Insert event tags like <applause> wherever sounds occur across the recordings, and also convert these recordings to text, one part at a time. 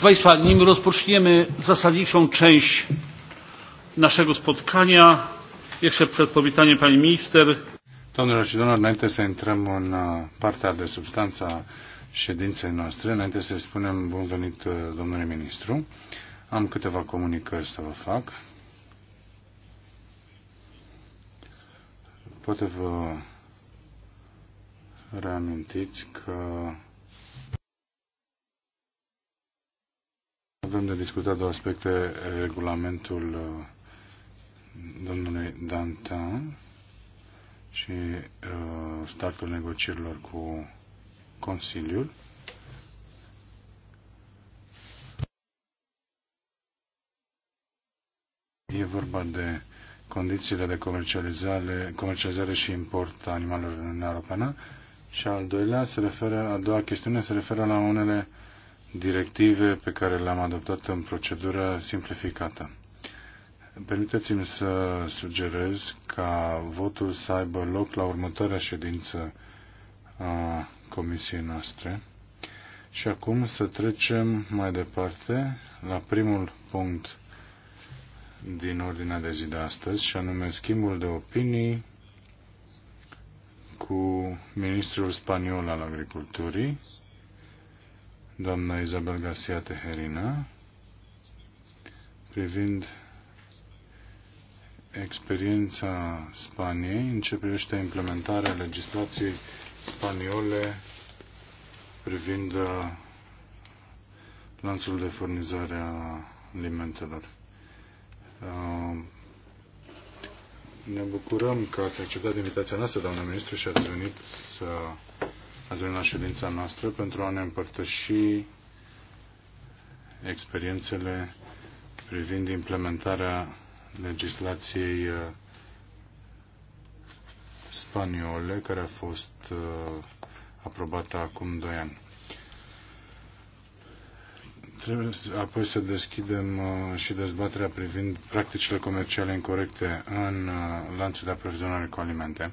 Proszę Państwa, nim rozpoczniemy zasadniczą część naszego spotkania, jeszcze przed powitaniem Pani Minister. Domnilor și domnilor, înainte să intrăm în uh, partea de substanță a ședinței noastre, înainte să spunem bun venit uh, domnule ministru, am câteva comunicări să vă fac. Poate vă reamintiți că Avem de discutat două aspecte, regulamentul uh, domnului Dantan și uh, startul negocierilor cu Consiliul. E vorba de condițiile de comercializare, comercializare și import a animalelor în Uniunea Europeană și al doilea se referă, a doua chestiune se referă la unele uh, directive pe care le-am adoptat în procedură simplificată. Permiteți-mi să sugerez ca votul să aibă loc la următoarea ședință a comisiei noastre. Și acum să trecem mai departe la primul punct din ordinea de zi de astăzi, și anume schimbul de opinii cu ministrul spaniol al agriculturii, doamna Isabel Garcia Teherina privind experiența Spaniei în ce privește implementarea legislației spaniole privind uh, lanțul de furnizare a alimentelor. Uh, ne bucurăm că ați acceptat invitația noastră, doamna ministru, și ați venit să ați venit la ședința noastră pentru a ne împărtăși experiențele privind implementarea legislației uh, spaniole care a fost uh, aprobată acum 2 ani. Trebuie apoi să deschidem uh, și dezbaterea privind practicile comerciale incorrecte în lanțul de aprovizionare cu alimente.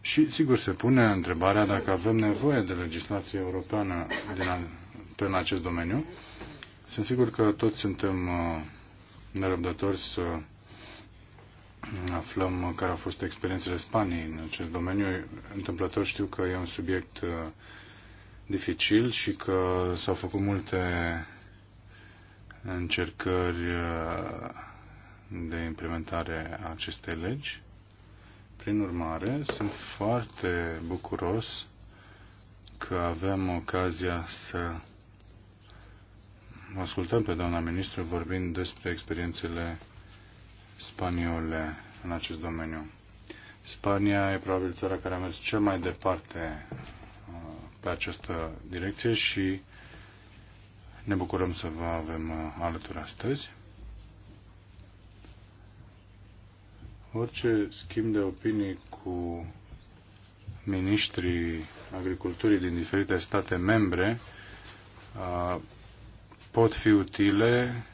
Și, sigur, se pune întrebarea dacă avem nevoie de legislație europeană din, pe în acest domeniu. Sunt sigur că toți suntem uh, nerăbdători să aflăm care au fost experiențele Spaniei în acest domeniu. Întâmplător știu că e un subiect uh, dificil și că s-au făcut multe încercări uh, de implementare a acestei legi. Prin urmare, sunt foarte bucuros că avem ocazia să ascultăm pe doamna ministru vorbind despre experiențele spaniole în acest domeniu. Spania e probabil țara care a mers cel mai departe uh, pe această direcție și ne bucurăm să vă avem uh, alături astăzi. Orice schimb de opinii cu ministrii agriculturii din diferite state membre pot fi utile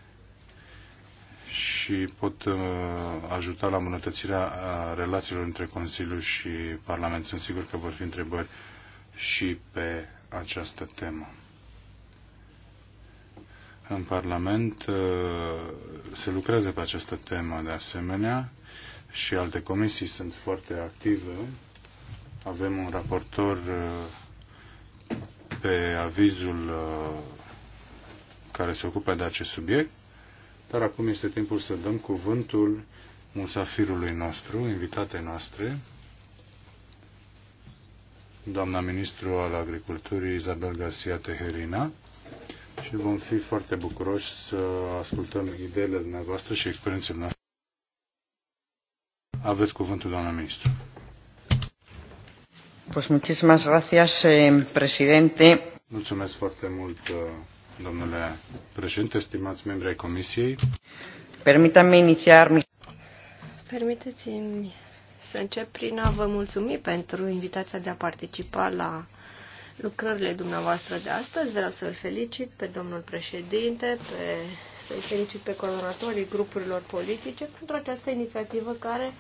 și pot ajuta la îmbunătățirea relațiilor între Consiliu și Parlament. Sunt sigur că vor fi întrebări și pe această temă. În Parlament se lucrează pe această temă de asemenea și alte comisii sunt foarte active. Avem un raportor uh, pe avizul uh, care se ocupă de acest subiect, dar acum este timpul să dăm cuvântul musafirului nostru, invitatei noastre, doamna ministru al agriculturii Isabel Garcia Teherina și vom fi foarte bucuroși să ascultăm ideile dumneavoastră și experiențele noastre. Aveți cuvântul, doamna ministru. Pues muchísimas gracias, eh, presidente. Mulțumesc foarte mult, eh, domnule președinte, stimați membri ai Comisiei. Permítame iniciar mi... Permiteți-mi să încep prin a vă mulțumi pentru invitația de a participa la lucrările dumneavoastră de astăzi. Vreau să-l felicit pe domnul președinte, pe, să-i felicit pe coordonatorii grupurilor politice pentru această inițiativă care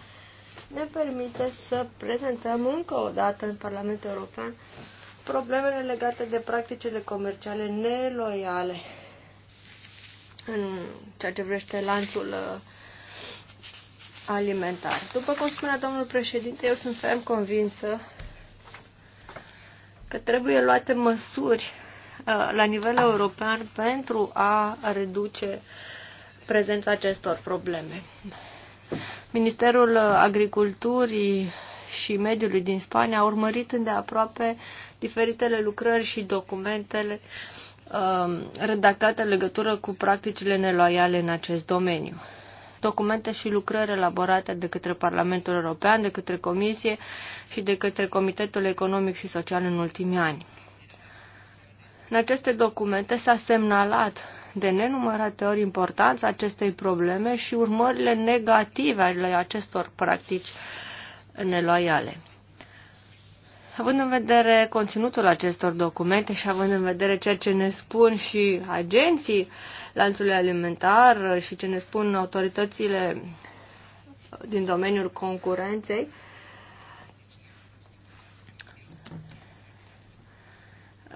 ne permite să prezentăm încă o dată în Parlamentul European problemele legate de practicile comerciale neloiale în ceea ce vrește lanțul uh, alimentar. După cum spunea domnul președinte, eu sunt ferm convinsă că trebuie luate măsuri uh, la nivel european pentru a reduce prezența acestor probleme. Ministerul Agriculturii și Mediului din Spania a urmărit îndeaproape diferitele lucrări și documentele um, redactate în legătură cu practicile neloiale în acest domeniu. Documente și lucrări elaborate de către Parlamentul European, de către Comisie și de către Comitetul Economic și Social în ultimii ani. În aceste documente s-a semnalat de nenumărate ori importanța acestei probleme și urmările negative ale acestor practici neloiale. Având în vedere conținutul acestor documente și având în vedere ceea ce ne spun și agenții lanțului alimentar și ce ne spun autoritățile din domeniul concurenței,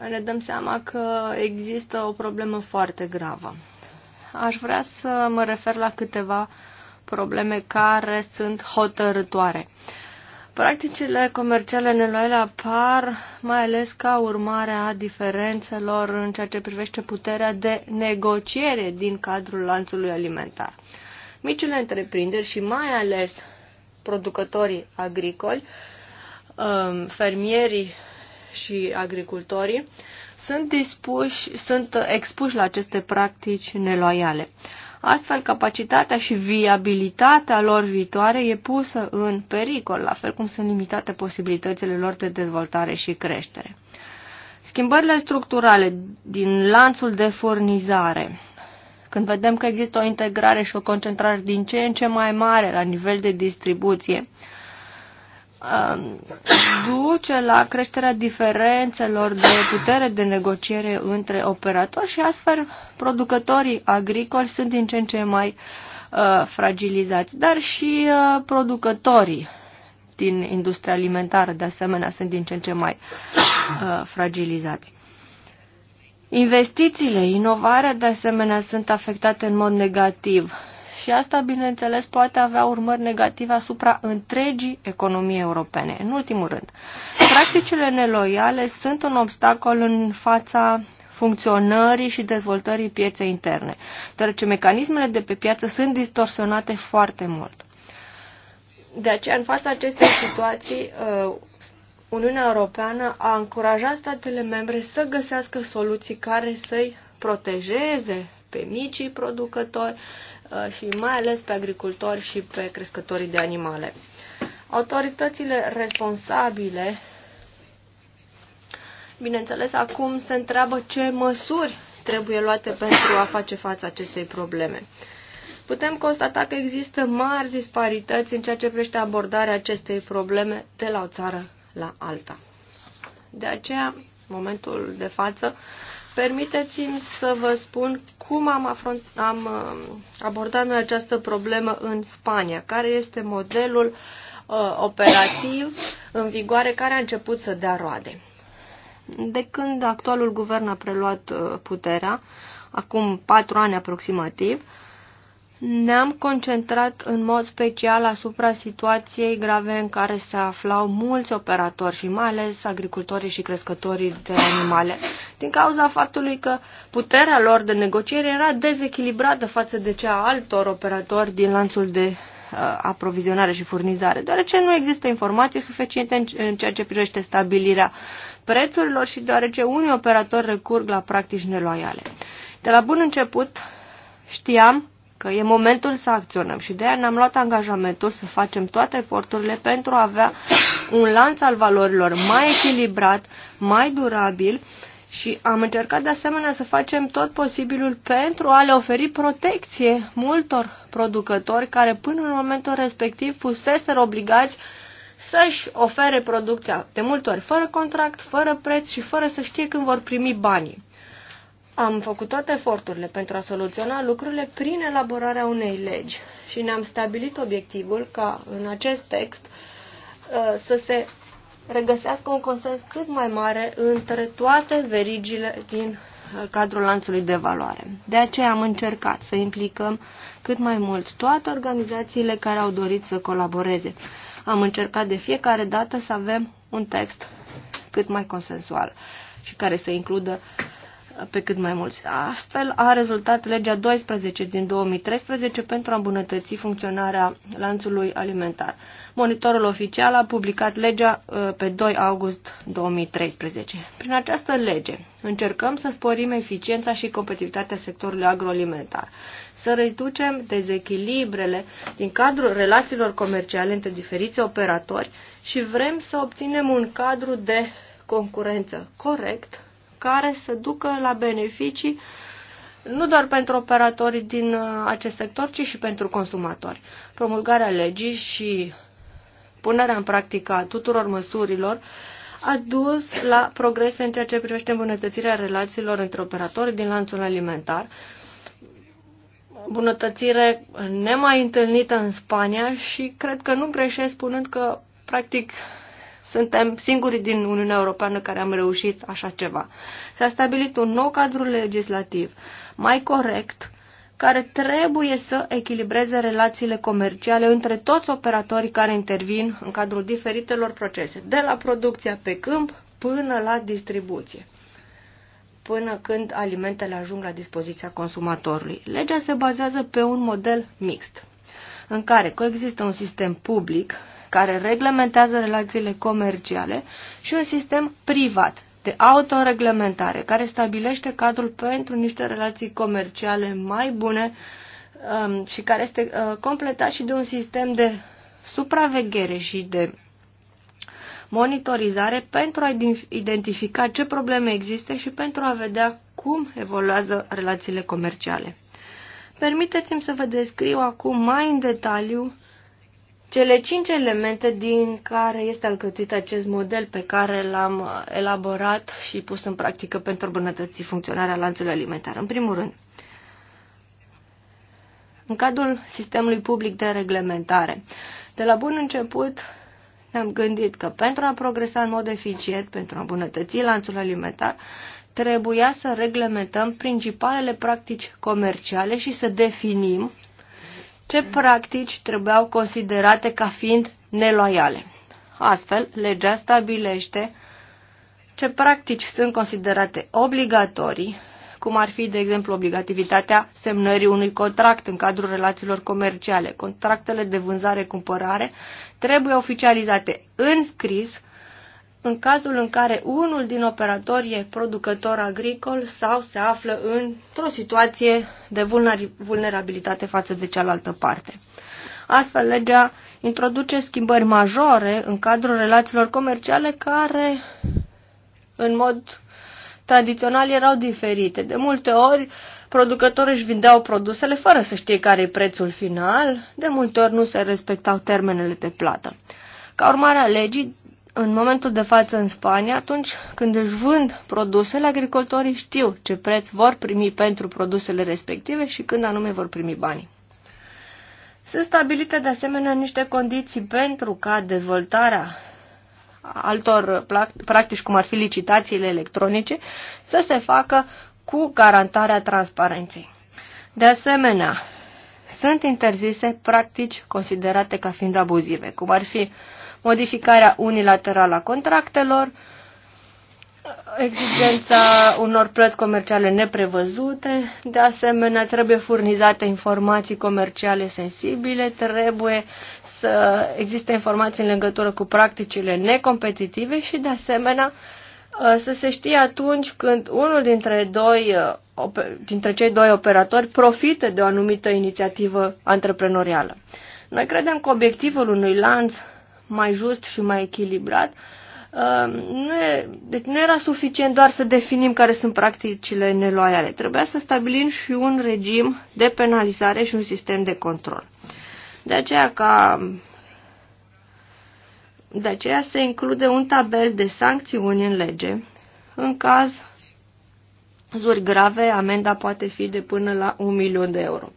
ne dăm seama că există o problemă foarte gravă. Aș vrea să mă refer la câteva probleme care sunt hotărătoare. Practicile comerciale neloiale apar mai ales ca urmare a diferențelor în ceea ce privește puterea de negociere din cadrul lanțului alimentar. Micile întreprinderi și mai ales producătorii agricoli, um, fermierii și agricultorii sunt dispuși, sunt expuși la aceste practici neloiale. Astfel, capacitatea și viabilitatea lor viitoare e pusă în pericol, la fel cum sunt limitate posibilitățile lor de dezvoltare și creștere. Schimbările structurale din lanțul de furnizare, când vedem că există o integrare și o concentrare din ce în ce mai mare la nivel de distribuție, Um, duce la creșterea diferențelor de putere de negociere între operatori și astfel producătorii agricoli sunt din ce în ce mai uh, fragilizați, dar și uh, producătorii din industria alimentară de asemenea sunt din ce în ce mai uh, fragilizați. Investițiile, inovarea de asemenea sunt afectate în mod negativ și asta, bineînțeles, poate avea urmări negative asupra întregii economii europene. În ultimul rând, practicile neloiale sunt un obstacol în fața funcționării și dezvoltării pieței interne, deoarece mecanismele de pe piață sunt distorsionate foarte mult. De aceea, în fața acestei situații, uh, Uniunea Europeană a încurajat statele membre să găsească soluții care să-i protejeze pe micii producători, Uh, și mai ales pe agricultori și pe crescătorii de animale. Autoritățile responsabile, bineînțeles, acum se întreabă ce măsuri trebuie luate pentru a face față acestei probleme. Putem constata că există mari disparități în ceea ce privește abordarea acestei probleme de la o țară la alta. De aceea, momentul de față, Permiteți-mi să vă spun cum am, afront, am uh, abordat noi această problemă în Spania, care este modelul uh, operativ în vigoare care a început să dea roade. De când actualul guvern a preluat uh, puterea, acum patru ani aproximativ, uh, ne-am concentrat în mod special asupra situației grave în care se aflau mulți operatori și mai ales agricultorii și crescătorii de animale, din cauza faptului că puterea lor de negociere era dezechilibrată față de cea a altor operatori din lanțul de uh, aprovizionare și furnizare, deoarece nu există informații suficiente în, în ceea ce privește stabilirea prețurilor și deoarece unii operatori recurg la practici neloiale. De la bun început știam că e momentul să acționăm și de aia ne-am luat angajamentul să facem toate eforturile pentru a avea un lanț al valorilor mai echilibrat, mai durabil și am încercat de asemenea să facem tot posibilul pentru a le oferi protecție multor producători care până în momentul respectiv fuseseră obligați să-și ofere producția de multe ori fără contract, fără preț și fără să știe când vor primi banii. Am făcut toate eforturile pentru a soluționa lucrurile prin elaborarea unei legi și ne-am stabilit obiectivul ca în acest text uh, să se regăsească un consens cât mai mare între toate verigile din uh, cadrul lanțului de valoare. De aceea am încercat să implicăm cât mai mult toate organizațiile care au dorit să colaboreze. Am încercat de fiecare dată să avem un text cât mai consensual și care să includă uh, pe cât mai mulți. Astfel a rezultat legea 12 din 2013 pentru a îmbunătăți funcționarea lanțului alimentar. Monitorul oficial a publicat legea uh, pe 2 august 2013. Prin această lege încercăm să sporim eficiența și competitivitatea sectorului agroalimentar, să reducem dezechilibrele din cadrul relațiilor comerciale între diferiți operatori și vrem să obținem un cadru de concurență corect care să ducă la beneficii nu doar pentru operatorii din uh, acest sector, ci și pentru consumatori. Promulgarea legii și punerea în practică a tuturor măsurilor a dus la progrese în ceea ce privește îmbunătățirea relațiilor între operatorii din lanțul alimentar, bunătățire nemai întâlnită în Spania și cred că nu greșesc spunând că, practic, suntem singurii din Uniunea Europeană care am reușit așa ceva. S-a stabilit un nou cadru legislativ mai corect care trebuie să echilibreze relațiile comerciale între toți operatorii care intervin în cadrul diferitelor procese, de la producția pe câmp până la distribuție până când alimentele ajung la dispoziția consumatorului. Legea se bazează pe un model mixt, în care coexistă un sistem public care reglementează relațiile comerciale și un sistem privat de autoreglementare care stabilește cadrul pentru niște relații comerciale mai bune um, și care este uh, completat și de un sistem de supraveghere și de monitorizare pentru a identifica ce probleme există și pentru a vedea cum evoluează relațiile comerciale. Permiteți-mi să vă descriu acum mai în detaliu cele cinci elemente din care este alcătuit acest model pe care l-am uh, elaborat și pus în practică pentru bunătății funcționarea lanțului alimentar. În primul rând, în cadrul sistemului public de reglementare, de la bun început ne-am gândit că pentru a progresa în mod eficient, pentru a îmbunătăți lanțul alimentar, trebuia să reglementăm principalele practici comerciale și să definim ce practici trebuiau considerate ca fiind neloiale. Astfel, legea stabilește ce practici sunt considerate obligatorii, cum ar fi, de exemplu, obligativitatea semnării unui contract în cadrul relațiilor comerciale. Contractele de vânzare-cumpărare trebuie oficializate în scris în cazul în care unul din operatori e producător agricol sau se află într-o situație de vulnerabilitate față de cealaltă parte. Astfel, legea introduce schimbări majore în cadrul relațiilor comerciale care, în mod tradițional, erau diferite. De multe ori, producătorii își vindeau produsele fără să știe care e prețul final, de multe ori nu se respectau termenele de plată. Ca urmare a legii, în momentul de față în Spania, atunci când își vând produsele, agricultorii știu ce preț vor primi pentru produsele respective și când anume vor primi banii. Sunt stabilite de asemenea niște condiții pentru ca dezvoltarea altor practici, cum ar fi licitațiile electronice, să se facă cu garantarea transparenței. De asemenea, sunt interzise practici considerate ca fiind abuzive, cum ar fi uh, modificarea unilaterală a contractelor, existența unor plăți comerciale neprevăzute, de asemenea trebuie furnizate informații comerciale sensibile, trebuie să existe informații în legătură cu practicile necompetitive și de asemenea să se știe atunci când unul dintre, doi, dintre cei doi operatori profită de o anumită inițiativă antreprenorială. Noi credem că obiectivul unui lanț mai just și mai echilibrat, uh, nu, e, deci nu era suficient doar să definim care sunt practicile neloiale. Trebuia să stabilim și un regim de penalizare și un sistem de control. De aceea ca de aceea se include un tabel de sancțiuni în lege. În caz zuri grave, amenda poate fi de până la un milion de euro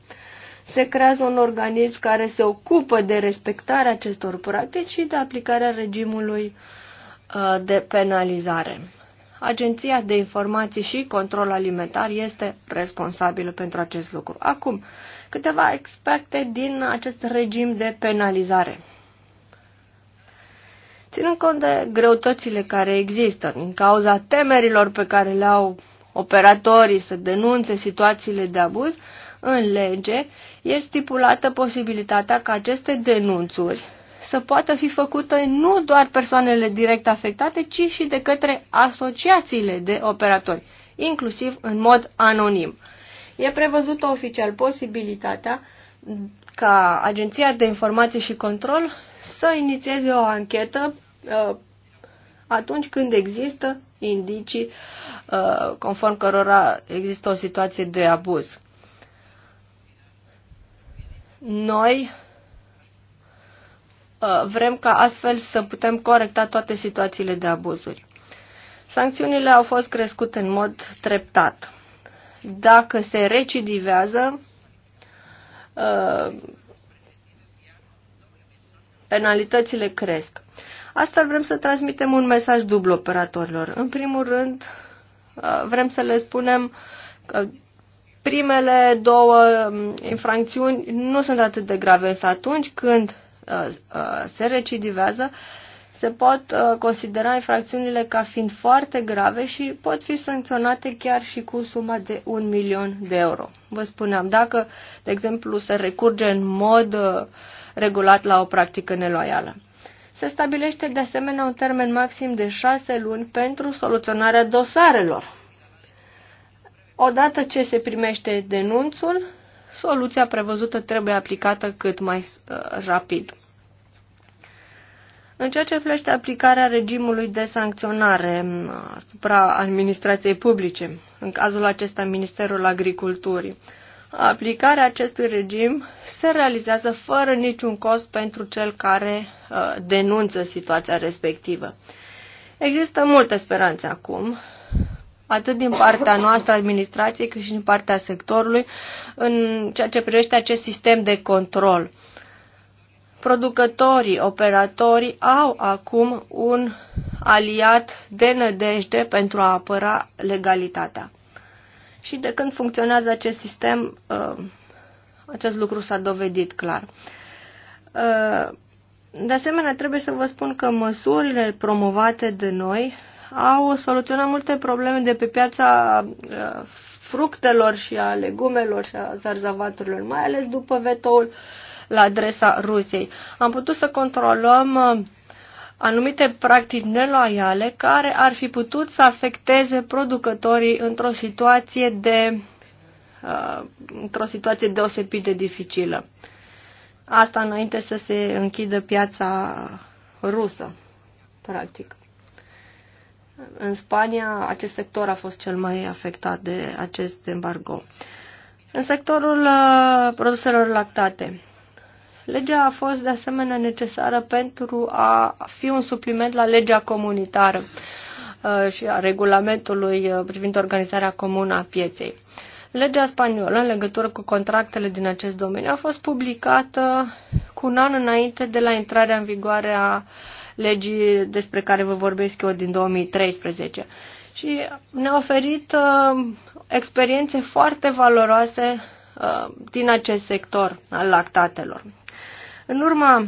se creează un organism care se ocupă de respectarea acestor practici și de aplicarea regimului uh, de penalizare. Agenția de Informații și Control Alimentar este responsabilă pentru acest lucru. Acum, câteva aspecte din acest regim de penalizare. Ținând cont de greutățile care există din cauza temerilor pe care le au operatorii să denunțe situațiile de abuz, în lege e stipulată posibilitatea ca aceste denunțuri să poată fi făcute nu doar persoanele direct afectate, ci și de către asociațiile de operatori, inclusiv în mod anonim. E prevăzută oficial posibilitatea ca Agenția de informații și Control să inițieze o anchetă uh, atunci când există indicii uh, conform cărora există o situație de abuz. Noi uh, vrem ca astfel să putem corecta toate situațiile de abuzuri. Sancțiunile au fost crescute în mod treptat. Dacă se recidivează, uh, penalitățile cresc. Asta vrem să transmitem un mesaj dublu operatorilor. În primul rând, uh, vrem să le spunem că primele două mm, infracțiuni nu sunt atât de grave, însă atunci când uh, uh, se recidivează, se pot uh, considera infracțiunile ca fiind foarte grave și pot fi sancționate chiar și cu suma de un milion de euro. Vă spuneam, dacă, de exemplu, se recurge în mod regulat la o practică neloială. Se stabilește de asemenea un termen maxim de șase luni pentru soluționarea dosarelor Odată ce se primește denunțul, soluția prevăzută trebuie aplicată cât mai uh, rapid. În ceea ce privește aplicarea regimului de sancționare uh, asupra administrației publice, în cazul acesta Ministerul Agriculturii, aplicarea acestui regim se realizează fără niciun cost pentru cel care uh, denunță situația respectivă. Există multe speranțe acum atât din partea noastră administrației, cât și din partea sectorului, în ceea ce privește acest sistem de control. Producătorii, operatorii au acum un aliat de nădejde pentru a apăra legalitatea. Și de când funcționează acest sistem, uh, acest lucru s-a dovedit clar. Uh, de asemenea, trebuie să vă spun că măsurile promovate de noi au soluționat multe probleme de pe piața uh, fructelor și a legumelor și a zarzavaturilor, mai ales după vetoul la adresa Rusiei. Am putut să controlăm uh, anumite practici neloiale care ar fi putut să afecteze producătorii într-o situație de uh, într-o situație deosebit de dificilă. Asta înainte să se închidă piața rusă, practic. În Spania, acest sector a fost cel mai afectat de acest embargo. În sectorul uh, produselor lactate, legea a fost de asemenea necesară pentru a fi un supliment la legea comunitară uh, și a regulamentului uh, privind organizarea comună a pieței. Legea spaniolă în legătură cu contractele din acest domeniu a fost publicată cu un an înainte de la intrarea în vigoare a legii despre care vă vorbesc eu din 2013. Și ne-a oferit uh, experiențe foarte valoroase uh, din acest sector al lactatelor. În urma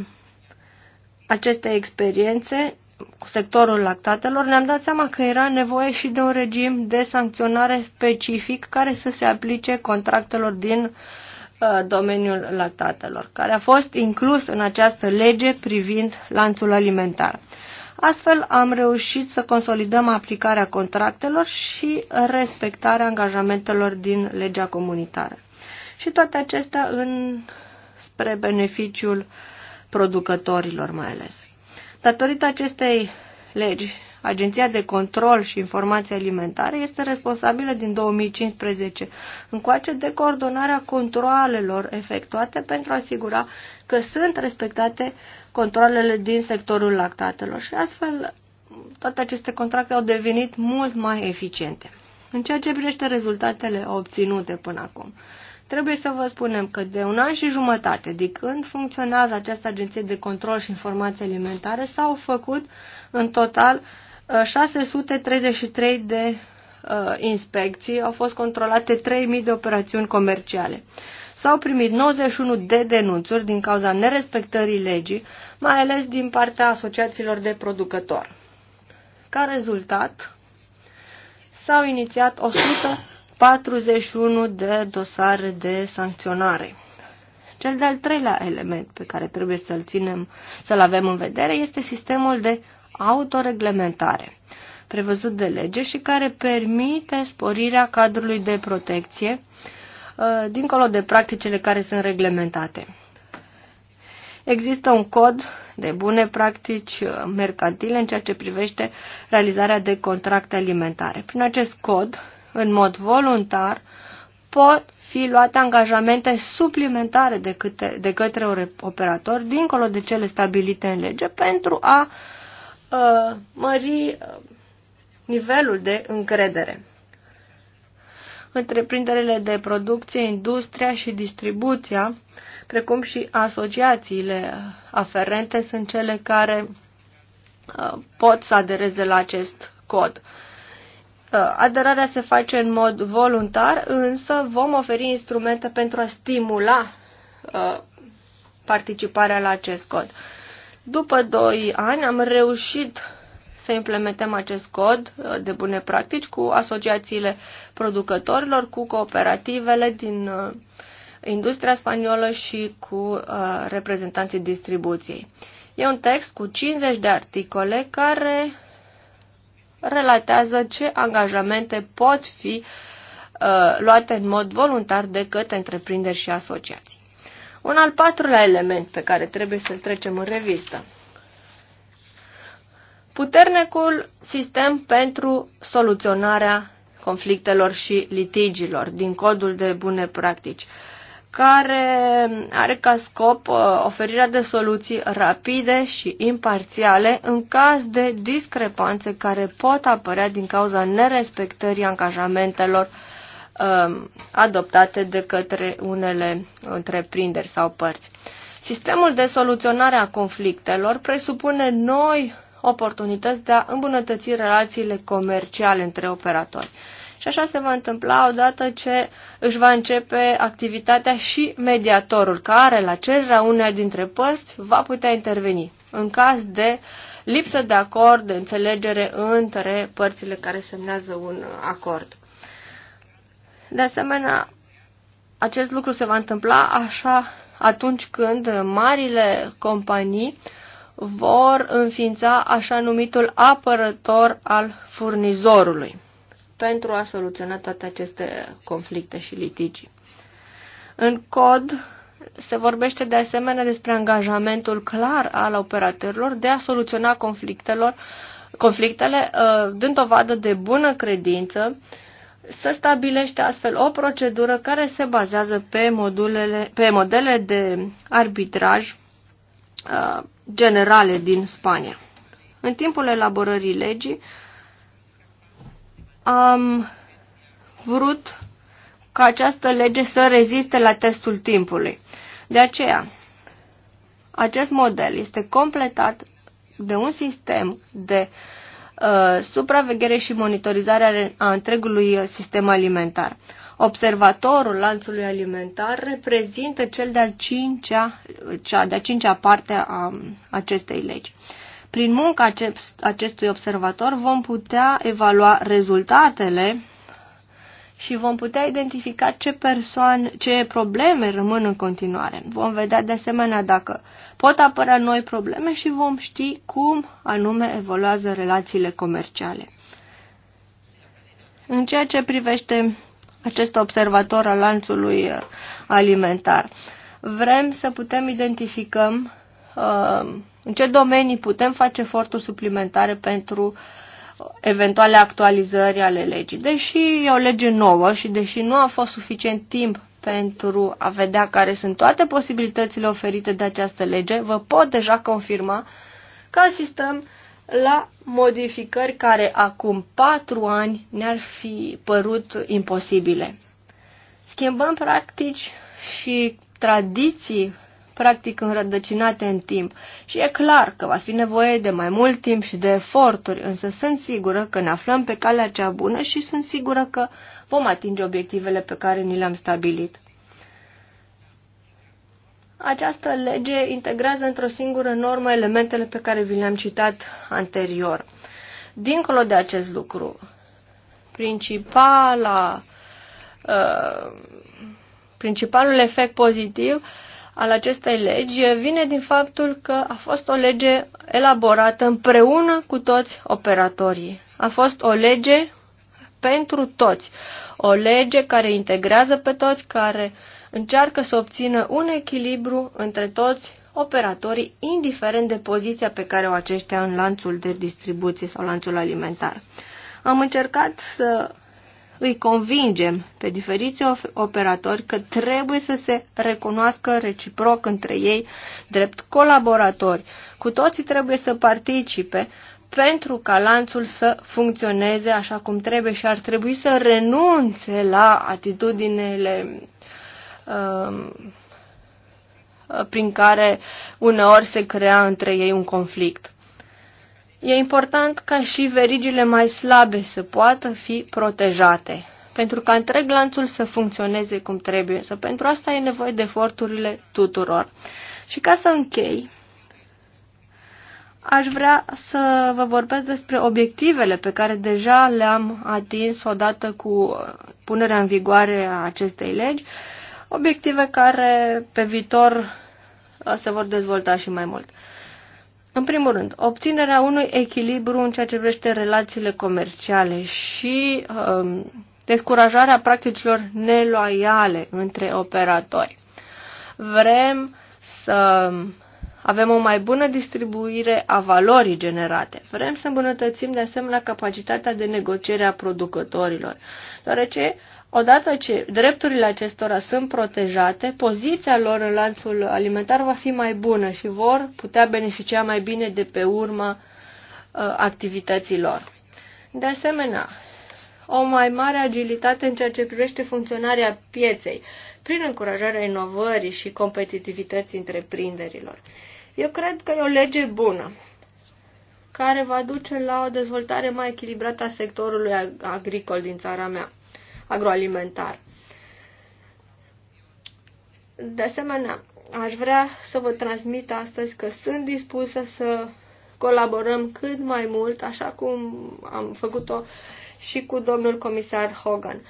acestei experiențe cu sectorul lactatelor, ne-am dat seama că era nevoie și de un regim de sancționare specific care să se aplice contractelor din uh, Uh, domeniul lactatelor, care a fost inclus în această lege privind lanțul alimentar. Astfel am reușit să consolidăm aplicarea contractelor și respectarea angajamentelor din legea comunitară. Și toate acestea în spre beneficiul producătorilor mai ales. Datorită acestei legi, Agenția de Control și Informații Alimentare este responsabilă din 2015 încoace de coordonarea controalelor efectuate pentru a asigura că sunt respectate controlele din sectorul lactatelor și astfel toate aceste contracte au devenit mult mai eficiente. În ceea ce privește rezultatele obținute până acum, trebuie să vă spunem că de un an și jumătate de când funcționează această agenție de control și informații alimentare s-au făcut în total 633 uh, de uh, inspecții, au fost controlate 3000 de operațiuni comerciale. S-au primit 91 de denunțuri din cauza nerespectării legii, mai ales din partea asociațiilor de producători. Ca rezultat, s-au inițiat 141 de dosare de sancționare. Cel de-al treilea element pe care trebuie să-l ținem, să-l avem în vedere, este sistemul de autoreglementare prevăzut de lege și care permite sporirea cadrului de protecție uh, dincolo de practicile care sunt reglementate. Există un cod de bune practici uh, mercantile în ceea ce privește realizarea de contracte alimentare. Prin acest cod, în mod voluntar, pot fi luate angajamente suplimentare de, câte, de către operator, dincolo de cele stabilite în lege, pentru a uh, Uh, mări uh, nivelul de încredere. Întreprinderile de producție, industria și distribuția, precum și asociațiile aferente, sunt cele care uh, pot să adereze la acest cod. Aderarea se face în mod voluntar, însă vom oferi instrumente pentru a stimula participarea la acest cod. După 2 ani am reușit să implementăm acest cod uh, de bune practici cu asociațiile producătorilor, cu cooperativele din uh, industria spaniolă și cu uh, reprezentanții distribuției. E un text cu 50 de articole care relatează ce angajamente pot fi uh, luate în mod voluntar de către întreprinderi și asociații. Un al patrulea element pe care trebuie să-l trecem în revistă. Puternicul sistem pentru soluționarea conflictelor și litigilor din codul de bune practici, care are ca scop uh, oferirea de soluții rapide și imparțiale în caz de discrepanțe care pot apărea din cauza nerespectării angajamentelor Um, adoptate de către unele întreprinderi sau părți. Sistemul de soluționare a conflictelor presupune noi oportunități de a îmbunătăți relațiile comerciale între operatori. Și așa se va întâmpla odată ce își va începe activitatea și mediatorul, care, la cererea uneia dintre părți, va putea interveni în caz de lipsă de acord, de înțelegere între părțile care semnează un acord. De asemenea, acest lucru se va întâmpla așa atunci când marile companii vor înființa așa numitul apărător al furnizorului pentru a soluționa toate aceste conflicte și litigii. În cod se vorbește de asemenea despre angajamentul clar al operatorilor de a soluționa conflictelor, conflictele ă, dând vadă de bună credință să stabilește astfel o procedură care se bazează pe, modulele, pe modele de arbitraj uh, generale din Spania. În timpul elaborării legii am vrut ca această lege să reziste la testul timpului. De aceea, acest model este completat de un sistem de uh, Uh, supraveghere și monitorizare a întregului sistem alimentar. Observatorul lanțului alimentar reprezintă cel de-a cincea, cea de-a cincea parte a um, acestei legi. Prin munca acestui observator vom putea evalua rezultatele și vom putea identifica ce persoane, ce probleme rămân în continuare. Vom vedea de asemenea dacă pot apărea noi probleme și vom ști cum anume evoluează relațiile comerciale. În ceea ce privește acest observator al lanțului uh, alimentar, vrem să putem identificăm uh, în ce domenii putem face eforturi suplimentare pentru uh, eventuale actualizări ale legii. Deși e o lege nouă și deși nu a fost suficient timp pentru a vedea care sunt toate posibilitățile oferite de această lege, vă pot deja confirma că asistăm la modificări care acum patru ani ne-ar fi părut imposibile. Schimbăm practici și tradiții practic înrădăcinate în timp. Și e clar că va fi nevoie de mai mult timp și de eforturi, însă sunt sigură că ne aflăm pe calea cea bună și sunt sigură că vom atinge obiectivele pe care ni le-am stabilit. Această lege integrează într-o singură normă elementele pe care vi le-am citat anterior. Dincolo de acest lucru, principala, uh, principalul efect pozitiv al acestei legi vine din faptul că a fost o lege elaborată împreună cu toți operatorii. A fost o lege pentru toți, o lege care integrează pe toți, care încearcă să obțină un echilibru între toți operatorii, indiferent de poziția pe care o aceștia în lanțul de distribuție sau lanțul alimentar. Am încercat să îi convingem pe diferiți operatori că trebuie să se recunoască reciproc între ei drept colaboratori. Cu toții trebuie să participe pentru ca lanțul să funcționeze așa cum trebuie și ar trebui să renunțe la atitudinile um, prin care uneori se crea între ei un conflict. E important ca și verigile mai slabe să poată fi protejate, pentru ca întreg lanțul să funcționeze cum trebuie, însă pentru asta e nevoie de eforturile tuturor. Și ca să închei, aș vrea să vă vorbesc despre obiectivele pe care deja le-am atins odată cu punerea în vigoare a acestei legi, obiective care pe viitor se vor dezvolta și mai mult. În primul rând, obținerea unui echilibru în ceea ce privește relațiile comerciale și um, descurajarea practicilor neloiale între operatori. Vrem să avem o mai bună distribuire a valorii generate. Vrem să îmbunătățim de asemenea capacitatea de negociere a producătorilor, deoarece Odată ce drepturile acestora sunt protejate, poziția lor în lanțul alimentar va fi mai bună și vor putea beneficia mai bine de pe urma uh, activităților. De asemenea, o mai mare agilitate în ceea ce privește funcționarea pieței, prin încurajarea inovării și competitivității întreprinderilor. Eu cred că e o lege bună care va duce la o dezvoltare mai echilibrată a sectorului agricol din țara mea agroalimentar. De asemenea, aș vrea să vă transmit astăzi că sunt dispusă să colaborăm cât mai mult, așa cum am făcut-o și cu domnul comisar Hogan.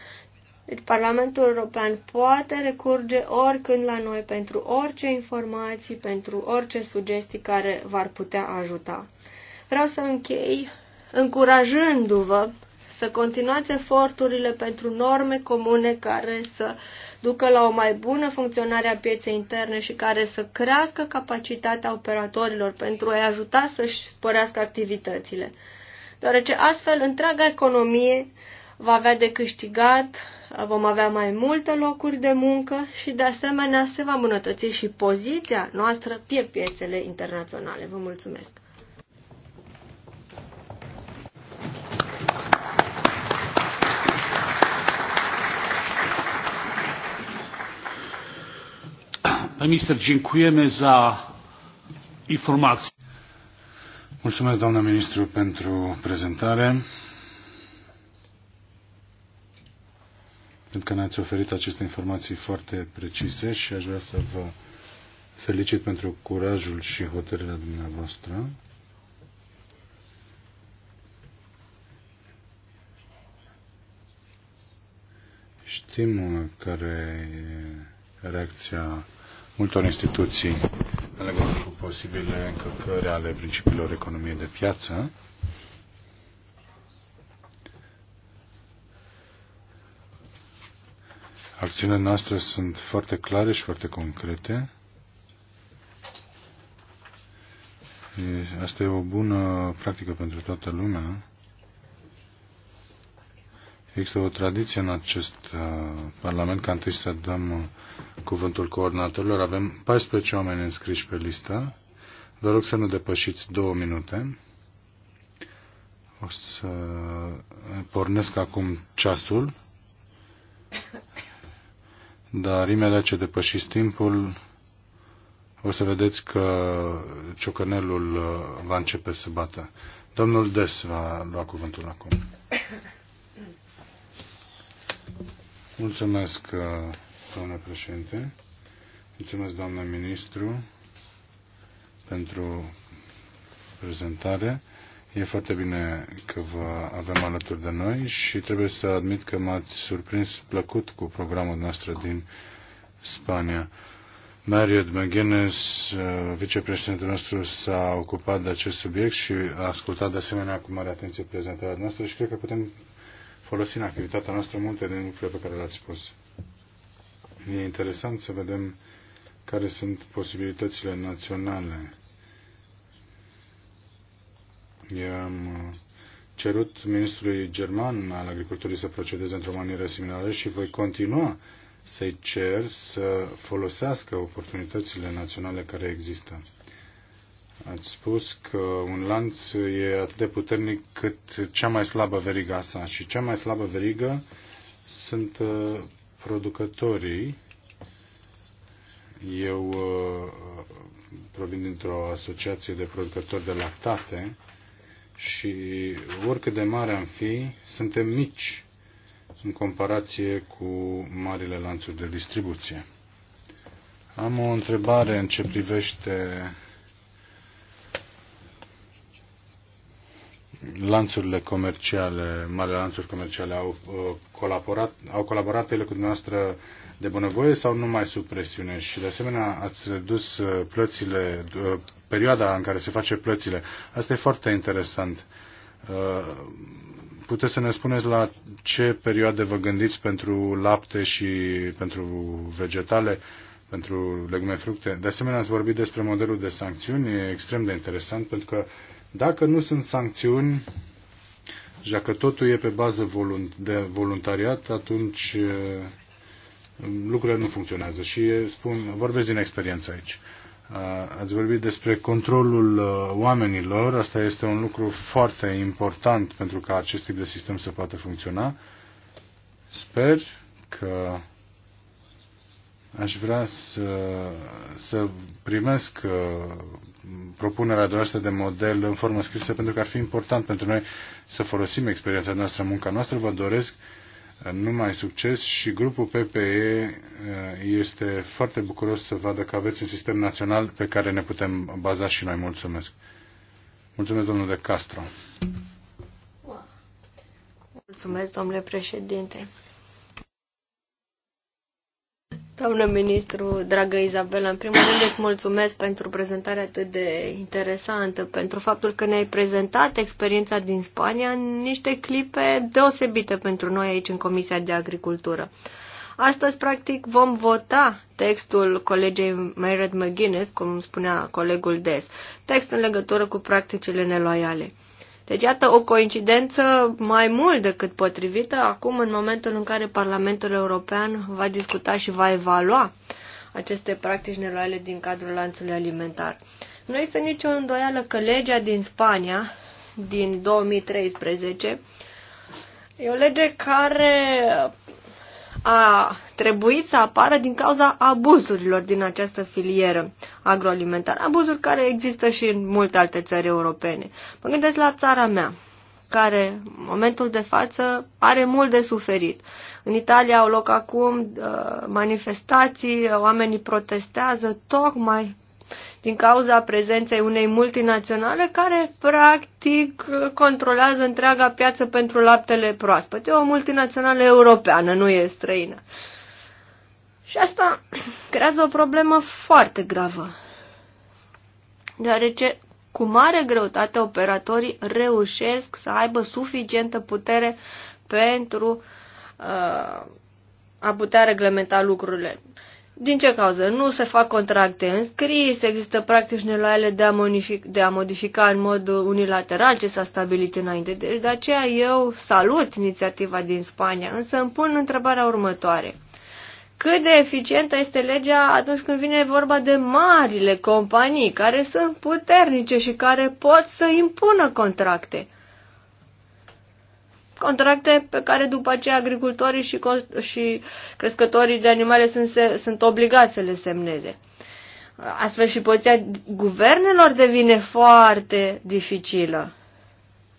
Deci, Parlamentul European poate recurge oricând la noi pentru orice informații, pentru orice sugestii care v-ar putea ajuta. Vreau să închei încurajându-vă să continuați eforturile pentru norme comune care să ducă la o mai bună funcționare a pieței interne și care să crească capacitatea operatorilor pentru a-i ajuta să-și sporească activitățile. Deoarece astfel întreaga economie va avea de câștigat, vom avea mai multe locuri de muncă și de asemenea se va îmbunătăți și poziția noastră pe piețele internaționale. Vă mulțumesc! Pani minister, dziękujemy za informații. Mulțumesc, doamnă ministru, pentru prezentare. Pentru că ne-ați oferit aceste informații foarte precise și aș vrea să vă felicit pentru curajul și hotărârea dumneavoastră. Știm care e reacția multor instituții în legătură cu posibile încălcări ale principiilor economiei de piață. Acțiunile noastre sunt foarte clare și foarte concrete. Asta e o bună practică pentru toată lumea. Există o tradiție în acest uh, Parlament ca întâi să dăm uh, cuvântul coordonatorilor. Avem 14 oameni înscriși pe listă. Vă rog să nu depășiți două minute. O să pornesc acum ceasul. Dar imediat ce depășiți timpul, o să vedeți că ciocănelul uh, va începe să bată. Domnul Des va lua cuvântul acum. Mulțumesc, uh, doamne președinte. Mulțumesc, doamne ministru, pentru prezentare. E foarte bine că vă avem alături de noi și trebuie să admit că m-ați surprins plăcut cu programul nostru din Spania. Marriott McGuinness, uh, vicepreședintele nostru, s-a ocupat de acest subiect și a ascultat de asemenea cu mare atenție prezentarea noastră și cred că putem folosi în activitatea noastră multe din lucrurile pe care le-ați spus. E interesant să vedem care sunt posibilitățile naționale. I-am uh, cerut ministrului german al agriculturii să procedeze într-o manieră similară și voi continua să-i cer să folosească oportunitățile naționale care există. Ați spus că un lanț e atât de puternic cât cea mai slabă veriga sa și cea mai slabă verigă sunt uh, producătorii. Eu uh, provin dintr-o asociație de producători de lactate și oricât de mare am fi, suntem mici în comparație cu marile lanțuri de distribuție. Am o întrebare în ce privește lanțurile comerciale, marile lanțuri comerciale au, uh, colaborat, au colaborat ele cu dumneavoastră de bunăvoie sau numai sub presiune? Și de asemenea ați redus uh, plățile, uh, perioada în care se face plățile. Asta e foarte interesant. Puteți să ne spuneți la ce perioade vă gândiți pentru lapte și pentru vegetale? pentru legume fructe. De asemenea, ați vorbit despre modelul de sancțiuni, e extrem de interesant pentru că dacă nu sunt sancțiuni, dacă totul e pe bază de voluntariat, atunci lucrurile nu funcționează. Și spun, vorbesc din experiență aici. Ați vorbit despre controlul oamenilor, asta este un lucru foarte important pentru ca acest tip de sistem să poată funcționa. Sper că aș vrea să, să primesc propunerea dumneavoastră de model în formă scrisă, pentru că ar fi important pentru noi să folosim experiența noastră, munca noastră. Vă doresc uh, numai succes și grupul PPE uh, este foarte bucuros să vadă că aveți un sistem național pe care ne putem baza și noi. Mulțumesc. Mulțumesc, domnul de Castro. Mulțumesc, domnule președinte. Doamnă ministru, dragă Izabela, în primul rând îți mulțumesc pentru prezentarea atât de interesantă, pentru faptul că ne-ai prezentat experiența din Spania în niște clipe deosebite pentru noi aici în Comisia de Agricultură. Astăzi, practic, vom vota textul colegei Mayred McGuinness, cum spunea colegul Des, text în legătură cu practicile neloiale. Deci, iată o coincidență mai mult decât potrivită acum, în momentul în care Parlamentul European va discuta și va evalua aceste practici neloiale din cadrul lanțului alimentar. Nu este nicio îndoială că legea din Spania, din 2013, e o lege care a trebuit să apară din cauza abuzurilor din această filieră agroalimentară, abuzuri care există și în multe alte țări europene. Mă gândesc la țara mea, care în momentul de față are mult de suferit. În Italia au loc acum uh, manifestații, oamenii protestează tocmai din cauza prezenței unei multinaționale care practic controlează întreaga piață pentru laptele proaspăt. E o multinațională europeană, nu e străină. Uh, și asta creează o problemă foarte gravă, deoarece cu mare greutate operatorii reușesc să aibă suficientă putere pentru uh, a putea reglementa lucrurile. Din ce cauză? Nu se fac contracte înscris, există practici neloiale de a, modific- de a modifica în mod unilateral ce s-a stabilit înainte. Deci de aceea eu salut inițiativa din Spania, însă îmi pun întrebarea următoare cât de eficientă este legea atunci când vine vorba de marile companii care sunt puternice și care pot să impună contracte. Contracte pe care după aceea agricultorii și, și crescătorii de animale sunt, se, sunt obligați să le semneze. Astfel și poziția guvernelor devine foarte dificilă.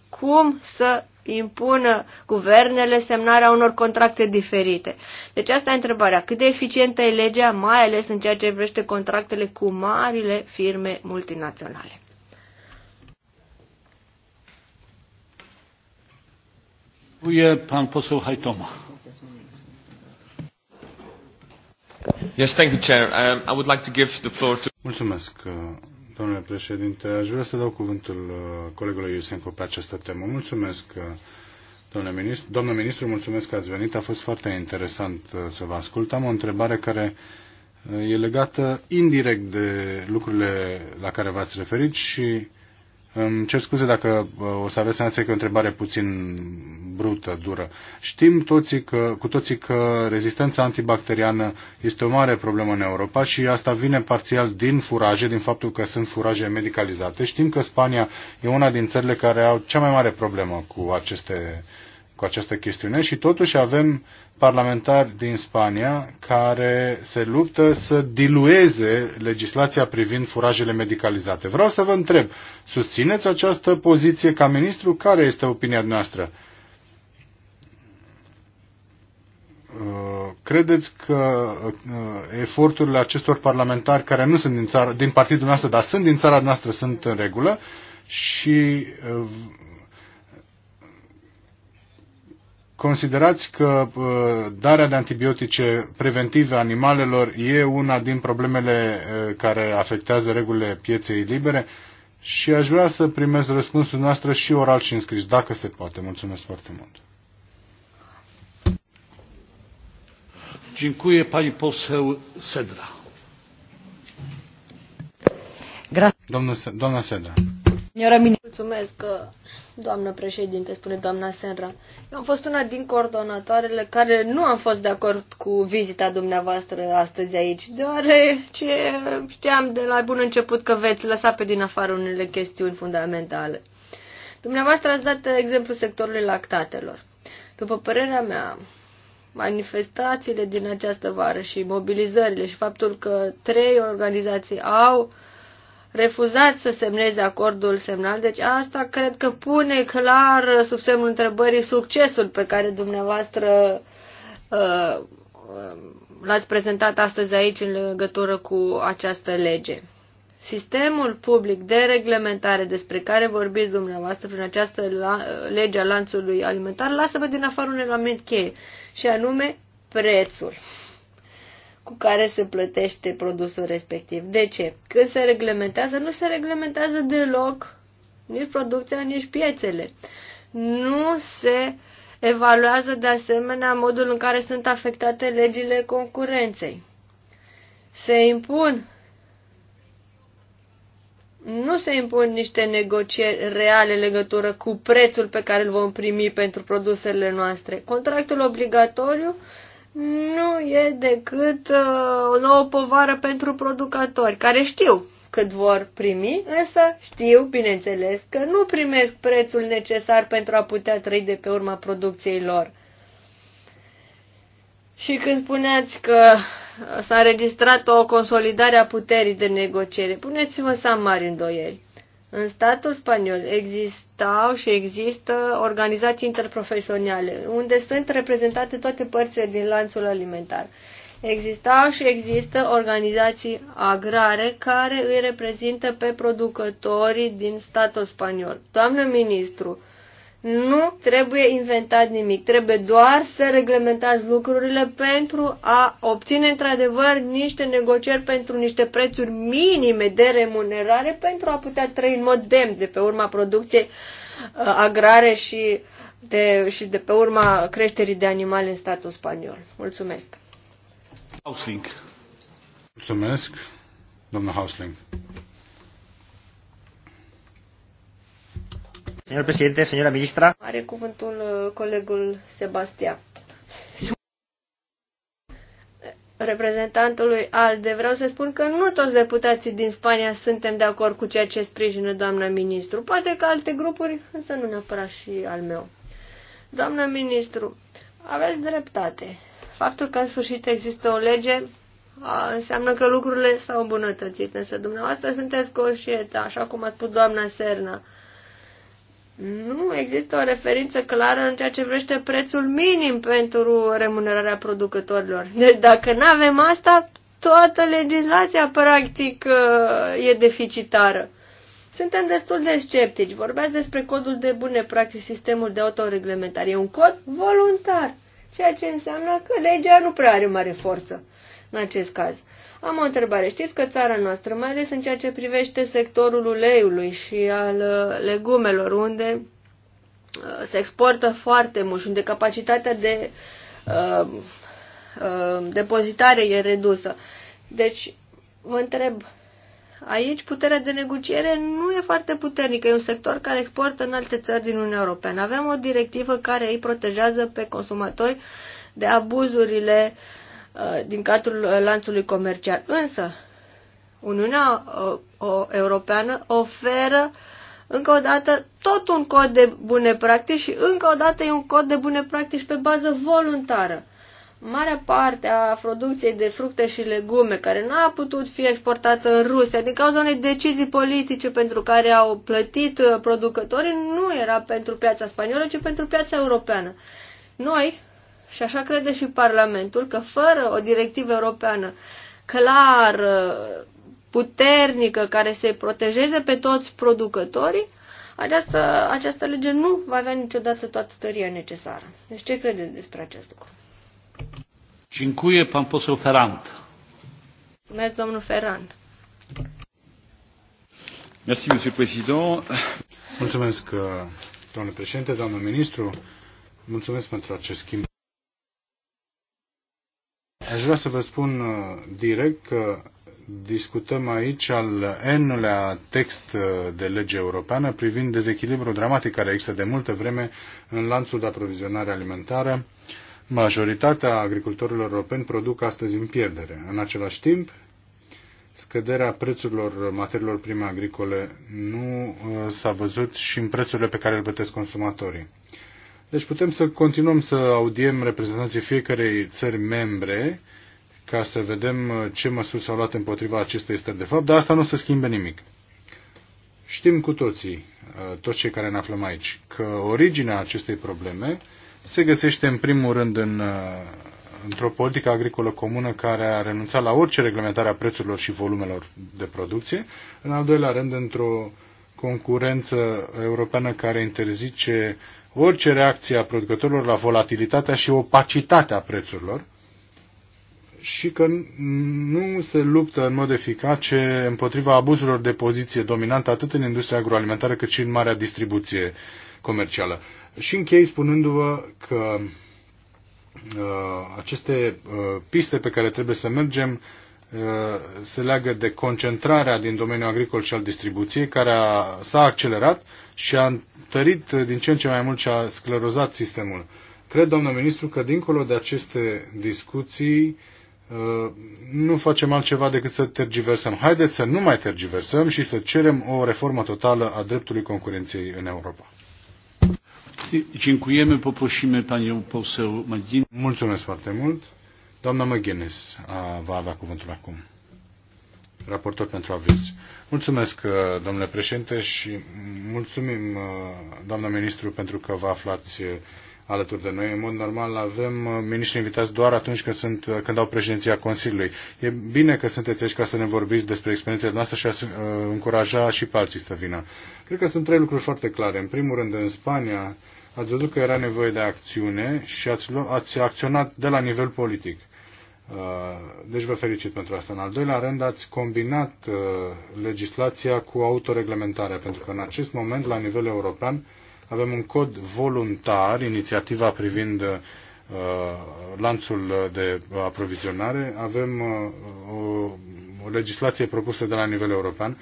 Cum să impună guvernele semnarea unor contracte diferite. Deci asta e întrebarea. Cât de eficientă e legea, mai ales în ceea ce privește contractele cu marile firme multinaționale? Pan Yes, thank you, Chair. Um, I would like to give the floor to... Mulțumesc, domnule președinte. Aș vrea să dau cuvântul uh, colegului Iusencu pe această temă. Mulțumesc, uh, domnule ministru. Domnul ministru, mulțumesc că ați venit. A fost foarte interesant uh, să vă ascult. Am o întrebare care e legată indirect de lucrurile la care v-ați referit și îmi cer scuze dacă uh, o să aveți senzația că e o întrebare puțin brută, dură. Știm toții că, cu toții că rezistența antibacteriană este o mare problemă în Europa și asta vine parțial din furaje, din faptul că sunt furaje medicalizate. Știm că Spania e una din țările care au cea mai mare problemă cu aceste cu această chestiune și totuși avem parlamentari din Spania care se luptă să dilueze legislația privind furajele medicalizate. Vreau să vă întreb, susțineți această poziție ca ministru? Care este opinia noastră? Uh, credeți că uh, eforturile acestor parlamentari care nu sunt din, țara, din partidul noastră, dar sunt din țara noastră, sunt în regulă? Și uh, Considerați că uh, darea de antibiotice preventive animalelor e una din problemele uh, care afectează regulile pieței libere și aș vrea să primesc răspunsul noastră și oral și înscris, dacă se poate. Mulțumesc foarte mult. Dziękuję pani poseł Sedra. Gra- Domnul, doamna Sedra. Mulțumesc, uh, doamnă președinte, spune doamna Senra. Eu am fost una din coordonatoarele care nu am fost de acord cu vizita dumneavoastră astăzi aici, deoarece știam de la bun început că veți lăsa pe din afară unele chestiuni fundamentale. Dumneavoastră ați dat exemplu sectorului lactatelor. După părerea mea, manifestațiile din această vară și mobilizările și faptul că trei organizații au refuzat să semneze acordul semnal. Deci asta cred că pune clar sub semnul întrebării succesul pe care dumneavoastră uh, um, l-ați prezentat astăzi aici în legătură cu această lege. Sistemul public de reglementare despre care vorbiți dumneavoastră prin această la, lege a lanțului alimentar lasă-vă din afară un element cheie, și anume prețul cu care se plătește produsul respectiv. De ce? Când se reglementează, nu se reglementează deloc nici producția, nici piețele. Nu se evaluează de asemenea modul în care sunt afectate legile concurenței. Se impun nu se impun niște negocieri reale legătură cu prețul pe care îl vom primi pentru produsele noastre. Contractul obligatoriu uh, nu e decât uh, o nouă povară pentru producători, care știu cât vor primi, însă știu, bineînțeles, că nu primesc prețul necesar pentru a putea trăi de pe urma producției lor. Și când spuneați că s-a înregistrat o consolidare a puterii de negociere, puneți-vă să am mari îndoieli. În statul spaniol existau și există organizații interprofesionale, unde sunt reprezentate toate părțile din lanțul alimentar. Existau și există organizații agrare care îi reprezintă pe producătorii din statul spaniol. Doamnă ministru, nu trebuie inventat nimic, trebuie doar să reglementați lucrurile pentru a obține într-adevăr niște negocieri pentru niște prețuri minime de remunerare pentru a putea trăi în mod demn de pe urma producției uh, agrare și de, și de pe urma creșterii de animale în statul spaniol. Mulțumesc! Hausling. Mulțumesc, domnul Hausling. Señor presidente, señora ministra. Are cuvântul uh, colegul Sebastian. Reprezentantului ALDE, vreau să spun că nu toți deputații din Spania suntem de acord cu ceea ce sprijină doamna ministru. Poate că alte grupuri, însă nu neapărat și al meu. Doamna ministru, aveți dreptate. Faptul că în sfârșit există o lege a, înseamnă că lucrurile s-au îmbunătățit, însă dumneavoastră sunteți conștientă, așa cum a spus doamna Serna, nu există o referință clară în ceea ce vrește prețul minim pentru remunerarea producătorilor. Deci dacă nu avem asta, toată legislația practic uh, e deficitară. Suntem destul de sceptici. Vorbeați despre codul de bune practici, sistemul de autoreglementare. E un cod voluntar, ceea ce înseamnă că legea nu prea are mare forță în acest caz. Am o întrebare. Știți că țara noastră, mai ales în ceea ce privește sectorul uleiului și al uh, legumelor, unde uh, se exportă foarte mult și unde capacitatea de uh, uh, depozitare e redusă. Deci, vă întreb, aici puterea de negociere nu e foarte puternică. E un sector care exportă în alte țări din Uniunea Europeană. Avem o directivă care îi protejează pe consumatori de abuzurile uh, Uh, din cadrul uh, lanțului comercial. Însă, Uniunea uh, Europeană oferă încă o dată tot un cod de bune practici și încă o dată e un cod de bune practici pe bază voluntară. Marea parte a producției de fructe și legume care nu a putut fi exportată în Rusia din cauza unei decizii politice pentru care au plătit producătorii nu era pentru piața spaniolă, ci pentru piața europeană. Noi, și așa crede și Parlamentul, că fără o directivă europeană clar puternică, care să-i protejeze pe toți producătorii, această, această lege nu va avea niciodată toată tăria necesară. Deci ce credeți despre acest lucru? Cincuie, Pamposul Ferrand. Mulțumesc, domnul Ferrand. Merci, monsieur président. Mulțumesc, domnule președinte, doamnă ministru. Mulțumesc pentru acest schimb Aș vrea să vă spun uh, direct că discutăm aici al N-lea text uh, de lege europeană privind dezechilibrul dramatic care există de multă vreme în lanțul de aprovizionare alimentară. Majoritatea agricultorilor europeni produc astăzi în pierdere. În același timp, scăderea prețurilor materiilor prime agricole nu uh, s-a văzut și în prețurile pe care le plătesc consumatorii. Deci putem să continuăm să audiem reprezentanții fiecarei țări membre ca să vedem uh, ce măsuri s-au luat împotriva acestei stări de fapt, dar asta nu o să schimbe nimic. Știm cu toții, uh, toți cei care ne aflăm aici, că originea acestei probleme se găsește în primul rând în, uh, într-o politică agricolă comună care a renunțat la orice reglementare a prețurilor și volumelor de producție, în al doilea rând într-o concurență europeană care interzice orice reacție a producătorilor la volatilitatea și opacitatea prețurilor și că nu se luptă în mod eficace împotriva abuzurilor de poziție dominantă atât în industria agroalimentară cât și în marea distribuție comercială. Și închei spunându-vă că uh, aceste uh, piste pe care trebuie să mergem Uh, se leagă de concentrarea din domeniul agricol și al distribuției, care s-a accelerat și a întărit din ce în ce mai mult și a sclerozat sistemul. Cred, doamnă ministru, că dincolo de aceste discuții uh, nu facem altceva decât să tergiversăm. Haideți să nu mai tergiversăm și să cerem o reformă totală a dreptului concurenței în Europa. Mulțumesc foarte mult. Doamna McGuinness va avea cuvântul acum. Raportor pentru aviz. Mulțumesc, domnule președinte, și mulțumim, doamna ministru, pentru că vă aflați alături de noi. În mod normal avem miniștri invitați doar atunci când, sunt, când au președinția Consiliului. E bine că sunteți aici ca să ne vorbiți despre experiențele noastre și a încuraja și pe alții să vină. Cred că sunt trei lucruri foarte clare. În primul rând, în Spania ați văzut că era nevoie de acțiune și ați, ați acționat de la nivel politic. Uh, deci vă felicit pentru asta. În al doilea rând, ați combinat uh, legislația cu autoreglementarea, pentru că în acest moment, la nivel european, avem un cod voluntar, inițiativa privind uh, lanțul de aprovizionare, avem o legislație propusă de la nivel european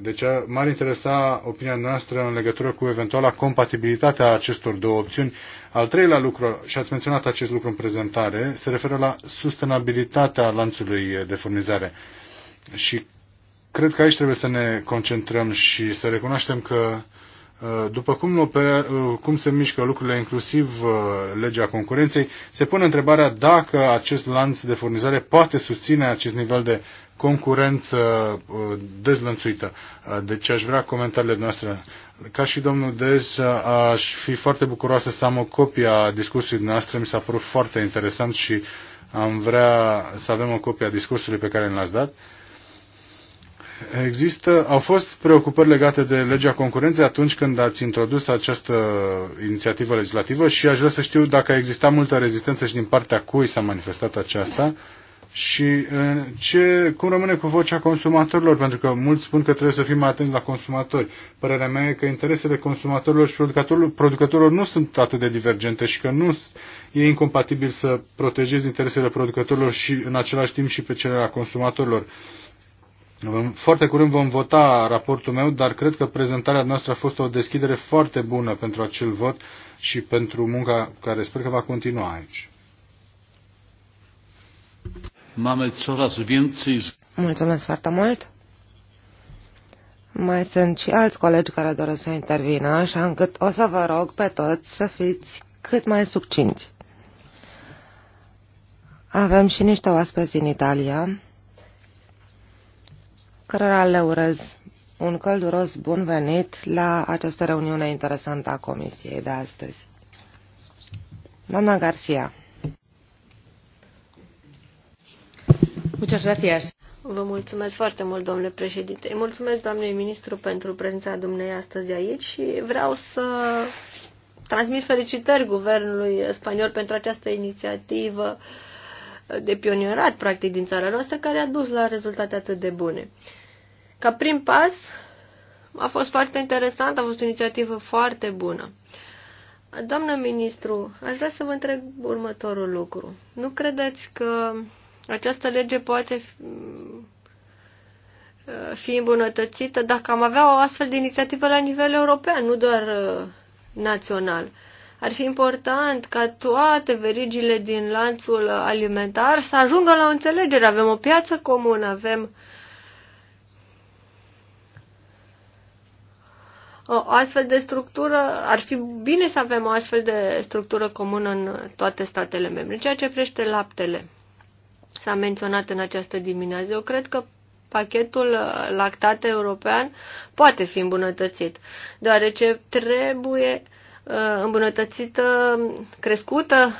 deci m-ar interesa opinia noastră în legătură cu eventuala compatibilitate a acestor două opțiuni. Al treilea lucru, și ați menționat acest lucru în prezentare, se referă la sustenabilitatea lanțului de furnizare. Și cred că aici trebuie să ne concentrăm și să recunoaștem că uh, Uh, după cum, opera, uh, cum se mișcă lucrurile, inclusiv uh, legea concurenței, se pune întrebarea dacă acest lanț de furnizare poate susține acest nivel de concurență dezlănțuită. Deci aș vrea comentariile noastre. Ca și domnul Dez, aș fi foarte bucuroasă să am o copie a discursului noastre. Mi s-a părut foarte interesant și am vrea să avem o copie a discursului pe care l-ați dat. Există, au fost preocupări legate de legea concurenței atunci când ați introdus această inițiativă legislativă și aș vrea să știu dacă a existat multă rezistență și din partea cui s-a manifestat aceasta și ce, cum rămâne cu vocea consumatorilor, pentru că mulți spun că trebuie să fim mai atenți la consumatori. Părerea mea e că interesele consumatorilor și producătorilor, producătorilor nu sunt atât de divergente și că nu e incompatibil să protejezi interesele producătorilor și în același timp și pe cele ale consumatorilor. Uh, foarte curând vom vota raportul meu, dar cred că prezentarea noastră a fost o deschidere foarte bună pentru acel vot și pentru munca care sper că va continua aici. Mulțumesc foarte mult. Mai sunt și alți colegi care doresc să intervină, așa încât o să vă rog pe toți să fiți cât mai succinți. Avem și niște oaspeți din Italia cărora le urez un călduros bun venit la această reuniune interesantă a Comisiei de astăzi. Doamna Garcia. Vă mulțumesc foarte mult, domnule președinte. mulțumesc, doamnei ministru, pentru prezența dumnei astăzi aici și vreau să transmit felicitări guvernului spaniol pentru această inițiativă de pionierat, practic, din țara noastră, care a dus la rezultate atât de bune. Ca prim pas, a fost foarte interesant, a fost o inițiativă foarte bună. Doamnă ministru, aș vrea să vă întreb următorul lucru. Nu credeți că această lege poate fi uh, îmbunătățită dacă am avea o astfel de inițiativă la nivel european, nu doar uh, național? Ar fi important ca toate verigile din lanțul alimentar să ajungă la o înțelegere. Avem o piață comună, avem uh, o astfel de structură, ar fi bine să avem o astfel de structură comună în toate statele membre. Ceea ce prește laptele s-a menționat în această dimineață. Eu cred că pachetul uh, lactate european poate fi îmbunătățit, deoarece trebuie uh, îmbunătățită, crescută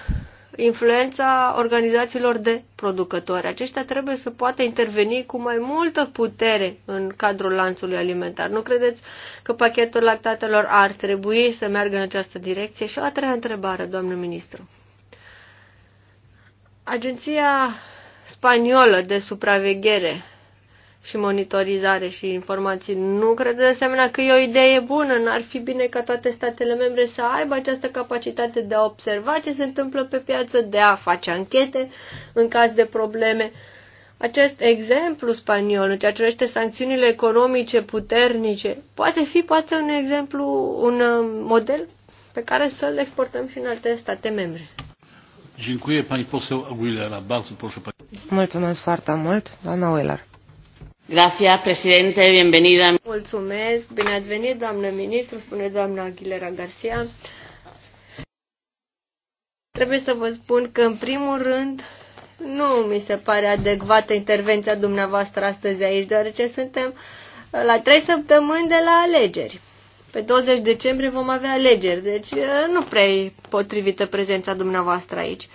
influența organizațiilor de producători. Aceștia trebuie să poată interveni cu mai multă putere în cadrul lanțului alimentar. Nu credeți că pachetul lactatelor ar trebui să meargă în această direcție? Și o a treia întrebare, doamnă ministru. Agenția spaniolă de supraveghere și monitorizare și informații. Nu cred de asemenea că e o idee bună. N-ar fi bine ca toate statele membre să aibă această capacitate de a observa ce se întâmplă pe piață, de a face anchete în caz de probleme. Acest exemplu spaniol, în ceea ce privește sancțiunile economice puternice, poate fi poate un exemplu, un um, model pe care să-l exportăm și în alte state membre. Mulțumesc foarte mult, doamna Wheeler. Gracias, presidente, bienvenida. Mulțumesc, bine ați venit, doamnă ministru, spune doamna Aguilera Garcia. Trebuie să vă spun că, în primul rând, nu mi se pare adecvată intervenția dumneavoastră astăzi aici, deoarece suntem la trei săptămâni de la alegeri. Pe 20 decembrie vom avea alegeri, deci nu prea e potrivită prezența dumneavoastră aici. Uh,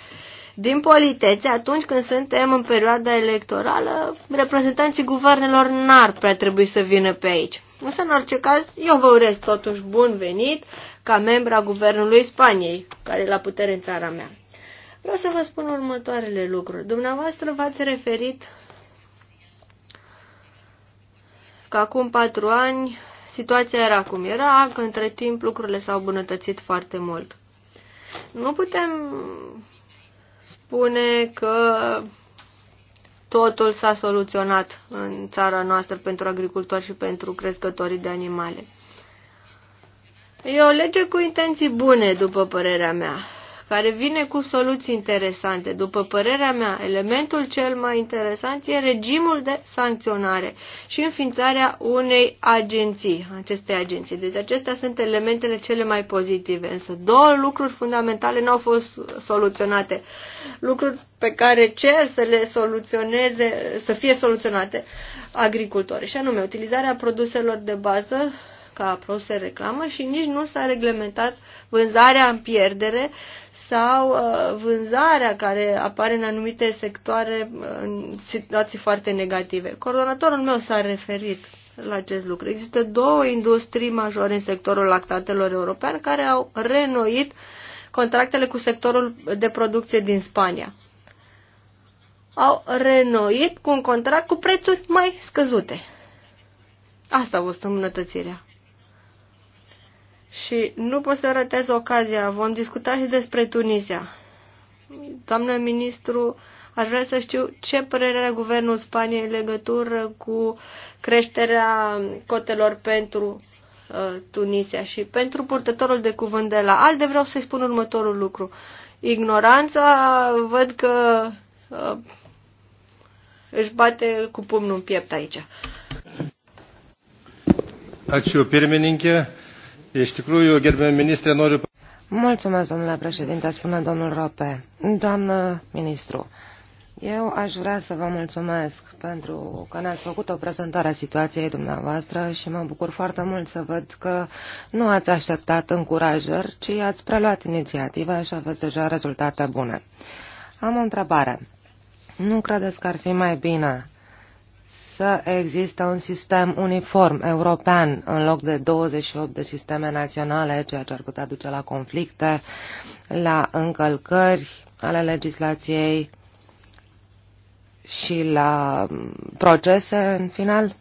din politețe, atunci când suntem în perioada electorală, reprezentanții guvernelor n-ar prea trebui să vină pe aici. Însă, în orice caz, eu vă urez totuși bun venit ca membru a Guvernului Spaniei, care e la putere în țara mea. Vreau să vă spun următoarele lucruri. Dumneavoastră v-ați referit că acum patru ani situația era cum era, că între timp lucrurile s-au bunătățit foarte mult. Nu putem spune că totul s-a soluționat în țara noastră pentru agricultori și pentru crescătorii de animale. E o lege cu intenții bune, după părerea mea care vine cu soluții interesante. După părerea mea, elementul cel mai interesant e regimul de sancționare și înființarea unei agenții, acestei agenții. Deci acestea sunt elementele cele mai pozitive, însă două lucruri fundamentale nu au fost soluționate. Lucruri pe care cer să le soluționeze, să fie soluționate agricultori. și anume utilizarea produselor de bază ca produse reclamă și nici nu s-a reglementat vânzarea în pierdere sau uh, vânzarea care apare în anumite sectoare uh, în situații foarte negative. Coordonatorul meu s-a referit la acest lucru. Există două industrii majore în sectorul lactatelor european care au renoit contractele cu sectorul de producție din Spania. Au renoit cu un contract cu prețuri mai scăzute. Asta a fost îmbunătățirea. Și nu pot să rătez ocazia. Vom discuta și despre Tunisia. Doamnă ministru, aș vrea să știu ce părere are guvernul Spaniei în legătură cu creșterea cotelor pentru uh, Tunisia și pentru purtătorul de cuvânt de la ALDE vreau să-i spun următorul lucru. Ignoranța văd că uh, își bate cu pumnul în piept aici. Ačiū pirmininkė. Iš tikrųjų, ministrė, noriu... Mulțumesc, domnule președinte, spune domnul Rope. Doamnă ministru, eu aș vrea să vă mulțumesc pentru că ne-ați făcut o prezentare a situației dumneavoastră și mă bucur foarte mult să văd că nu ați așteptat încurajări, ci ați preluat inițiativa și aveți deja rezultate bune. Am o întrebare. Nu credeți că ar fi mai bine să existe un sistem uniform european în loc de 28 de sisteme naționale, ceea ce ar putea duce la conflicte, la încălcări ale legislației și la procese în final?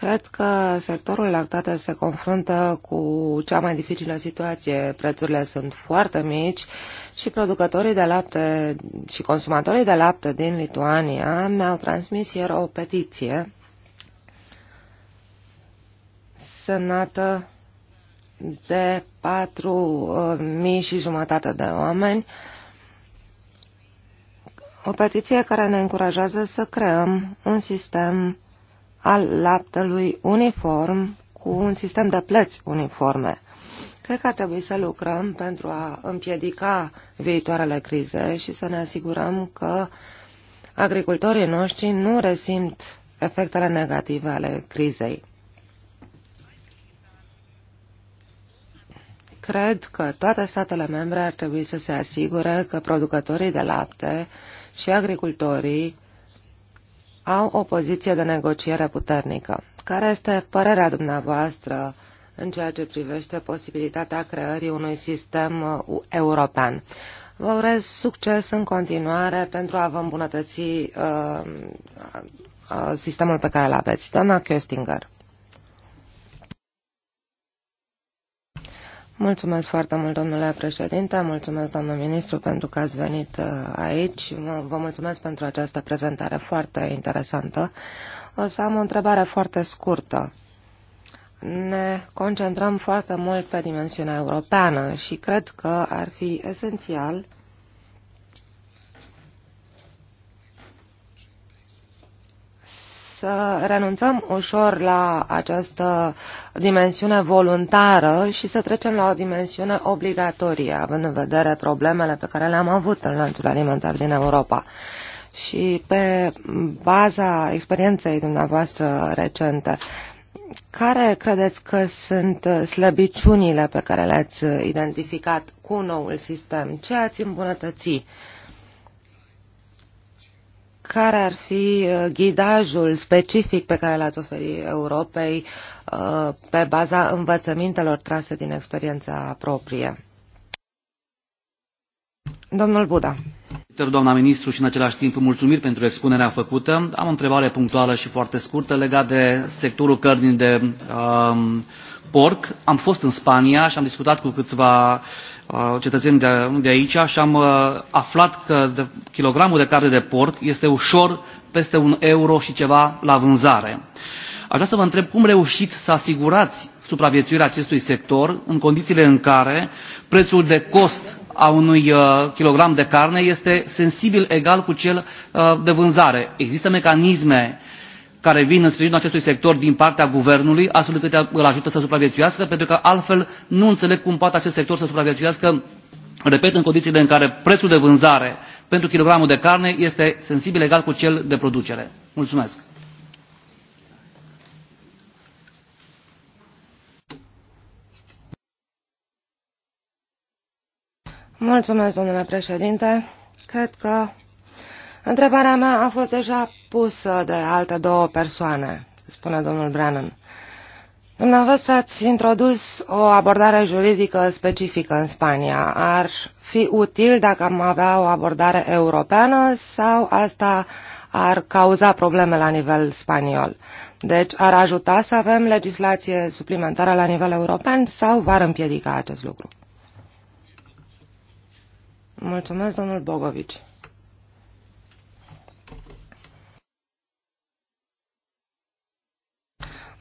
Cred că sectorul lactate se confruntă cu cea mai dificilă situație. Prețurile sunt foarte mici și producătorii de lapte și consumatorii de lapte din Lituania mi-au transmis ieri o petiție semnată de 4.000 uh, și jumătate de oameni, o petiție care ne încurajează să creăm un sistem al laptelui uniform cu un sistem de plăți uniforme. Cred că ar trebui să lucrăm pentru a împiedica viitoarele crize și să ne asigurăm că agricultorii noștri nu resimt efectele negative ale crizei. Cred că toate statele membre ar trebui să se asigure că producătorii de lapte și agricultorii au o poziție de negociere puternică. Care este părerea dumneavoastră în ceea ce privește posibilitatea creării unui sistem uh, european? Vă urez succes în continuare pentru a vă îmbunătăți uh, uh, sistemul pe care îl aveți. Doamna Köstinger. Mulțumesc foarte mult, domnule președinte, mulțumesc, domnul ministru, pentru că ați venit uh, aici. Vă mulțumesc pentru această prezentare foarte interesantă. O să am o întrebare foarte scurtă. Ne concentrăm foarte mult pe dimensiunea europeană și cred că ar fi esențial să renunțăm ușor la această dimensiune voluntară și să trecem la o dimensiune obligatorie, având în vedere problemele pe care le-am avut în lanțul alimentar din Europa. Și pe baza experienței dumneavoastră recente, care credeți că sunt slăbiciunile pe care le-ați identificat cu noul sistem? Ce ați îmbunătățit? care ar fi uh, ghidajul specific pe care l-ați oferi Europei uh, pe baza învățămintelor trase din experiența proprie? Domnul Buda. Doamna ministru și în același timp mulțumiri pentru expunerea făcută. Am o întrebare punctuală și foarte scurtă legată de sectorul cărnii de um, porc. Am fost în Spania și am discutat cu câțiva uh, cetățeni de, de aici și am uh, aflat că de, kilogramul de carne de porc este ușor peste un euro și ceva la vânzare. Aș vrea să vă întreb cum reușiți să asigurați supraviețuirea acestui sector în condițiile în care prețul de cost a unui uh, kilogram de carne este sensibil egal cu cel uh, de vânzare. Există mecanisme care vin în sprijinul acestui sector din partea guvernului, astfel încât îl ajută să supraviețuiască, pentru că altfel nu înțeleg cum poate acest sector să supraviețuiască, repet, în condițiile în care prețul de vânzare pentru kilogramul de carne este sensibil legat cu cel de producere. Mulțumesc! Mulțumesc, domnule președinte. Cred că Întrebarea mea a fost deja pusă de alte două persoane, spune domnul Brennan. Dumneavoastră ați introdus o abordare juridică specifică în Spania. Ar fi util dacă am avea o abordare europeană sau asta ar cauza probleme la nivel spaniol? Deci ar ajuta să avem legislație suplimentară la nivel european sau v-ar împiedica acest lucru? Mulțumesc, domnul Bogovici.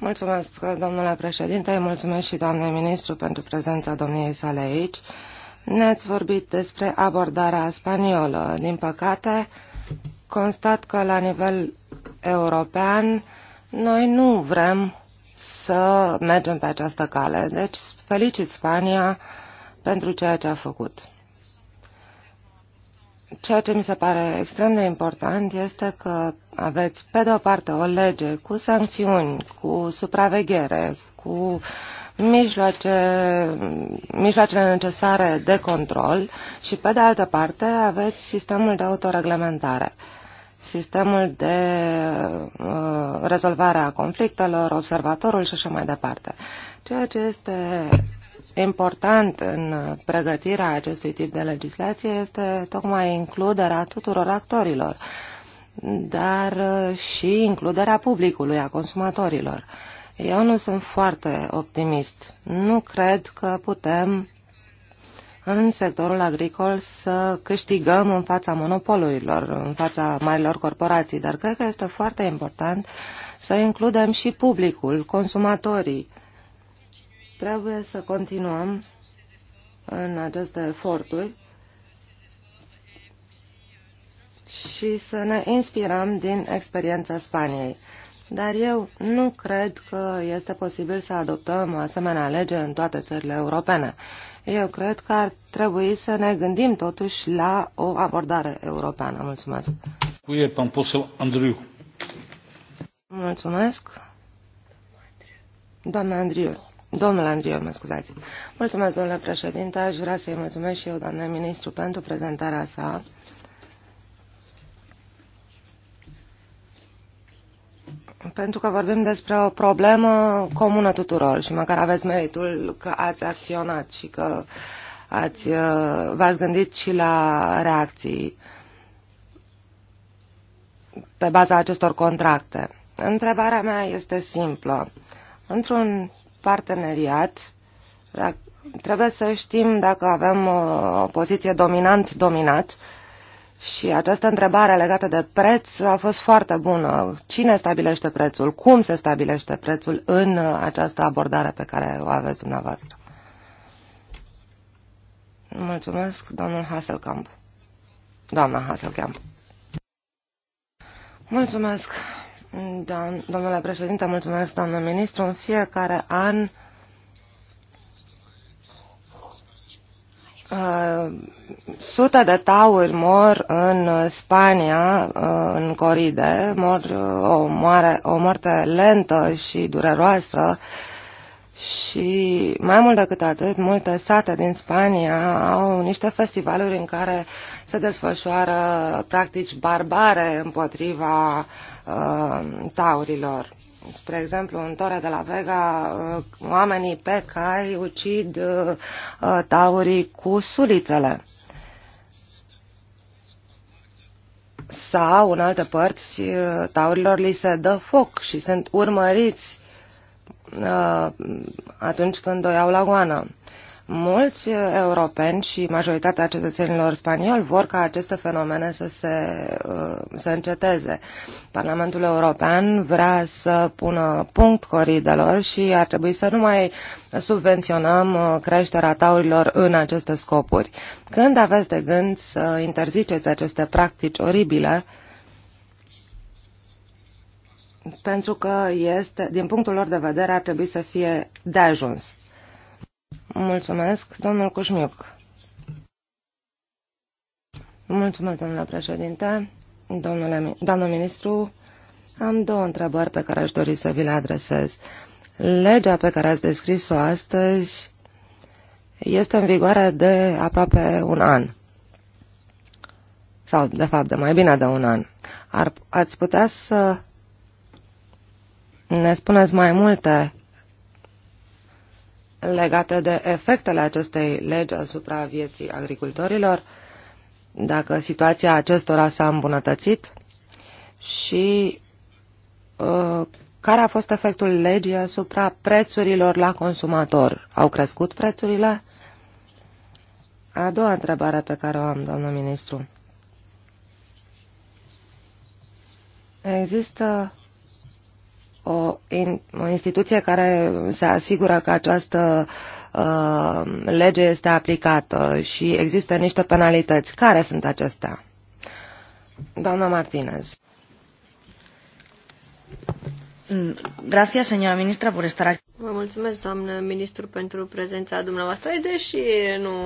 Mulțumesc, domnule președinte, mulțumesc și doamnei ministru pentru prezența domniei sale aici. Ne-ați vorbit despre abordarea spaniolă. Din păcate, constat că la nivel european noi nu vrem să mergem pe această cale. Deci felicit Spania pentru ceea ce a făcut. Ceea ce mi se pare extrem de important este că aveți, pe de o parte, o lege cu sancțiuni, cu supraveghere, cu mijloace, mijloacele necesare de control și, pe de altă parte, aveți sistemul de autoreglementare sistemul de uh, rezolvare a conflictelor, observatorul și așa mai departe. Ceea ce este important în pregătirea acestui tip de legislație este tocmai includerea tuturor actorilor. Uh, dar uh, și includerea publicului, a consumatorilor. Eu nu sunt foarte optimist. Nu cred că putem în sectorul agricol să câștigăm în fața monopolurilor, în fața marilor corporații, dar cred că este foarte important să includem și publicul, consumatorii. Trebuie să continuăm în aceste eforturi și să ne inspirăm din experiența Spaniei. Dar eu nu cred că este posibil să adoptăm o asemenea lege în toate țările europene. Eu cred că ar trebui să ne gândim totuși la o abordare europeană. Mulțumesc. Mulțumesc. Doamna Andriu. Domnule Andriu, mă scuzați. Mulțumesc, domnule președinte. Aș vrea să-i mulțumesc și eu, doamne ministru, pentru prezentarea sa pentru că vorbim despre o problemă comună tuturor și măcar aveți meritul că ați acționat și că ați, uh, v-ați gândit și la reacții pe baza acestor contracte. Întrebarea mea este simplă. Într-un parteneriat trebuie să știm dacă avem uh, o poziție dominant-dominat și această întrebare legată de preț a fost foarte bună. Cine stabilește prețul? Cum se stabilește prețul în uh, această abordare pe care o aveți dumneavoastră? Mulțumesc, domnul Hasselkamp. Doamna Hasselkamp. Mulțumesc, domnule președinte, mulțumesc, doamnă ministru. În fiecare an Uh, sute de tauri mor în Spania, uh, în coride, mor uh, o, moare, o moarte lentă și dureroasă și mai mult decât atât, multe sate din Spania au niște festivaluri în care se desfășoară practici barbare împotriva uh, taurilor spre exemplu, în Torre de la Vega, uh, oamenii pe cai ucid uh, uh, taurii cu sulițele. Sau, în alte părți, taurilor li se dă foc și sunt urmăriți atunci când o iau la goană. Mulți uh, europeni și majoritatea cetățenilor spanioli vor ca aceste fenomene să se uh, să înceteze. Parlamentul European vrea să pună punct coridelor și ar trebui să nu mai subvenționăm uh, creșterea taurilor în aceste scopuri. Când aveți de gând să interziceți aceste practici oribile, pentru că este, din punctul lor de vedere, ar trebui să fie de ajuns. Mulțumesc, domnul Cușmiuc. Mulțumesc, domnule președinte. Domnule, domnul ministru, am două întrebări pe care aș dori să vi le adresez. Legea pe care ați descris-o astăzi este în vigoare de aproape un an. Sau, de fapt, de mai bine de un an. Ar, ați putea să ne spuneți mai multe legate de efectele acestei legi asupra vieții agricultorilor, dacă situația acestora s-a îmbunătățit și uh, care a fost efectul legii asupra prețurilor la consumator. Au crescut prețurile? A doua întrebare pe care o am, domnul ministru. Există o, in, o instituție care se asigură că această uh, lege este aplicată și există niște penalități. Care sunt acestea? Doamna Martinez. Gracias, señora ministra, por estar aquí. Vă mulțumesc, doamnă ministru, pentru prezența dumneavoastră, deși nu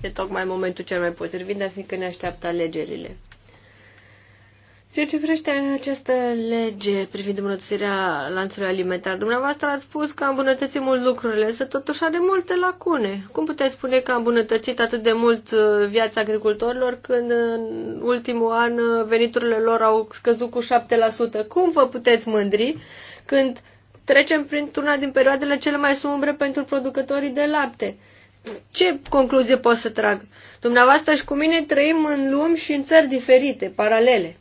e tocmai momentul cel mai potrivit, dar fiindcă ne așteaptă alegerile. Ceea ce privește această lege privind îmbunătățirea lanțului alimentar, dumneavoastră ați spus că îmbunătățim mult lucrurile, însă totuși are multe lacune. Cum puteți spune că a îmbunătățit atât de mult uh, viața agricultorilor când în ultimul an uh, veniturile lor au scăzut cu 7%? Cum vă puteți mândri când trecem printr-una din perioadele cele mai sumbre pentru producătorii de lapte? ce concluzie pot să trag? Dumneavoastră și cu mine trăim în lumi și în țări diferite, paralele.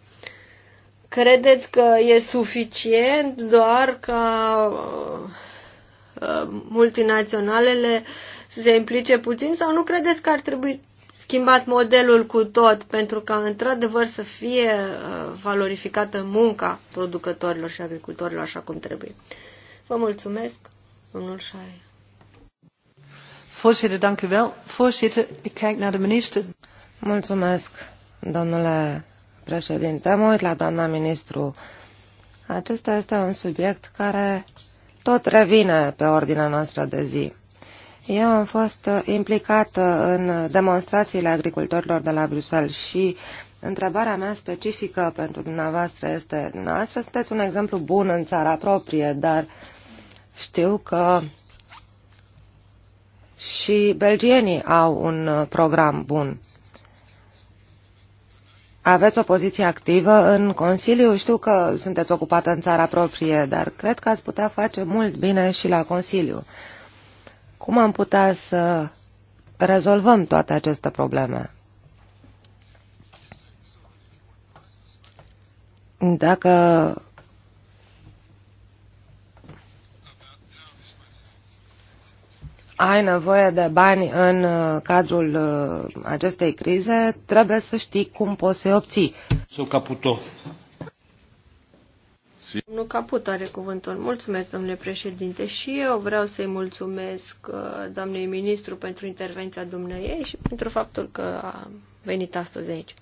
Credeți că e suficient doar ca uh, uh, multinaționalele să se implice puțin sau nu credeți că ar trebui schimbat modelul cu tot pentru ca într-adevăr să fie uh, valorificată munca producătorilor și agricultorilor așa cum trebuie? Vă mulțumesc, domnul Șaie. Voorzitter, dank u wel. Voorzitter, ik kijk naar de minister. Mulțumesc, domnule președinte. Mă uit la doamna ministru. Acesta este un subiect care tot revine pe ordinea noastră de zi. Eu am fost implicată în demonstrațiile agricultorilor de la Bruxelles și întrebarea mea specifică pentru dumneavoastră este, dumneavoastră sunteți un exemplu bun în țara proprie, dar știu că și belgienii au un program bun aveți o poziție activă în Consiliu. Știu că sunteți ocupată în țara proprie, dar cred că ați putea face mult bine și la Consiliu. Cum am putea să rezolvăm toate aceste probleme? Dacă ai nevoie de bani în uh, cadrul uh, acestei crize, trebuie să știi cum poți să-i obții. Nu Caputo. Nu Caput are cuvântul. Mulțumesc, domnule președinte, și eu vreau să-i mulțumesc uh, doamnei ministru pentru intervenția dumneiei și pentru faptul că a venit astăzi aici.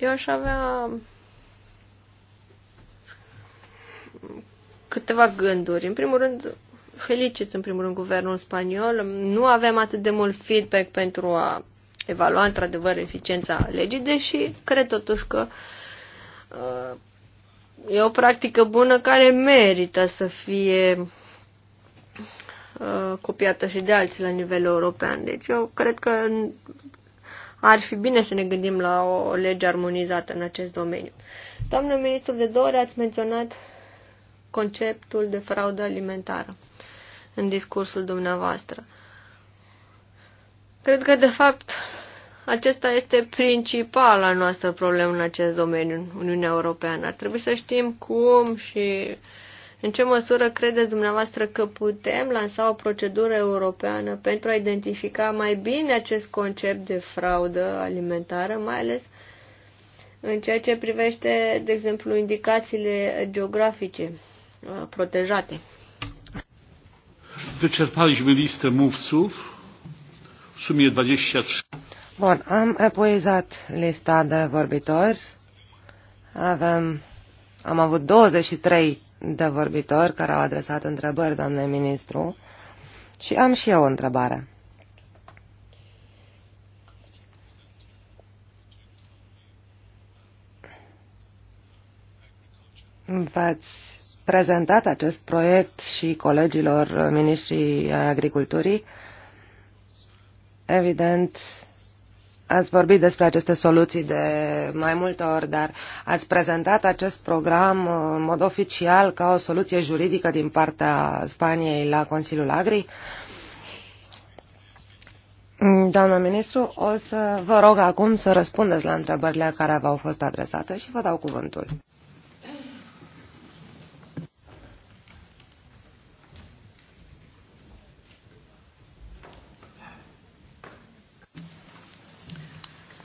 Eu aș avea câteva gânduri. În primul rând, felicit în primul rând guvernul spaniol. Nu avem atât de mult feedback pentru a evalua într-adevăr eficiența legii, deși cred totuși că uh, e o practică bună care merită să fie uh, copiată și de alții la nivel european. Deci eu cred că ar fi bine să ne gândim la o lege armonizată în acest domeniu. Doamnă ministru, de două ori ați menționat conceptul de fraudă alimentară în discursul dumneavoastră. Cred că, de fapt, acesta este principala noastră problemă în acest domeniu, în Uniunea Europeană. Ar trebui să știm cum și în ce măsură credeți dumneavoastră că putem lansa o procedură europeană pentru a identifica mai bine acest concept de fraudă alimentară, mai ales în ceea ce privește, de exemplu, indicațiile geografice uh, protejate. Wyczerpaliśmy listę mówców. W sumie 23. Bun, am epuizat lista de vorbitori. Avem, am avut 23 de vorbitori care au adresat întrebări, doamne ministru, și am și eu o întrebare. V-ați prezentat acest proiect și colegilor ministrii agriculturii. Evident, ați vorbit despre aceste soluții de mai multe ori, dar ați prezentat acest program uh, în mod oficial ca o soluție juridică din partea Spaniei la Consiliul Agri. Doamna ministru, o să vă rog acum să răspundeți la întrebările care v-au fost adresate și vă dau cuvântul.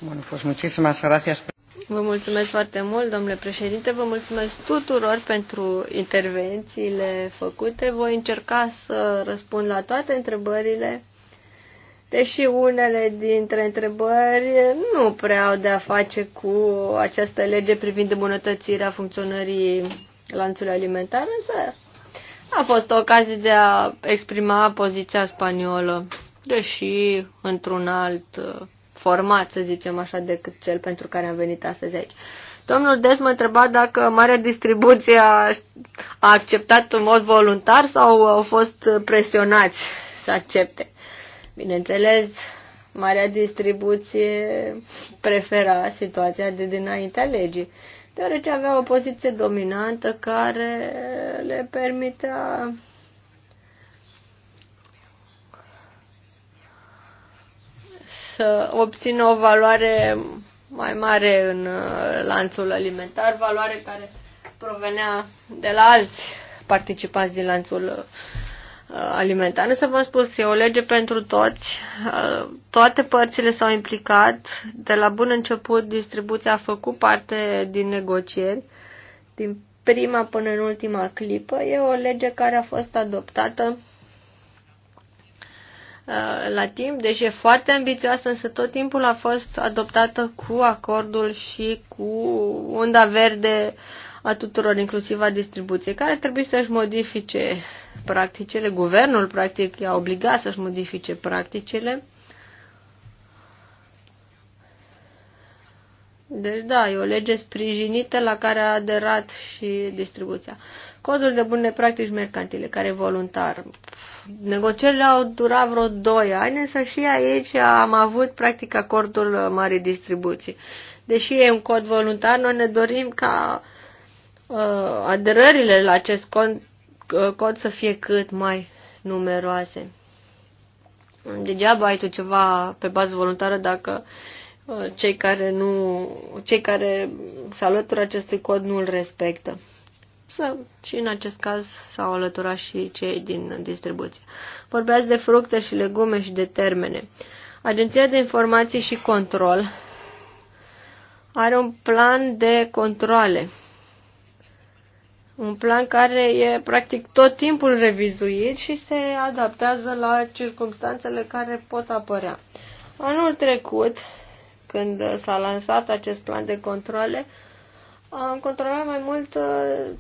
Bueno, pues muchísimas gracias. Vă mulțumesc foarte mult, domnule președinte, vă mulțumesc tuturor pentru intervențiile făcute. Voi încerca să răspund la toate întrebările, deși unele dintre întrebări nu prea au de-a face cu această lege privind îmbunătățirea funcționării lanțului alimentar, însă a fost o ocazie de a exprima poziția spaniolă, deși într-un alt format, să zicem așa, decât cel pentru care am venit astăzi aici. Domnul Des mă întreba dacă Marea Distribuție a, a acceptat în mod voluntar sau au fost presionați să accepte. Bineînțeles, Marea Distribuție prefera situația de dinaintea legii, deoarece avea o poziție dominantă care le permitea să obțină o valoare mai mare în uh, lanțul alimentar, valoare care provenea de la alți participanți din lanțul uh, alimentar. Însă v-am spus, e o lege pentru toți. Uh, toate părțile s-au implicat. De la bun început, distribuția a făcut parte din negocieri, din prima până în ultima clipă. E o lege care a fost adoptată Uh, la timp, deci e foarte ambițioasă, însă tot timpul a fost adoptată cu acordul și cu unda verde a tuturor, inclusiv a distribuției, care trebuie să-și modifice practicile. Guvernul, practic, i-a obligat să-și modifice practicile. Deci, da, e o lege sprijinită la care a aderat și distribuția. Codul de bune practici mercantile, care e voluntar. Negocierile au durat vreo 2 ani, însă și aici am avut practic acordul marii distribuții. Deși e un cod voluntar, noi ne dorim ca uh, aderările la acest cod, uh, cod să fie cât mai numeroase. Degeaba ai tu ceva pe bază voluntară dacă uh, cei care nu, cei care se alătură acestui cod nu îl respectă. Să, și în acest caz s-au alăturat și cei din distribuție. Vorbeați de fructe și legume și de termene. Agenția de Informații și Control are un plan de controle. Un plan care e practic tot timpul revizuit și se adaptează la circumstanțele care pot apărea. Anul trecut, când s-a lansat acest plan de controle, am controlat mai mult uh,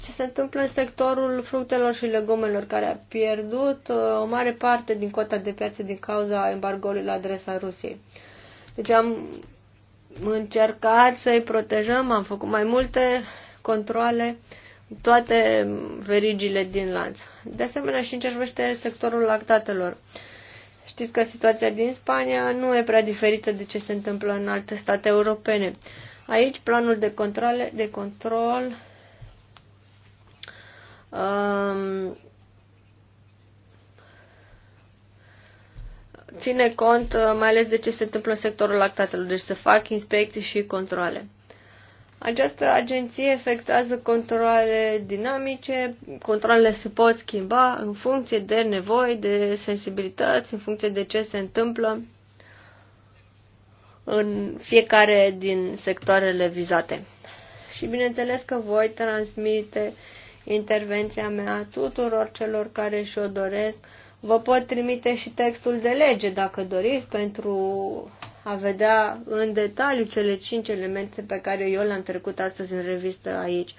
ce se întâmplă în sectorul fructelor și legumelor, care a pierdut uh, o mare parte din cota de piață din cauza embargoului la adresa Rusiei. Deci am încercat să-i protejăm, am făcut mai multe controle toate verigile din lanț. De asemenea și încercăște sectorul lactatelor. Știți că situația din Spania nu e prea diferită de ce se întâmplă în alte state europene. Aici planul de, control de control um, ține cont uh, mai ales de ce se întâmplă în sectorul lactatelor, deci să fac inspecții și controle. Această agenție efectuează controle dinamice, controlele se pot schimba în funcție de nevoi, de sensibilități, în funcție de ce se întâmplă în fiecare din sectoarele vizate. Și bineînțeles că voi transmite intervenția mea tuturor celor care și-o doresc. Vă pot trimite și textul de lege, dacă doriți, pentru a vedea în detaliu cele cinci elemente pe care eu le-am trecut astăzi în revistă aici.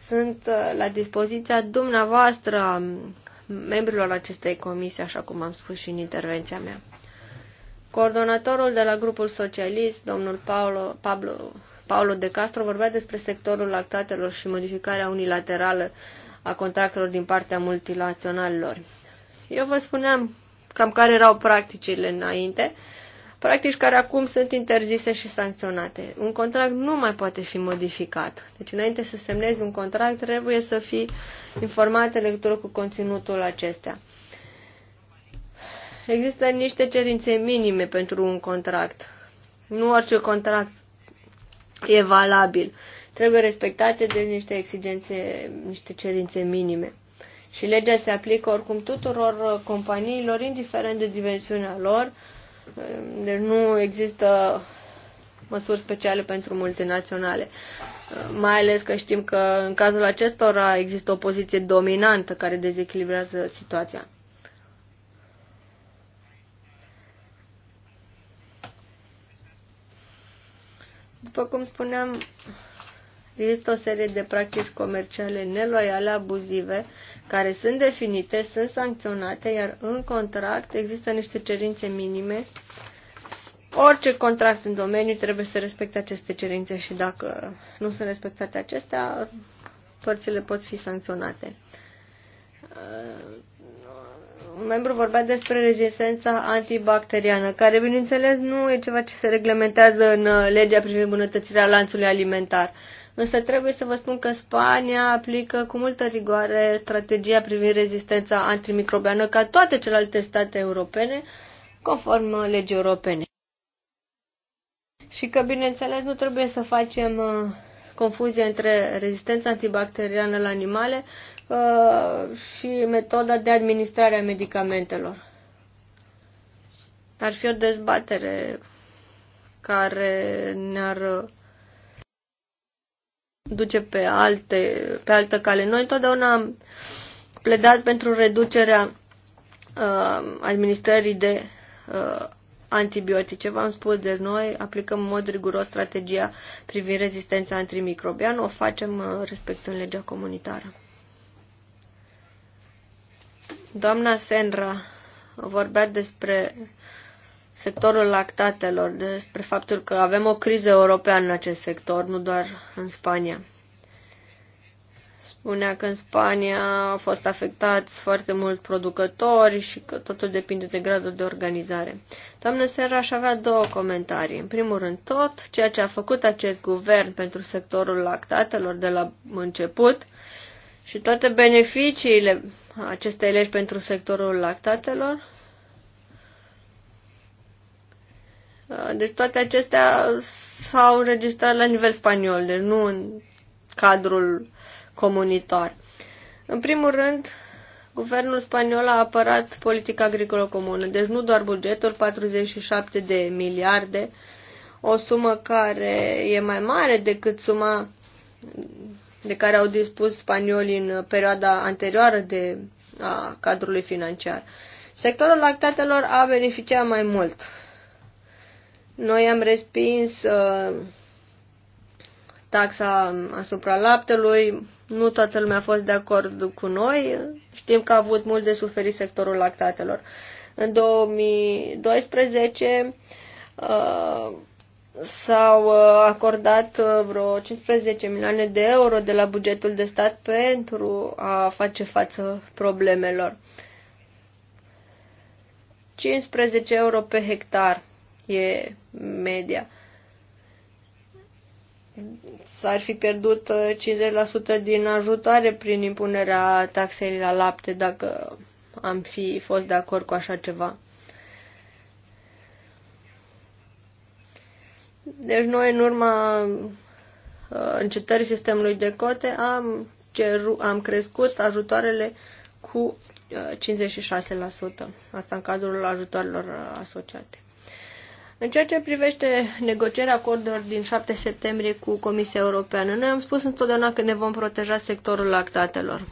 Sunt uh, la dispoziția dumneavoastră membrilor acestei comisii, așa cum am spus și în intervenția mea. Coordonatorul de la grupul socialist, domnul Paolo, Pablo, Paolo de Castro, vorbea despre sectorul lactatelor și modificarea unilaterală a contractelor din partea multinaționalilor. Eu vă spuneam cam care erau practicile înainte, practici care acum sunt interzise și sancționate. Un contract nu mai poate fi modificat. Deci înainte să semnezi un contract trebuie să fii informat în legătură cu conținutul acestea. Există niște cerințe minime pentru un contract. Nu orice contract e valabil. Trebuie respectate de niște exigențe, niște cerințe minime. Și legea se aplică oricum tuturor uh, companiilor, indiferent de dimensiunea lor. Uh, deci nu există măsuri speciale pentru multinaționale. Uh, mai ales că știm că în cazul acestora există o poziție dominantă care dezechilibrează situația. După cum spuneam, există o serie de practici comerciale neloiale, abuzive, care sunt definite, sunt sancționate, iar în contract există niște cerințe minime. Orice contract în domeniu trebuie să respecte aceste cerințe și dacă nu sunt respectate acestea, părțile pot fi sancționate membru vorbea despre rezistența antibacteriană, care, bineînțeles, nu e ceva ce se reglementează în uh, legea privind bunătățirea lanțului alimentar. Însă trebuie să vă spun că Spania aplică cu multă rigoare strategia privind rezistența antimicrobiană ca toate celelalte state europene, conform uh, legii europene. Și că, bineînțeles, nu trebuie să facem uh, confuzie între rezistența antibacteriană la animale Uh, și metoda de administrare a medicamentelor. Ar fi o dezbatere care ne-ar uh, duce pe, alte, pe altă cale. Noi întotdeauna am pledat pentru reducerea uh, administrării de uh, antibiotice. V-am spus, deci noi aplicăm în mod riguros strategia privind rezistența antimicrobiană, o facem uh, respectând legea comunitară. Doamna Senra vorbea despre sectorul lactatelor, despre faptul că avem o criză europeană în acest sector, nu doar în Spania. Spunea că în Spania au fost afectați foarte mult producători și că totul depinde de gradul de organizare. Doamna Serra aș avea două comentarii. În primul rând, tot ceea ce a făcut acest guvern pentru sectorul lactatelor de la început și toate beneficiile aceste legi pentru sectorul lactatelor. Deci toate acestea s-au înregistrat la nivel spaniol, deci nu în cadrul comunitar. În primul rând, guvernul spaniol a apărat politica agricolă comună, deci nu doar bugetul, 47 de miliarde, o sumă care e mai mare decât suma de care au dispus spaniolii în perioada anterioară de a cadrului financiar. Sectorul lactatelor a beneficiat mai mult. Noi am respins uh, taxa asupra laptelui, nu toată lumea a fost de acord cu noi, știm că a avut mult de suferit sectorul lactatelor. În 2012 uh, s-au uh, acordat uh, vreo 15 milioane de euro de la bugetul de stat pentru a face față problemelor. 15 euro pe hectar e media. S-ar fi pierdut 50% uh, din ajutoare prin impunerea taxei la lapte dacă am fi fost de acord cu așa ceva. Deci noi în urma uh, încetării sistemului de cote am, ceru, am crescut ajutoarele cu 56%. Uh, Asta în cadrul ajutoarelor uh, asociate. În ceea ce privește negocierea acordurilor din 7 septembrie cu Comisia Europeană, noi am spus întotdeauna că ne vom proteja sectorul lactatelor.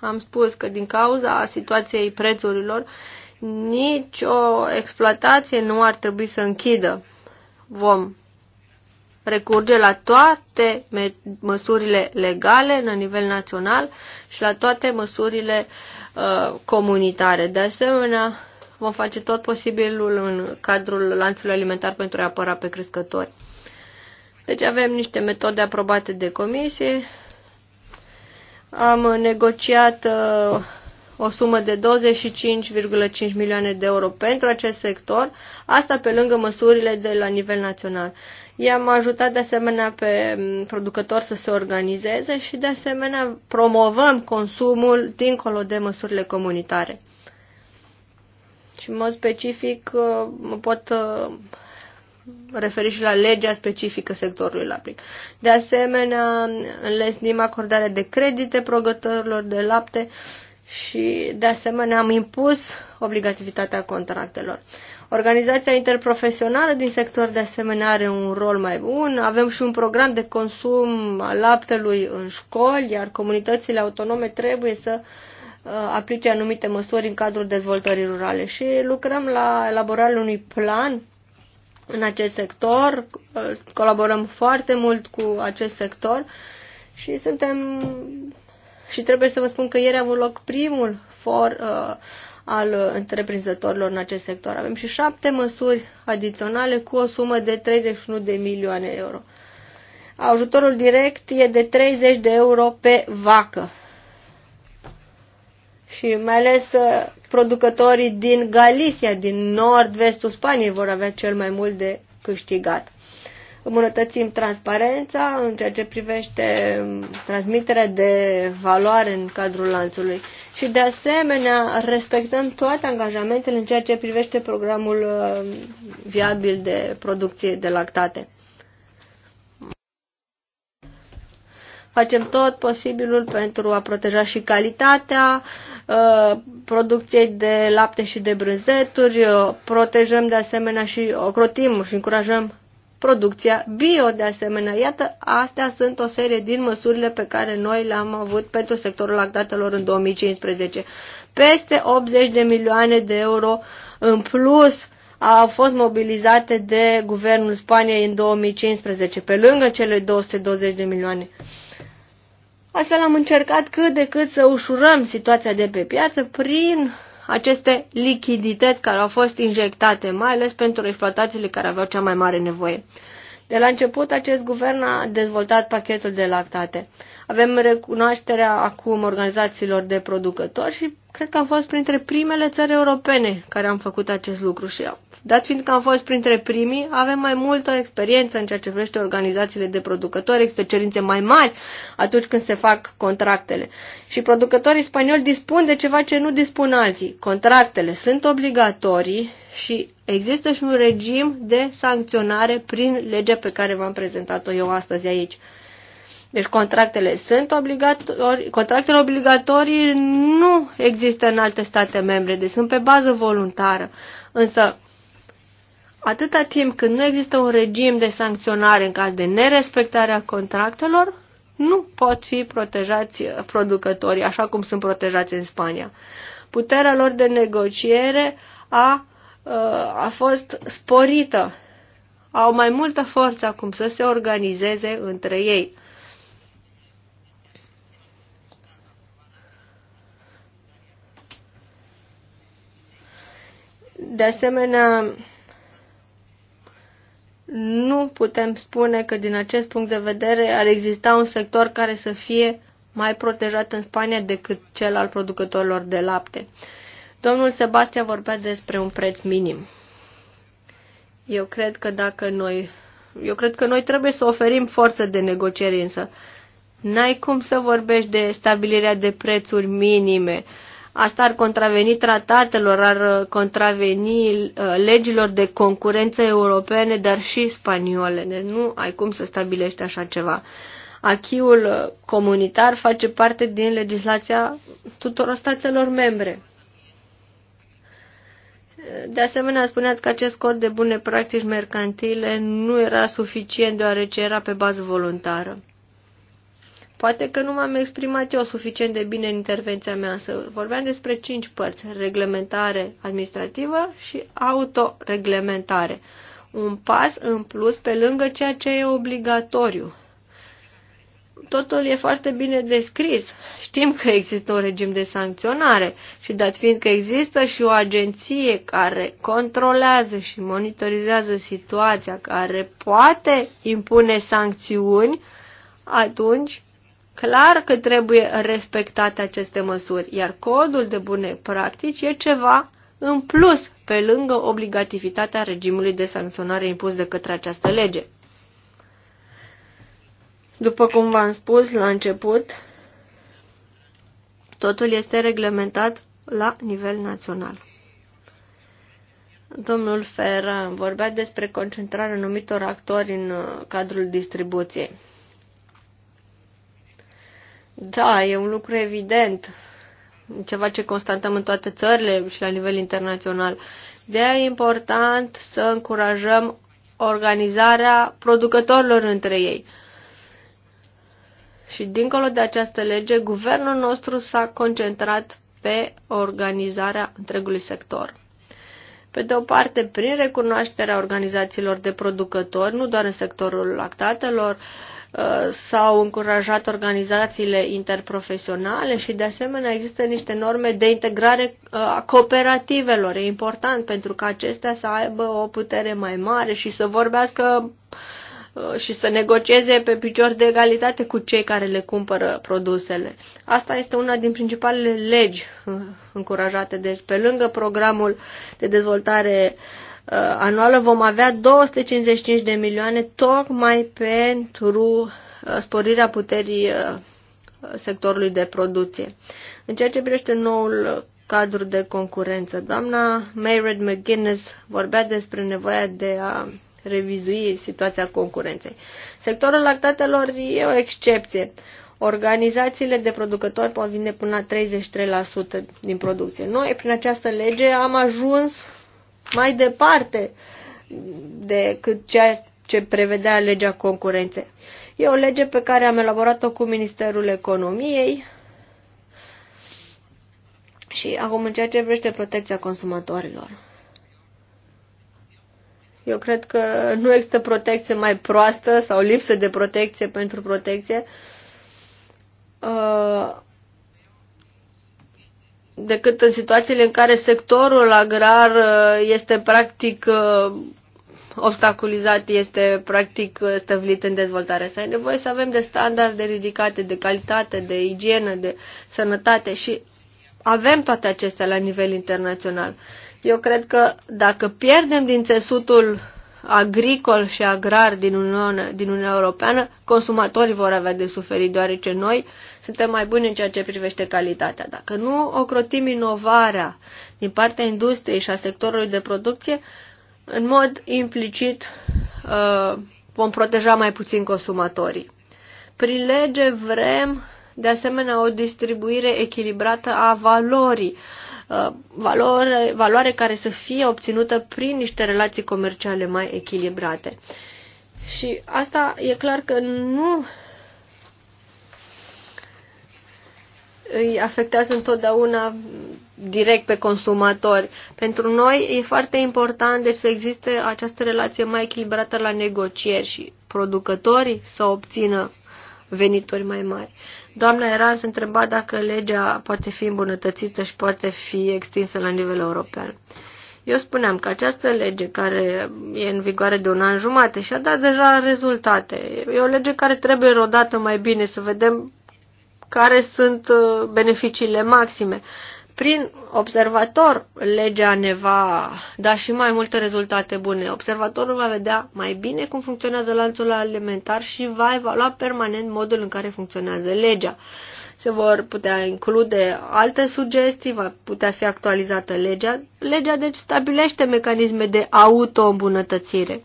Am spus că din cauza situației prețurilor, nicio exploatație nu ar trebui să închidă. Vom recurge la toate măsurile legale la nivel național și la toate măsurile uh, comunitare. De asemenea, vom face tot posibilul în cadrul lanțului alimentar pentru a apăra pe crescători. Deci avem niște metode aprobate de comisie. Am negociat uh, o sumă de 25,5 milioane de euro pentru acest sector, asta pe lângă măsurile de la nivel național. I-am ajutat de asemenea pe mm, producători să se organizeze și de asemenea promovăm consumul dincolo de măsurile comunitare. Și în mod specific uh, mă pot uh, referi și la legea specifică sectorului laptic. De asemenea, înlesnim acordarea de credite producătorilor de lapte uh, și, de asemenea, am impus obligativitatea contractelor. Organizația interprofesională din sector, de asemenea, are un rol mai bun. Avem și un program de consum al laptelui în școli, iar comunitățile autonome trebuie să uh, aplice anumite măsuri în cadrul dezvoltării rurale și lucrăm la elaborarea unui plan în acest sector, uh, colaborăm foarte mult cu acest sector și suntem și trebuie să vă spun că ieri a avut loc primul for uh, al întreprinzătorilor în acest sector. Avem și șapte măsuri adiționale cu o sumă de 31 de milioane euro. Ajutorul direct e de 30 de euro pe vacă. Și mai ales uh, producătorii din Galicia, din nord-vestul Spaniei, vor avea cel mai mult de câștigat îmbunătățim transparența în ceea ce privește transmiterea de valoare în cadrul lanțului și de asemenea respectăm toate angajamentele în ceea ce privește programul uh, viabil de producție de lactate. Facem tot posibilul pentru a proteja și calitatea uh, producției de lapte și de brânzeturi, uh, protejăm de asemenea și ocrotim și încurajăm producția bio de asemenea. Iată, astea sunt o serie din măsurile pe care noi le-am avut pentru sectorul lactatelor în 2015. Peste 80 de milioane de euro în plus au fost mobilizate de guvernul Spaniei în 2015, pe lângă cele 220 de milioane. Astfel am încercat cât de cât să ușurăm situația de pe piață prin aceste lichidități care au fost injectate, mai ales pentru exploatațiile care aveau cea mai mare nevoie. De la început, acest guvern a dezvoltat pachetul de lactate. Avem recunoașterea acum organizațiilor de producători și cred că am fost printre primele țări europene care am făcut acest lucru și eu. Dat fiind că am fost printre primii, avem mai multă experiență în ceea ce privește organizațiile de producători, există cerințe mai mari atunci când se fac contractele. Și producătorii spanioli dispun de ceva ce nu dispun alții. Contractele sunt obligatorii și există și un regim de sancționare prin legea pe care v-am prezentat-o eu astăzi aici. Deci contractele sunt obligatorii, contractele obligatorii nu există în alte state membre, deci sunt pe bază voluntară. Însă Atâta timp când nu există un regim de sancționare în caz de nerespectare a contractelor, nu pot fi protejați producătorii așa cum sunt protejați în Spania. Puterea lor de negociere a, uh, a fost sporită. Au mai multă forță acum să se organizeze între ei. De asemenea, nu putem spune că din acest punct de vedere ar exista un sector care să fie mai protejat în Spania decât cel al producătorilor de lapte. Domnul Sebastian vorbea despre un preț minim. Eu cred că dacă noi eu cred că noi trebuie să oferim forță de negociere, însă n-ai cum să vorbești de stabilirea de prețuri minime. Uh, Asta ar contraveni tratatelor, ar uh, contraveni uh, legilor de concurență europene, dar și spaniole. Deci nu ai cum să stabilești așa ceva. Achiul uh, comunitar face parte din legislația tuturor statelor membre. De asemenea, spuneați că acest cod de bune practici mercantile nu era suficient deoarece era pe bază voluntară. Poate că nu m-am exprimat eu suficient de bine în intervenția mea, însă vorbeam despre cinci părți. Reglementare administrativă și autoreglementare. Un pas în plus pe lângă ceea ce e obligatoriu. Totul e foarte bine descris. Știm că există un regim de sancționare și dat fiind că există și o agenție care controlează și monitorizează situația, care poate impune sancțiuni, atunci clar că trebuie respectate aceste măsuri, iar codul de bune practici e ceva în plus pe lângă obligativitatea regimului de sancționare impus de către această lege. După cum v-am spus la început, totul este reglementat la nivel național. Domnul Fer vorbea despre concentrarea numitor actori în uh, cadrul distribuției. Da, e un lucru evident, ceva ce constatăm în toate țările și la nivel internațional. De aia e important să încurajăm organizarea producătorilor între ei. Și dincolo de această lege, guvernul nostru s-a concentrat pe organizarea întregului sector. Pe de o parte, prin recunoașterea organizațiilor de producători, nu doar în sectorul lactatelor, uh, s-au încurajat organizațiile interprofesionale și de asemenea există niște norme de integrare uh, a cooperativelor. E important pentru că acestea să aibă o putere mai mare și să vorbească uh, și să negocieze pe picior de egalitate cu cei care le cumpără produsele. Asta este una din principalele legi uh, încurajate. Deci, pe lângă programul de dezvoltare uh, Uh, anuală vom avea 255 de milioane tocmai pentru uh, sporirea puterii uh, sectorului de producție. În ceea ce privește noul cadru de concurență, doamna Mayred McGuinness vorbea despre nevoia de a revizui situația concurenței. Sectorul lactatelor e o excepție. Organizațiile de producători pot vinde până la 33% din producție. Noi, prin această lege, am ajuns mai departe decât ceea ce prevedea legea concurenței. E o lege pe care am elaborat-o cu Ministerul Economiei și acum în ceea ce vrește protecția consumatorilor. Eu cred că nu există protecție mai proastă sau lipsă de protecție pentru protecție. Uh, decât în situațiile în care sectorul agrar uh, este practic uh, obstaculizat, este practic uh, stăvilit în dezvoltare. Să ai nevoie să avem de standarde ridicate, de calitate, de igienă, de sănătate și avem toate acestea la nivel internațional. Eu cred că dacă pierdem din țesutul agricol și agrar din Uniunea, din Uniunea Europeană, consumatorii vor avea de suferit, deoarece noi suntem mai buni în ceea ce privește calitatea. Dacă nu ocrotim inovarea din partea industriei și a sectorului de producție, în mod implicit uh, vom proteja mai puțin consumatorii. Prin lege vrem, de asemenea, o distribuire echilibrată a valorii Uh, valoare, valoare care să fie obținută prin niște relații comerciale mai echilibrate. Și asta e clar că nu îi afectează întotdeauna direct pe consumatori. Pentru noi e foarte important deci, să existe această relație mai echilibrată la negocieri și producătorii să obțină venituri mai mari. Doamna era se întreba dacă legea poate fi îmbunătățită și poate fi extinsă la nivel european. Eu spuneam că această lege, care e în vigoare de un an jumate și a dat deja rezultate, e o lege care trebuie rodată mai bine, să vedem care sunt uh, beneficiile maxime. Prin observator, legea ne va da și mai multe rezultate bune. Observatorul va vedea mai bine cum funcționează lanțul alimentar și va evalua permanent modul în care funcționează legea. Se vor putea include alte sugestii, va putea fi actualizată legea. Legea deci stabilește mecanisme de auto-îmbunătățire.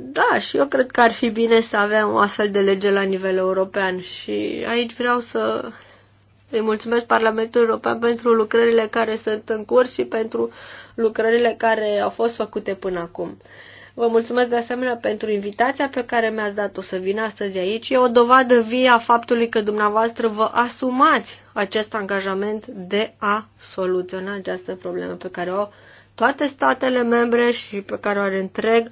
da, și eu cred că ar fi bine să avem o astfel de lege la nivel european și aici vreau să îi mulțumesc Parlamentului European pentru lucrările care sunt în curs și pentru lucrările care au fost făcute până acum. Vă mulțumesc de asemenea pentru invitația pe care mi-ați dat-o să vin astăzi aici. E o dovadă vie a faptului că dumneavoastră vă asumați acest angajament de a soluționa această problemă pe care o toate statele membre și pe care o are întreg,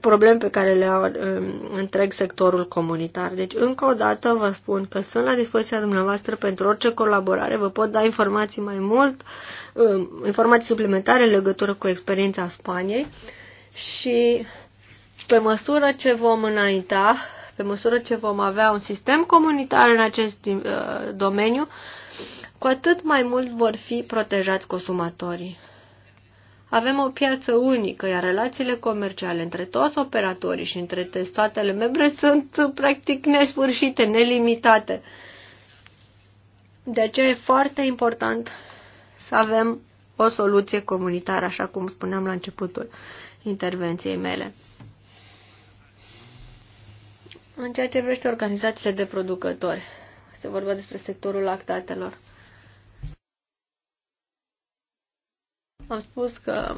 probleme pe care le au um, întreg sectorul comunitar. Deci, încă o dată vă spun că sunt la dispoziția dumneavoastră pentru orice colaborare, vă pot da informații mai mult, um, informații suplimentare în legătură cu experiența Spaniei și pe măsură ce vom înainta, pe măsură ce vom avea un sistem comunitar în acest uh, domeniu, cu atât mai mult vor fi protejați consumatorii. Avem o piață unică, iar relațiile comerciale între toți operatorii și între statele membre sunt practic nesfârșite, nelimitate. De aceea e foarte important să avem o soluție comunitară, așa cum spuneam la începutul intervenției mele. În ceea ce vrește organizațiile de producători, se vorbea despre sectorul lactatelor. Am spus că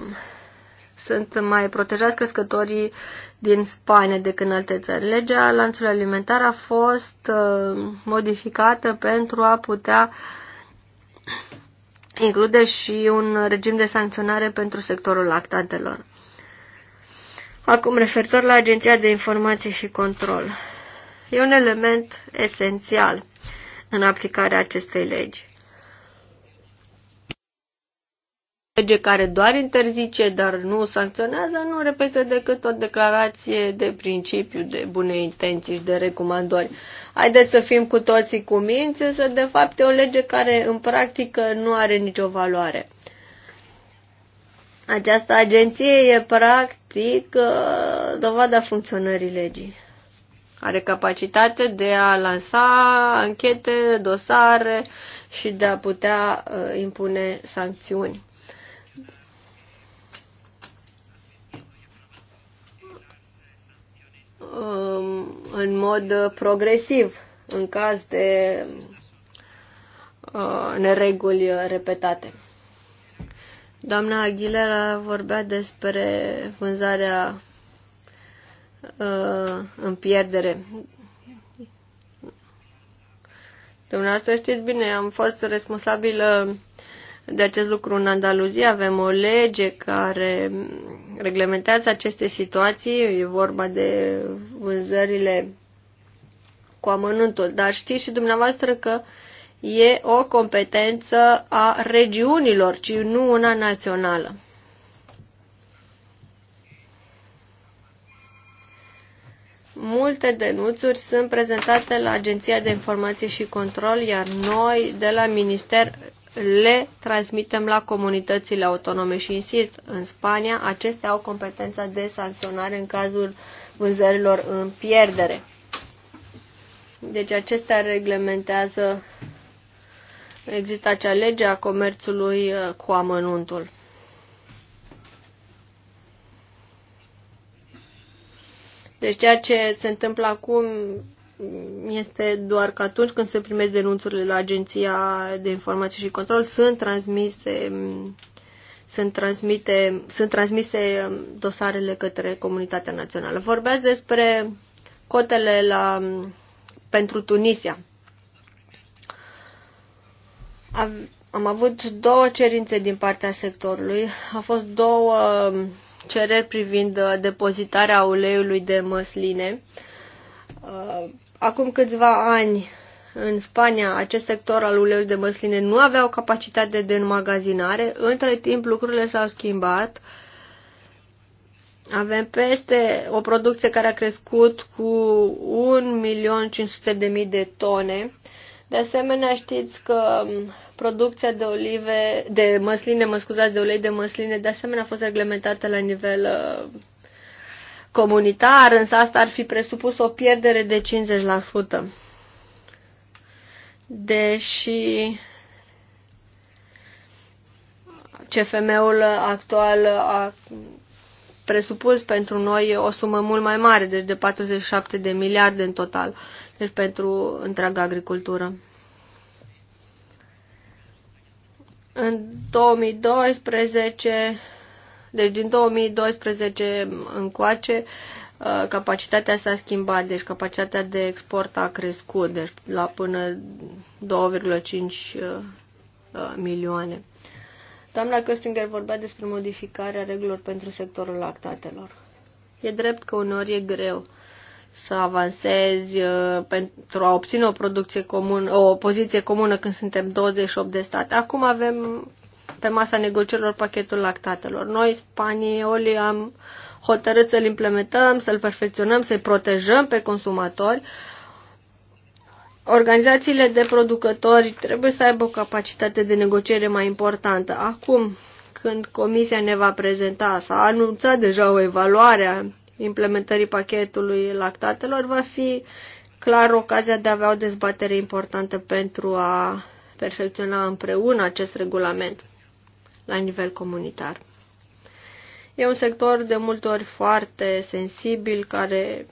sunt mai protejați crescătorii din Spania decât în alte țări. Legea lanțului alimentar a fost uh, modificată pentru a putea include și un regim de sancționare pentru sectorul lactatelor. Acum, referitor la Agenția de Informații și Control. E un element esențial în aplicarea acestei legi. lege care doar interzice, dar nu sancționează, nu reprezintă decât o declarație de principiu, de bune intenții și de recomandări. Haideți să fim cu toții cu minți, însă de fapt e o lege care în practică nu are nicio valoare. Această agenție e practic uh, dovada funcționării legii. Are capacitate de a lansa anchete, dosare și de a putea uh, impune sancțiuni. Um, în mod progresiv în caz de uh, nereguli repetate. Doamna Aguilera vorbea despre vânzarea uh, în pierdere. Dumneavoastră știți bine, am fost responsabilă de acest lucru în Andaluzia. Avem o lege care reglementează aceste situații. E vorba de vânzările cu amănuntul. Dar știți și dumneavoastră că e o competență a regiunilor, ci nu una națională. Multe denunțuri sunt prezentate la Agenția de Informație și Control, iar noi de la minister le transmitem la comunitățile autonome și insist, în Spania acestea au competența de sancționare în cazul vânzărilor în pierdere. Deci acestea reglementează, există acea lege a comerțului uh, cu amănuntul. Deci ceea ce se întâmplă acum este doar că atunci când se primesc denunțurile la Agenția de Informații și Control sunt transmise sunt, transmite, sunt transmise dosarele către comunitatea națională. Vorbeați despre cotele la, pentru Tunisia. Am avut două cerințe din partea sectorului. A fost două cereri privind depozitarea uleiului de măsline uh, Acum câțiva ani, în Spania, acest sector al uleiului de măsline nu avea o capacitate de înmagazinare. Între timp, lucrurile s-au schimbat. Avem peste o producție care a crescut cu 1.500.000 de tone. De asemenea, știți că um, producția de olive, de măsline, mă scuzați, de ulei de măsline, de asemenea a fost reglementată la nivel uh, comunitar, însă asta ar fi presupus o pierdere de 50%. Deși CFM-ul actual a presupus pentru noi o sumă mult mai mare, deci de 47 de miliarde în total, deci pentru întreaga agricultură. În 2012 deci din 2012 încoace uh, capacitatea s-a schimbat, deci capacitatea de export a crescut deci la până 2,5 uh, uh, milioane. Doamna Köstinger vorbea despre modificarea regulilor pentru sectorul lactatelor. E drept că uneori e greu să avansezi pentru a obține o producție comună, o poziție comună când suntem 28 de state. Acum avem pe masa negocierilor pachetul lactatelor. Noi, spanioli am hotărât să-l implementăm, să-l perfecționăm, să-i protejăm pe consumatori. Organizațiile de producători trebuie să aibă o capacitate de negociere mai importantă. Acum, când Comisia ne va prezenta, s-a anunțat deja o evaluare a implementării pachetului lactatelor, va fi clar ocazia de a avea o dezbatere importantă pentru a perfecționa împreună acest regulament la nivel comunitar. E un sector de multe ori foarte sensibil care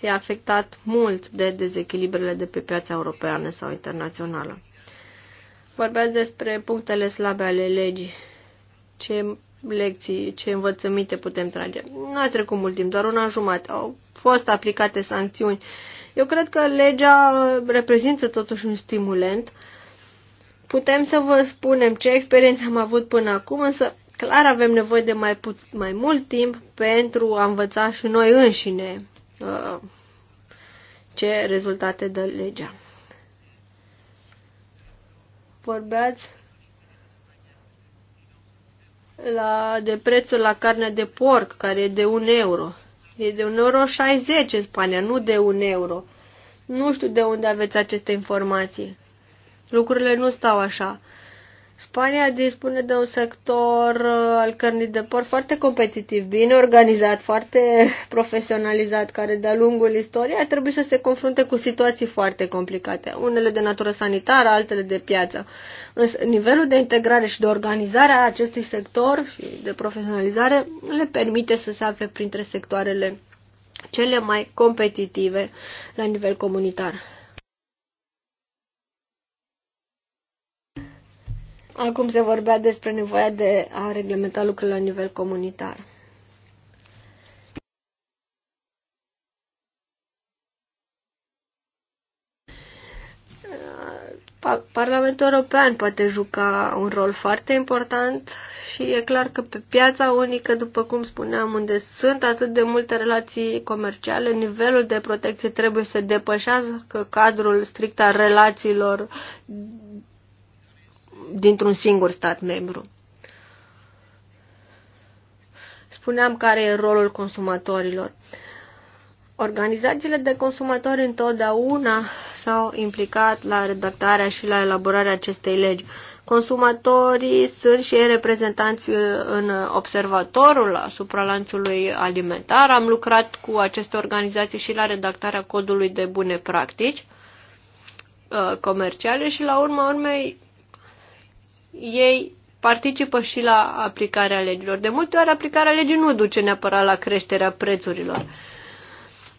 e afectat mult de dezechilibrele de pe piața europeană sau internațională. Vorbeați despre punctele slabe ale legii. Ce lecții, ce învățăminte putem trage. Nu a trecut mult timp, doar una jumătate. Au fost aplicate sancțiuni. Eu cred că legea reprezintă totuși un stimulent Putem să vă spunem ce experiență am avut până acum, însă clar avem nevoie de mai, put- mai mult timp pentru a învăța și noi înșine uh, ce rezultate dă legea. Vorbeați la, de prețul la carne de porc, care e de un euro. E de 1,60 euro în Spania, nu de un euro. Nu știu de unde aveți aceste informații. Lucrurile nu stau așa. Spania dispune de un sector uh, al cărnii de porc foarte competitiv, bine organizat, foarte <laughs> profesionalizat, care de-a lungul istoriei trebuie să se confrunte cu situații foarte complicate, unele de natură sanitară, altele de piață. Însă nivelul de integrare și de organizare a acestui sector și de profesionalizare le permite să se afle printre sectoarele cele mai competitive la nivel comunitar. Acum se vorbea despre nevoia de a reglementa lucrurile la nivel comunitar. Parlamentul European poate juca un rol foarte important și e clar că pe piața unică, după cum spuneam, unde sunt atât de multe relații comerciale, nivelul de protecție trebuie să depășească cadrul strict al relațiilor dintr-un singur stat membru. Spuneam care e rolul consumatorilor. Organizațiile de consumatori întotdeauna s-au implicat la redactarea și la elaborarea acestei legi. Consumatorii sunt și ei reprezentanți în observatorul asupra lanțului alimentar. Am lucrat cu aceste organizații și la redactarea codului de bune practici uh, comerciale și la urma urmei ei participă și la aplicarea legilor. De multe ori aplicarea legii nu duce neapărat la creșterea prețurilor.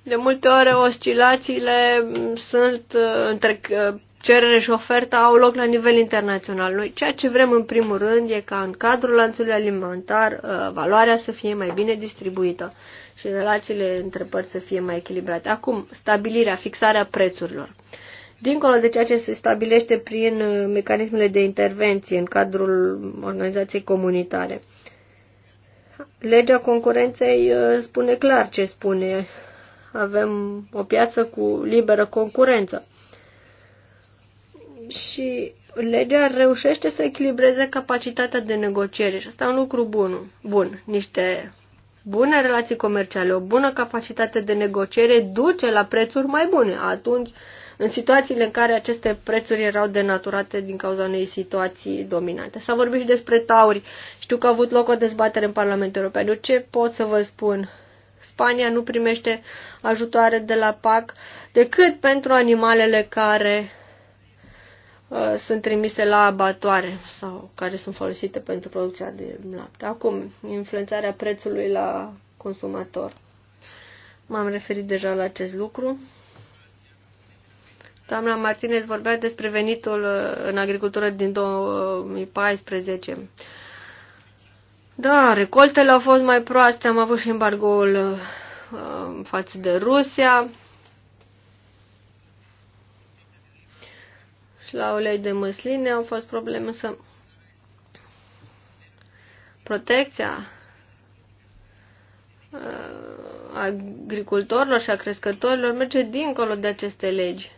De multe ori oscilațiile sunt uh, între uh, cerere și oferta au loc la nivel internațional. Noi ceea ce vrem în primul rând e ca în cadrul lanțului alimentar uh, valoarea să fie mai bine distribuită și relațiile între părți să fie mai echilibrate. Acum, stabilirea, fixarea prețurilor. Uh, dincolo de ceea ce se stabilește prin uh, mecanismele de intervenție în cadrul organizației comunitare. Legea concurenței uh, spune clar ce spune. Avem o piață cu liberă concurență. Și legea reușește să echilibreze capacitatea de negociere și asta e un lucru bun. Bun, niște bune relații comerciale, o bună capacitate de negociere duce la prețuri mai bune. Atunci în situațiile în care aceste prețuri erau denaturate din cauza unei situații dominante. S-a vorbit și despre tauri. Știu că a avut loc o dezbatere în Parlamentul European. Eu ce pot să vă spun? Spania nu primește ajutoare de la PAC decât pentru animalele care uh, sunt trimise la abatoare sau care sunt folosite pentru producția de lapte. Acum, influențarea prețului la consumator. M-am referit deja la acest lucru. Doamna Martinez vorbea despre venitul uh, în agricultură din 2014. Da, recoltele au fost mai proaste, am avut și embargoul uh, față de Rusia. Și la ulei de măsline au fost probleme să... Protecția uh, agricultorilor și a crescătorilor merge dincolo de aceste legi.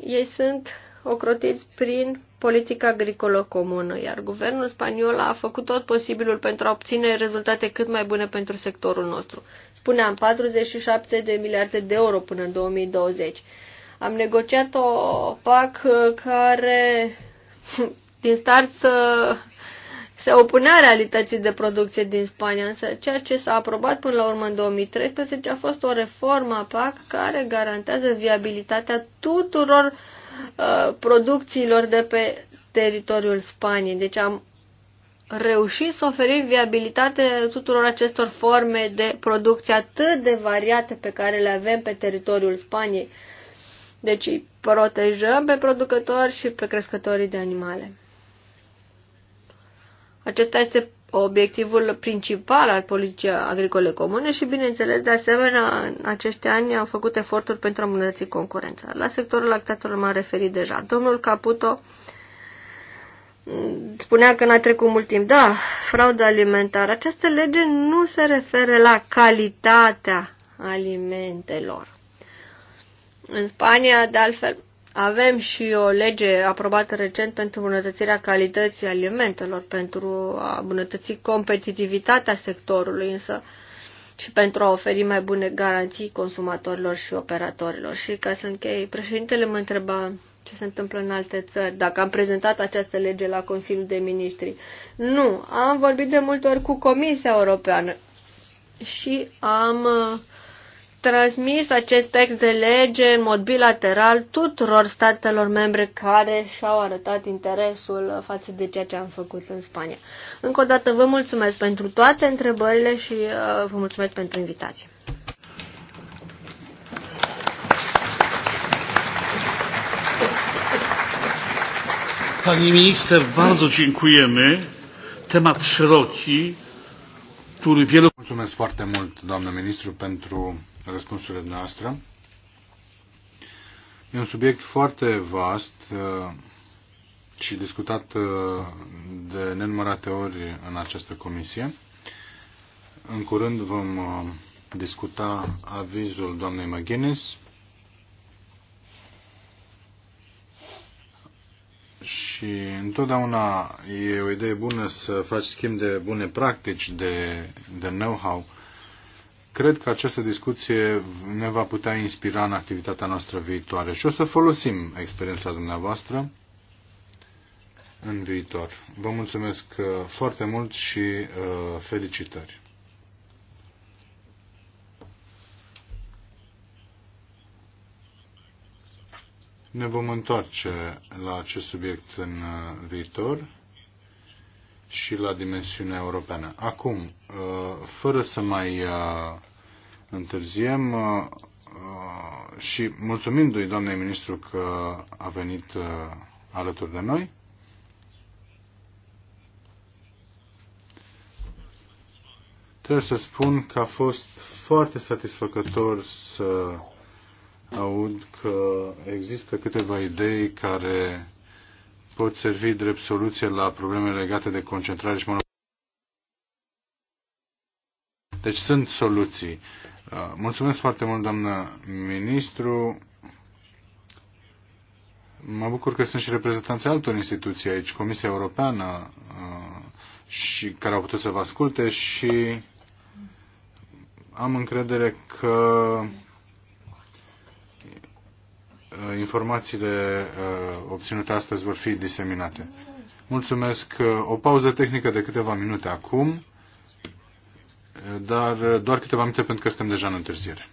Ei sunt ocrotiți prin politica agricolă comună, iar guvernul spaniol a făcut tot posibilul pentru a obține rezultate cât mai bune pentru sectorul nostru. Spuneam, 47 de miliarde de euro până în 2020. Am negociat o PAC care <laughs> din start să se opunea realității de producție din Spania, însă ceea ce s-a aprobat până la urmă în 2013 a fost o reformă a PAC care garantează viabilitatea tuturor uh, producțiilor de pe teritoriul Spaniei. Deci am reușit să oferim viabilitate tuturor acestor forme de producție atât de variate pe care le avem pe teritoriul Spaniei. Deci îi protejăm pe producători și pe crescătorii de animale. Acesta este obiectivul principal al politicii agricole comune și, bineînțeles, de asemenea, în acești ani au făcut eforturi pentru a îmbunătăți concurența. La sectorul lactatelor m-am referit deja. Domnul Caputo spunea că n-a trecut mult timp. Da, fraudă alimentară. Această lege nu se referă la calitatea alimentelor. În Spania, de altfel, avem și o lege aprobată recent pentru îmbunătățirea calității alimentelor, pentru a îmbunătăți competitivitatea sectorului, însă și pentru a oferi mai bune garanții consumatorilor și operatorilor. Și ca să închei, președintele mă întreba ce se întâmplă în alte țări, dacă am prezentat această lege la Consiliul de Ministri. Nu, am vorbit de multe ori cu Comisia Europeană și am uh, transmis acest text de lege în mod bilateral tuturor statelor membre care și-au arătat interesul față de ceea ce am făcut în Spania. Încă o dată vă mulțumesc pentru toate întrebările și uh, vă mulțumesc pentru invitație. Pani minister, bardzo dziękujemy. Temat szeroki, który wielu... Mulțumesc foarte mult, doamnă ministru, pentru răspunsurile noastre. E un subiect foarte vast uh, și discutat uh, de nenumărate ori în această comisie. În curând vom uh, discuta avizul doamnei McGuinness și întotdeauna e o idee bună să faci schimb de bune practici, de, de know-how Cred că această discuție ne va putea inspira în activitatea noastră viitoare și o să folosim experiența dumneavoastră în viitor. Vă mulțumesc uh, foarte mult și uh, felicitări! Ne vom întoarce la acest subiect în uh, viitor și la dimensiunea europeană. Acum, uh, fără să mai uh, întârziem uh, și mulțumindu-i doamnei ministru că a venit alături de noi, trebuie să spun că a fost foarte satisfăcător să aud că există câteva idei care pot servi drept soluție la probleme legate de concentrare și monopol. Deci sunt soluții. Uh, mulțumesc foarte mult, doamnă ministru. Mă bucur că sunt și reprezentanții altor instituții aici, Comisia Europeană, uh, și care au putut să vă asculte și am încredere că Uh, informațiile uh, obținute astăzi vor fi diseminate. Mulțumesc. O pauză tehnică de câteva minute acum, dar doar câteva minute pentru că suntem deja în întârziere.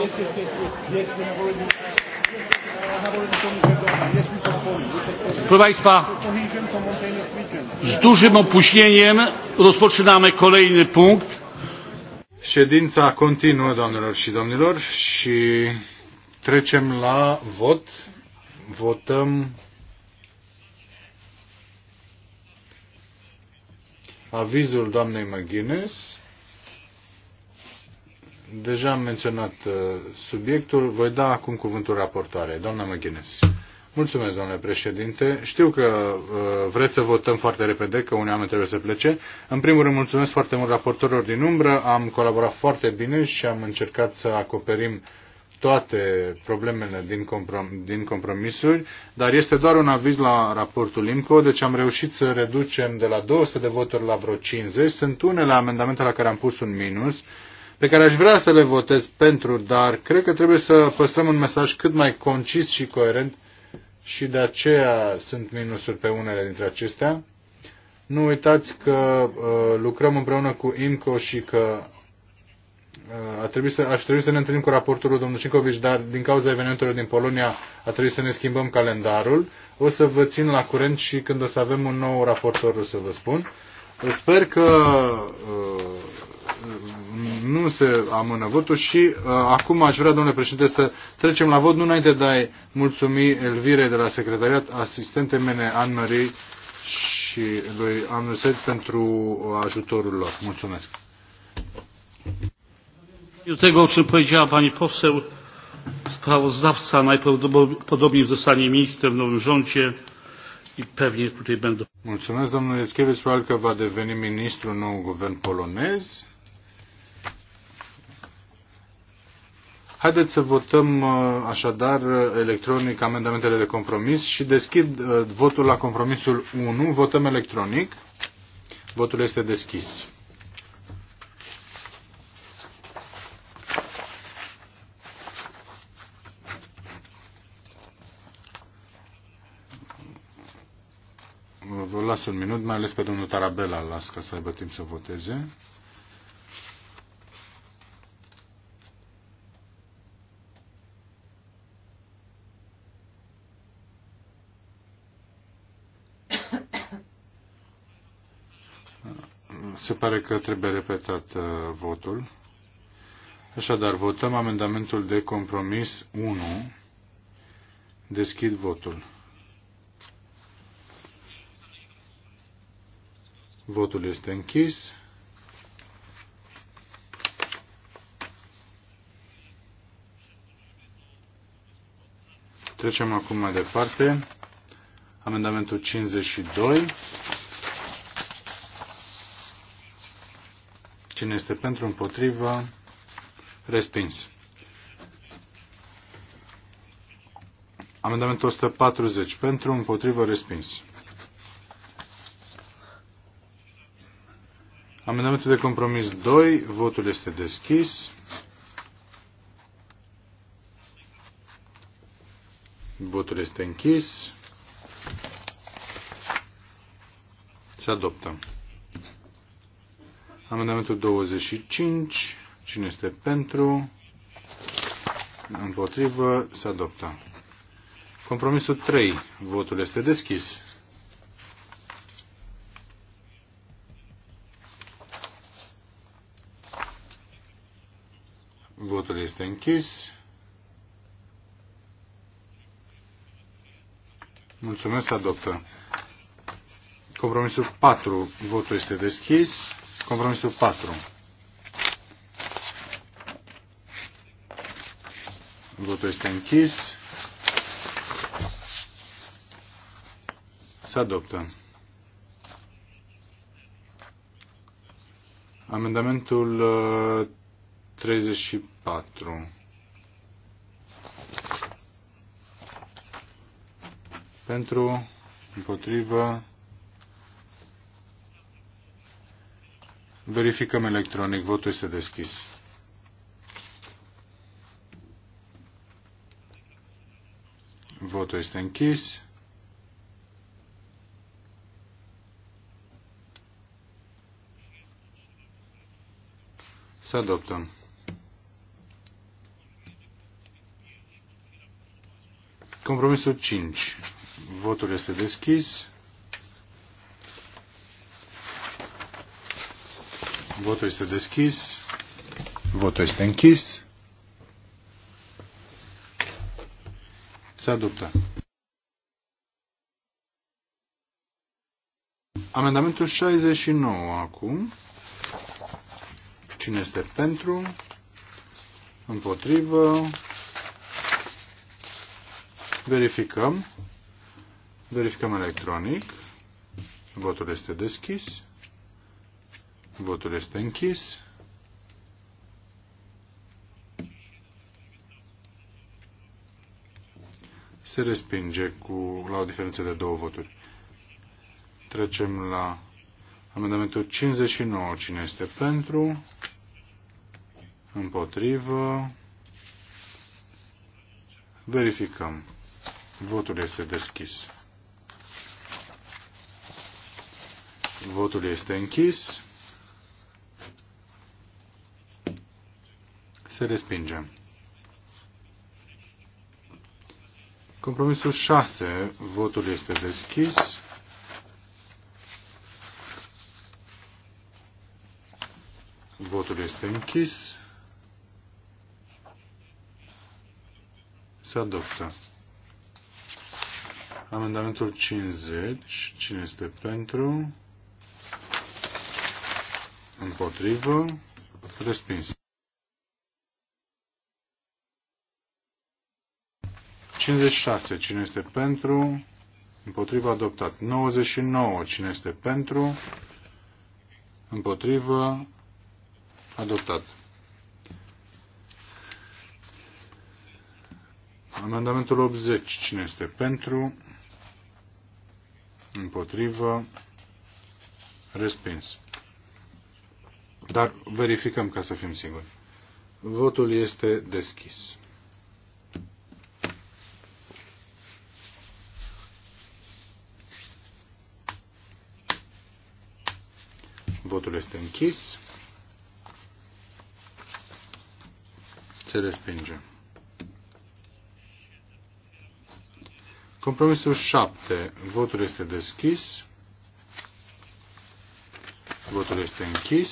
Yes, yes, yes, yes. we have already. Proszę Państwa, z dużym opóźnieniem rozpoczynamy kolejny punkt. Ședința continuă, doamnelor și domnilor, și trecem la vot. Votăm avizul doamnei McGuinness Deja am menționat uh, subiectul. Voi da acum cuvântul raportoare. Doamna McGuinness. Mulțumesc, domnule președinte. Știu că uh, vreți să votăm foarte repede, că unii oameni trebuie să plece. În primul rând, mulțumesc foarte mult raportorilor din umbră. Am colaborat foarte bine și am încercat să acoperim toate problemele din, comprom- din compromisuri, dar este doar un aviz la raportul IMCO, deci am reușit să reducem de la 200 de voturi la vreo 50. Sunt unele amendamente la care am pus un minus, pe care aș vrea să le votez pentru, dar cred că trebuie să păstrăm un mesaj cât mai concis și coerent și de aceea sunt minusuri pe unele dintre acestea. Nu uitați că uh, lucrăm împreună cu IMCO și că uh, a trebuit să, ar trebui să ne întâlnim cu raportorul domnul Cincovici, dar din cauza evenimentelor din Polonia a trebuit să ne schimbăm calendarul. O să vă țin la curent și când o să avem un nou raportor o să vă spun. Sper că uh, nu se amână votul și uh, acum aș vrea, domnule președinte, să trecem la vot, nu înainte de a-i mulțumi Elvirei de la secretariat, asistente mele Anne-Marie și lui Amnuset pentru ajutorul lor. Mulțumesc. Do tego, o czym powiedziała pani poseł, sprawozdawca najprawdopodobniej zostanie ministrem w nowym rządzie i pewnie tutaj będą. Mulțumesc, domnule Ieschiewicz, probabil că va deveni ministru nou guvern polonez. Haideți să votăm uh, așadar electronic amendamentele de compromis și deschid uh, votul la compromisul 1. Votăm electronic. Votul este deschis. Vă las un minut, mai ales pe domnul Tarabela las ca să aibă timp să voteze. Se pare că trebuie repetat uh, votul. Așadar, votăm amendamentul de compromis 1. Deschid votul. Votul este închis. Trecem acum mai departe. Amendamentul 52. Cine este pentru, împotrivă, respins. Amendamentul 140. Pentru, împotrivă, respins. Amendamentul de compromis 2. Votul este deschis. Votul este închis. Se adoptă. Amendamentul 25. Cine este pentru? Împotrivă. Se adoptă. Compromisul 3. Votul este deschis. Votul este închis. Mulțumesc, adoptă. Compromisul 4. Votul este deschis. Compromisul 4. Votul este închis. Se adoptă. Amendamentul 34. Uh, Pentru, împotrivă, Verificăm electronic. Votul este deschis. Votul este închis. Să adoptăm. Compromisul 5. Votul este deschis. Votul este deschis. Votul este închis. Se adoptă. Amendamentul 69 acum. Cine este pentru? Împotrivă? Verificăm. Verificăm electronic. Votul este deschis. Votul este închis. Se respinge cu, la o diferență de două voturi. Trecem la amendamentul 59. Cine este pentru? Împotrivă. Verificăm. Votul este deschis. Votul este închis. Se respinge. Compromisul 6. Votul este deschis. Votul este închis. Se adoptă. Amendamentul 50. Cine este pentru? Împotrivă? Respins. 56. Cine este pentru? Împotrivă adoptat. 99. Cine este pentru? Împotrivă adoptat. Amendamentul 80. Cine este pentru? Împotrivă. Respins. Dar verificăm ca să fim siguri. Votul este deschis. Votul este închis. Se respinge. Compromisul 7. Votul este deschis. Votul este închis.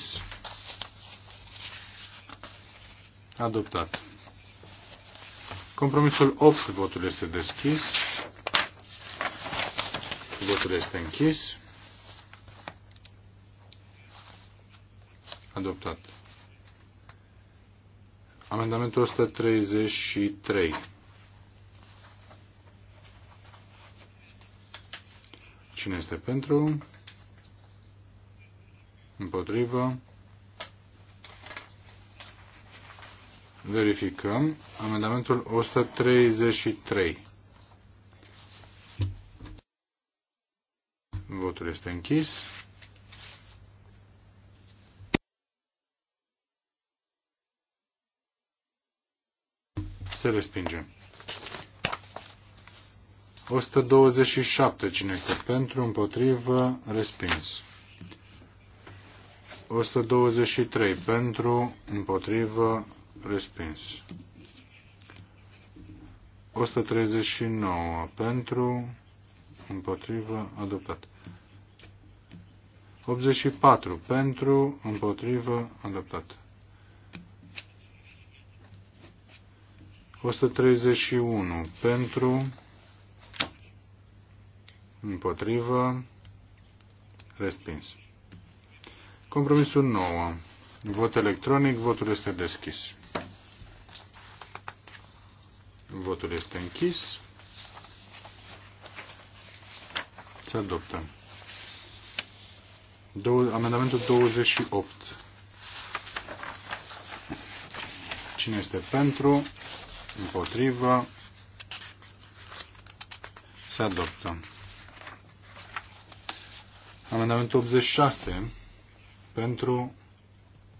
Adoptat. Compromisul 8. Votul este deschis. Votul este închis. Adoptat. Amendamentul 133. Cine este pentru? Împotrivă. Verificăm. Amendamentul 133. Votul este închis. Se respinge. 127. Cine este pentru, împotrivă, respins. 123. Pentru, împotrivă, respins. 139. Pentru, împotrivă, adoptat. 84. Pentru, împotrivă, adoptat. 131 pentru, împotrivă, respins. Compromisul 9. Vot electronic, votul este deschis. Votul este închis. Se adoptă. Dou amendamentul 28. Cine este pentru? împotrivă, se adoptă. Amendamentul 86 pentru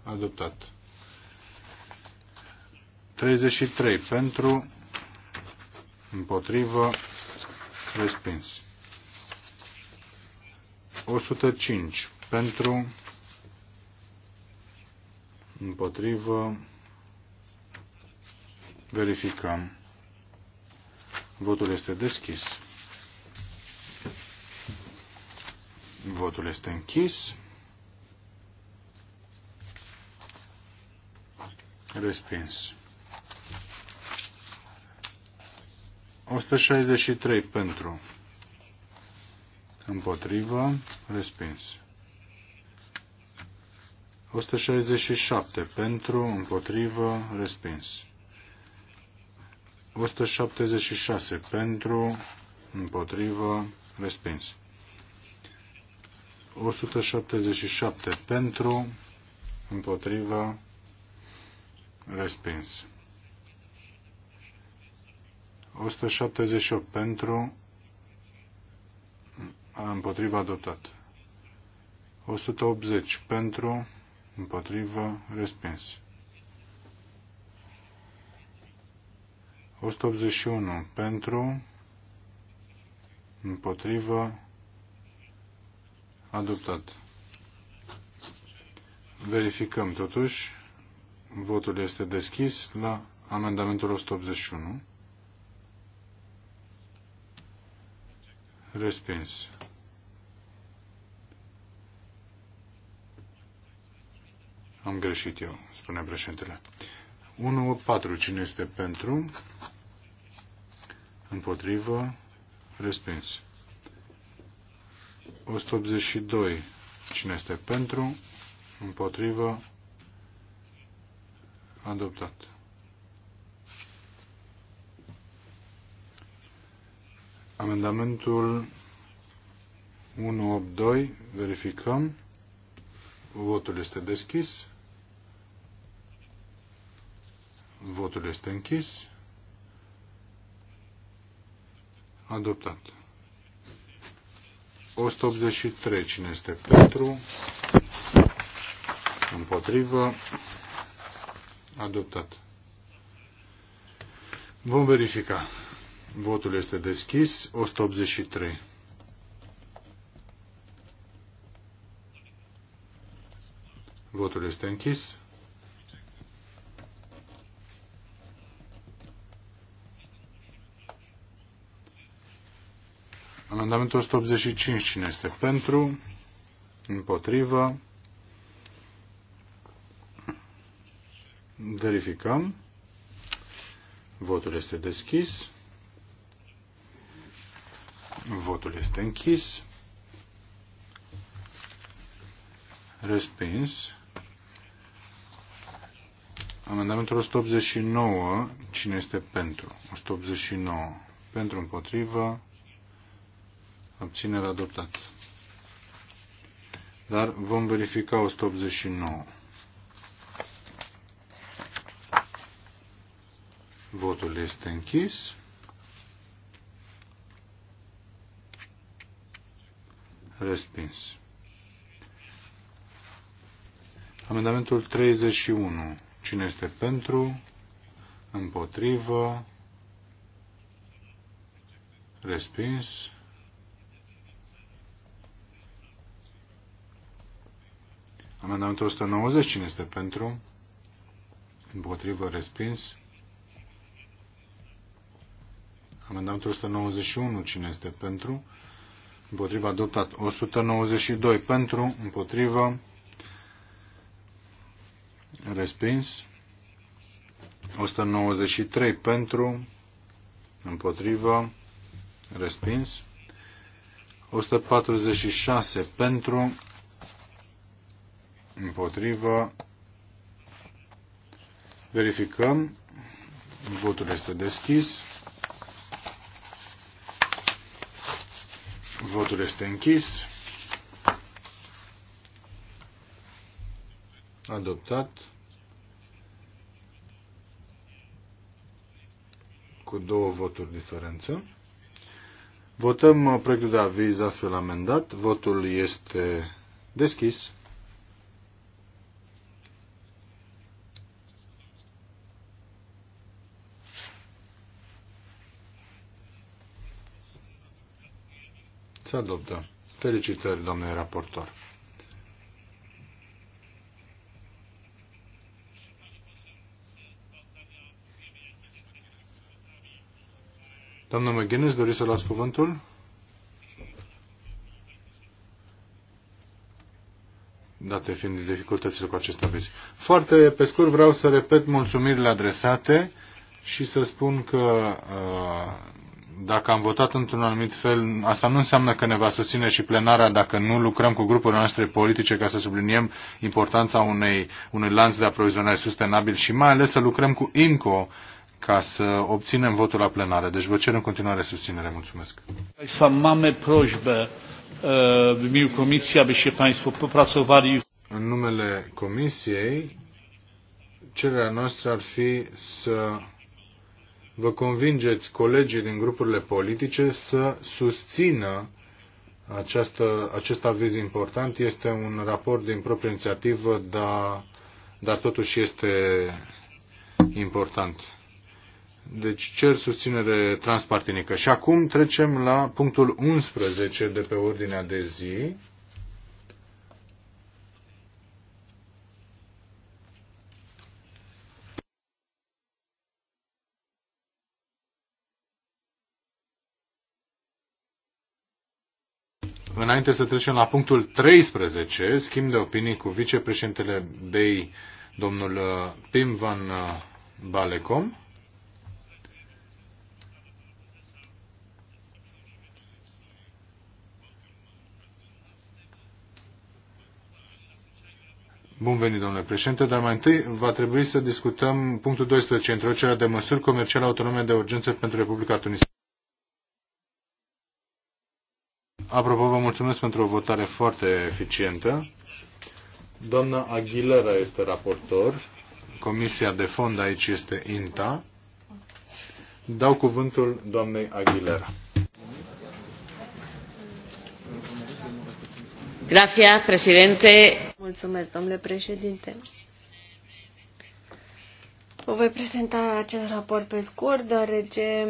adoptat. 33 pentru împotrivă respins. 105 pentru împotrivă Verificăm. Votul este deschis. Votul este închis. Respins. 163 pentru. Împotrivă. Respins. 167 pentru. Împotrivă. Respins. 176 pentru, împotrivă, respins. 177 pentru, împotrivă, respins. 178 pentru, împotrivă, adoptat. 180 pentru, împotrivă, respins. 181 pentru, împotrivă, adoptat. Verificăm totuși. Votul este deschis la amendamentul 181. Respins. Am greșit eu, spune președintele. 4. Cine este pentru? Împotrivă. Respins. 182. Cine este pentru? Împotrivă. Adoptat. Amendamentul 182. Verificăm. Votul este deschis. Votul este închis. Adoptat. 183. Cine este pentru? Împotrivă. Adoptat. Vom verifica. Votul este deschis. 183. Votul este închis. Amendamentul 185. Cine este pentru? Împotrivă. Verificăm. Votul este deschis. Votul este închis. Respins. Amendamentul 189. Cine este pentru? 189. Pentru împotrivă abținere adoptat. Dar vom verifica 189. Votul este închis. Respins. Amendamentul 31. Cine este pentru? Împotrivă? Respins. Amendamentul 190, cine este pentru? Împotrivă, respins. Amendamentul 191, cine este pentru? Împotrivă, adoptat. 192, pentru, împotrivă, respins. 193, pentru, împotrivă, respins. 146, pentru, împotrivă. Verificăm. Votul este deschis. Votul este închis. Adoptat. Cu două voturi diferență. Votăm proiectul de aviz astfel amendat. Votul este deschis. Se adoptă. Felicitări, domnule raportor. Doamna McGuinness, doriți să luați cuvântul? Date fiind dificultățile cu acest aviz. Foarte pe scurt vreau să repet mulțumirile adresate și să spun că uh, dacă am votat într-un anumit fel, asta nu înseamnă că ne va susține și plenarea dacă nu lucrăm cu grupurile noastre politice ca să subliniem importanța unei, unui lanț de aprovizionare sustenabil și mai ales să lucrăm cu IMCO ca să obținem votul la plenară. Deci vă cer în continuare susținere. Mulțumesc. În numele Comisiei, cererea noastră ar fi să vă convingeți colegii din grupurile politice să susțină această, acest aviz important. Este un raport din proprie inițiativă, dar, dar totuși este important. Deci cer susținere transpartinică. Și acum trecem la punctul 11 de pe ordinea de zi. înainte să trecem la punctul 13, schimb de opinii cu vicepreședintele BEI, domnul uh, Pim Van uh, Balecom. Bun venit, domnule președinte, dar mai întâi va trebui să discutăm punctul 12, introducerea de măsuri comerciale autonome de urgență pentru Republica Tunisia. Apropo, vă mulțumesc pentru o votare foarte eficientă. Doamna Aguilera este raportor. Comisia de fond aici este INTA. Dau cuvântul doamnei Aguilera. Gracias, presidente. Mulțumesc, domnule președinte. Vă voi prezenta acest raport pe scurt, deoarece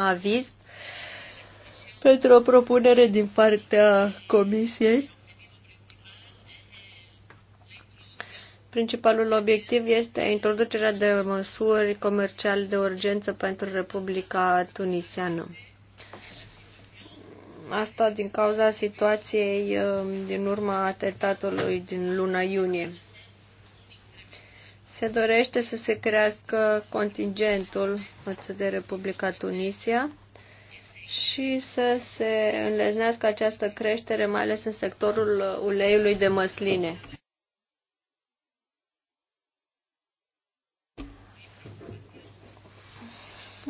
aviz pentru o propunere din partea Comisiei. Principalul obiectiv este introducerea de măsuri comerciale de urgență pentru Republica Tunisiană. Asta din cauza situației um, din urma atentatului din luna iunie. Se dorește să se crească contingentul față de Republica Tunisia și să se înleznească această creștere, mai ales în sectorul uleiului de măsline.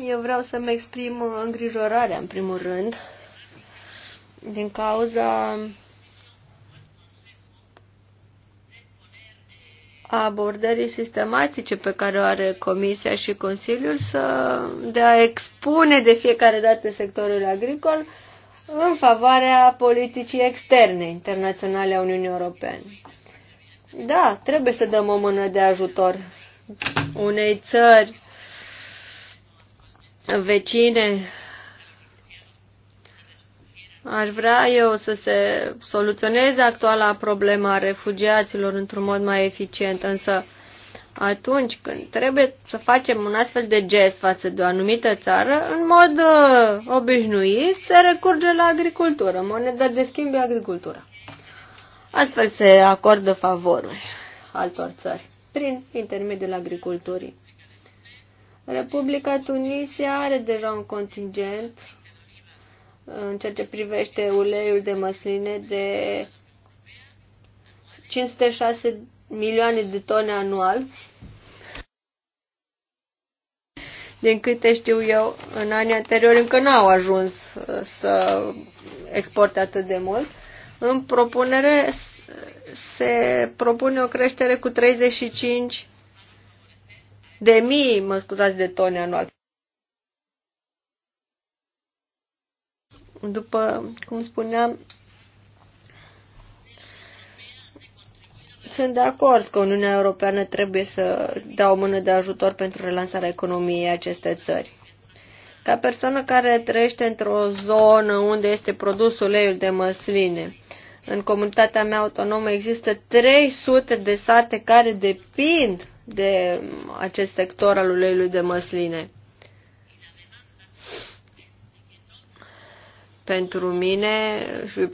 Eu vreau să-mi exprim îngrijorarea, în primul rând, din cauza a abordării sistematice pe care o are Comisia și Consiliul să, de a expune de fiecare dată sectorul agricol în favoarea politicii externe internaționale a Uniunii Europene. Da, trebuie să dăm o mână de ajutor unei țări vecine Aș vrea eu să se soluționeze actuala problema refugiaților într-un mod mai eficient, însă atunci când trebuie să facem un astfel de gest față de o anumită țară, în mod uh, obișnuit se recurge la agricultură, moneda de schimb e agricultura. Astfel se acordă favoruri altor țări prin intermediul agriculturii. Republica Tunisia are deja un contingent în ceea ce privește uleiul de măsline de 506 milioane de tone anual. Din câte știu eu, în anii anteriori încă n-au ajuns uh, să exporte atât de mult. În propunere se propune o creștere cu 35 de mii, mă scuzați, de tone anual. După cum spuneam, sunt de acord că Uniunea Europeană trebuie să dea o mână de ajutor pentru relansarea economiei acestei țări. Ca persoană care trăiește într-o zonă unde este produs uleiul de măsline, în comunitatea mea autonomă există 300 de sate care depind de acest sector al uleiului de măsline. Pentru mine și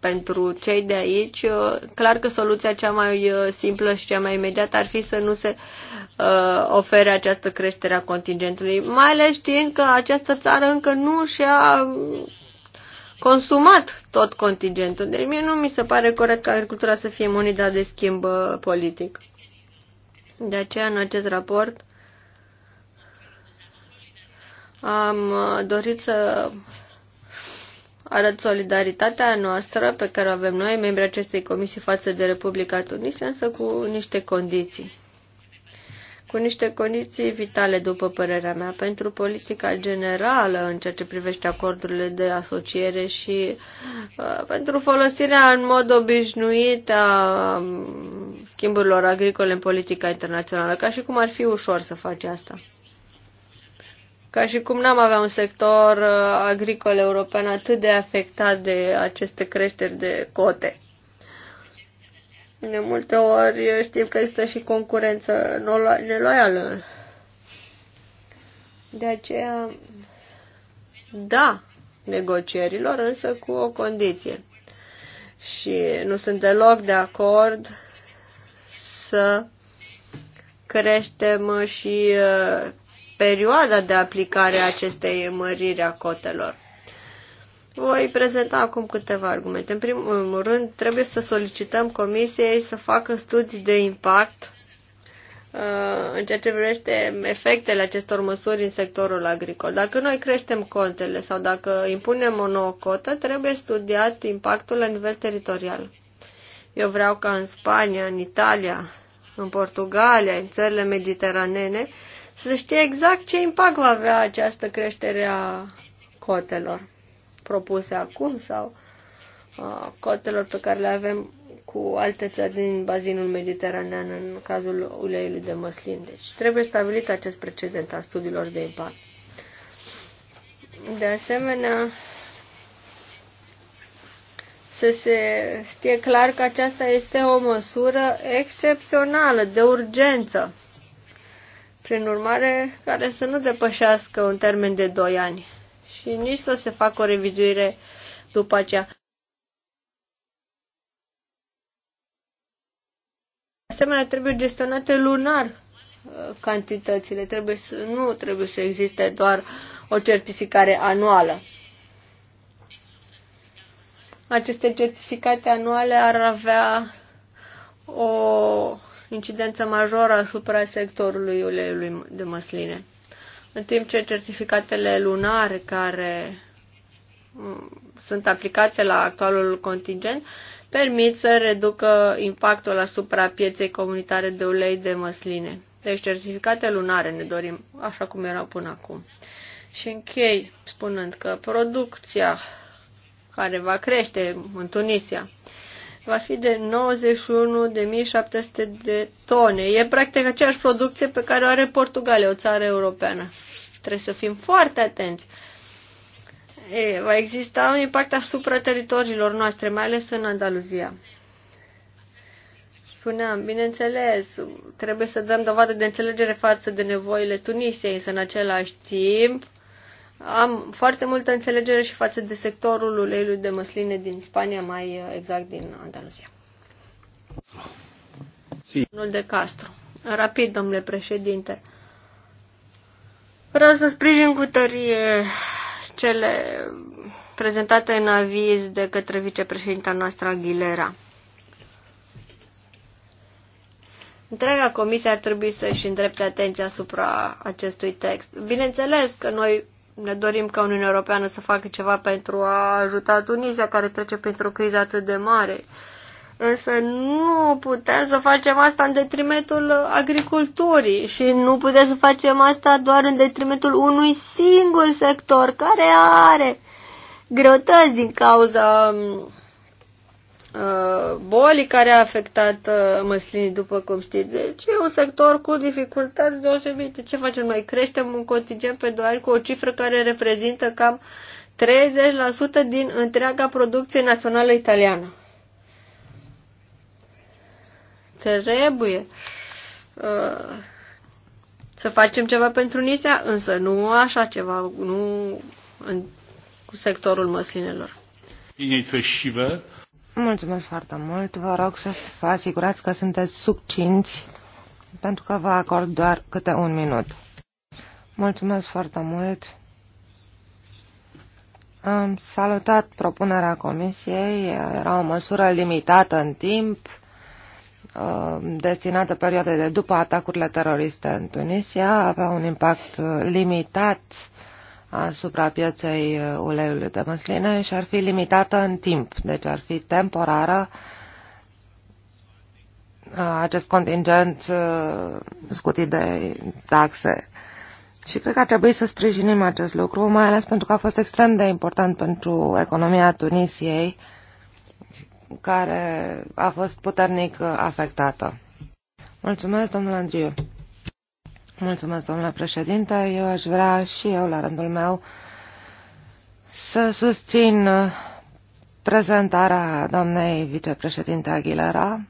pentru cei de aici, uh, clar că soluția cea mai uh, simplă și cea mai imediată ar fi să nu se uh, ofere această creștere a contingentului, mai ales știind că această țară încă nu și-a consumat tot contingentul. Deci mie nu mi se pare corect ca agricultura să fie moneda de schimb uh, politic. De aceea, în acest raport, am dorit să arăt solidaritatea noastră pe care o avem noi, membrii acestei comisii față de Republica Tunisia, însă cu niște condiții. Cu niște condiții vitale, după părerea mea, pentru politica generală în ceea ce privește acordurile de asociere și uh, pentru folosirea în mod obișnuit a um, schimburilor agricole în politica internațională, ca și cum ar fi ușor să faci asta. Ca și cum n-am avea un sector uh, agricol european atât de afectat de aceste creșteri de cote. De multe ori uh, știm că există și concurență neloială. De aceea, da, negocierilor, însă cu o condiție. Și nu sunt deloc de acord să creștem și uh, perioada de aplicare a acestei măriri a cotelor. Voi prezenta acum câteva argumente. În primul rând, trebuie să solicităm comisiei să facă studii de impact uh, în ceea ce privește efectele acestor măsuri în sectorul agricol. Dacă noi creștem contele sau dacă impunem o nouă cotă, trebuie studiat impactul la nivel teritorial. Eu vreau ca în Spania, în Italia, în Portugalia, în țările mediteranene, să știe exact ce impact va avea această creștere a cotelor propuse acum sau a cotelor pe care le avem cu alte țări din bazinul mediteranean în cazul uleiului de măslin. Deci trebuie stabilit acest precedent al studiilor de impact. De asemenea, să se știe clar că aceasta este o măsură excepțională, de urgență, prin urmare, care să nu depășească un termen de 2 ani și nici să se facă o revizuire după aceea. De asemenea, trebuie gestionate lunar uh, cantitățile, trebuie să, nu trebuie să existe doar o certificare anuală. Aceste certificate anuale ar avea o incidență majoră asupra sectorului uleiului de măsline. În timp ce certificatele lunare care mm, sunt aplicate la actualul contingent permit să reducă impactul asupra pieței comunitare de ulei de măsline. Deci certificate lunare ne dorim, așa cum erau până acum. Și închei spunând că producția care va crește în Tunisia va fi de 91.700 de tone. E practic aceeași producție pe care o are Portugalia, o țară europeană. Trebuie să fim foarte atenți. E, va exista un impact asupra teritoriilor noastre, mai ales în Andaluzia. Spuneam, bineînțeles, trebuie să dăm dovadă de înțelegere față de nevoile Tunisiei, însă în același timp am foarte multă înțelegere și față de sectorul uleiului de măsline din Spania, mai uh, exact din Andaluzia. Domnul de Castro. Rapid, domnule președinte. Vreau să sprijin cu tărie cele prezentate în aviz de către vicepreședinta noastră Aguilera. Întreaga comisie ar trebui să-și îndrepte atenția asupra acestui text. Bineînțeles că noi ne dorim ca Uniunea Europeană să facă ceva pentru a ajuta Tunisia, care trece printr-o criză atât de mare. Însă nu putem să facem asta în detrimentul agriculturii și nu putem să facem asta doar în detrimentul unui singur sector care are greutăți din cauza Uh, bolii care a afectat uh, măslinii, după cum știți. Deci e un sector cu dificultăți deosebite. Ce facem noi? Creștem un contingent pe doar cu o cifră care reprezintă cam 30% din întreaga producție națională italiană. Trebuie uh, să facem ceva pentru Nisea, însă nu așa ceva, nu în, cu sectorul măslinelor. Bine, Mulțumesc foarte mult. Vă rog să vă asigurați că sunteți succinți, pentru că vă acord doar câte un minut. Mulțumesc foarte mult. Am salutat propunerea comisiei. Era o măsură limitată în timp, uh, destinată perioadei de după atacurile teroriste în Tunisia. Avea un impact limitat asupra pieței uh, uleiului de măsline și ar fi limitată în timp, deci ar fi temporară uh, acest contingent uh, scutit de taxe. Și cred că ar trebui să sprijinim acest lucru, mai ales pentru că a fost extrem de important pentru economia Tunisiei, care a fost puternic afectată. Mulțumesc, domnul Andriu. Mulțumesc, domnule președinte. Eu aș vrea și eu, la rândul meu, să susțin uh, prezentarea doamnei vicepreședinte Aguilera.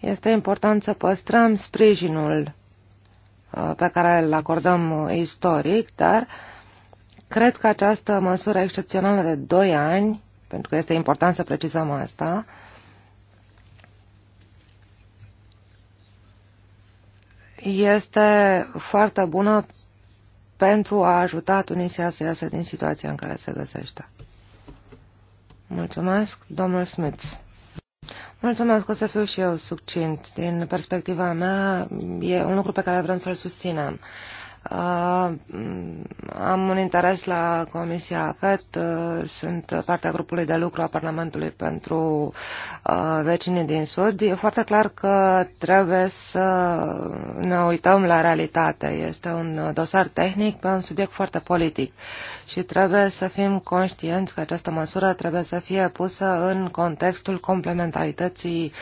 Este important să păstrăm sprijinul uh, pe care îl acordăm uh, istoric, dar cred că această măsură excepțională de 2 ani, pentru că este important să precizăm asta, este foarte bună pentru a ajuta Tunisia să iasă din situația în care se găsește. Mulțumesc, domnul Smith. Mulțumesc, o să fiu și eu succint. Din perspectiva mea, e un lucru pe care vrem să-l susținem. Uh, am un interes la Comisia FET, uh, sunt partea grupului de lucru a Parlamentului pentru uh, vecinii din Sud. E foarte clar că trebuie să ne uităm la realitate. Este un dosar tehnic pe un subiect foarte politic și trebuie să fim conștienți că această măsură trebuie să fie pusă în contextul complementarității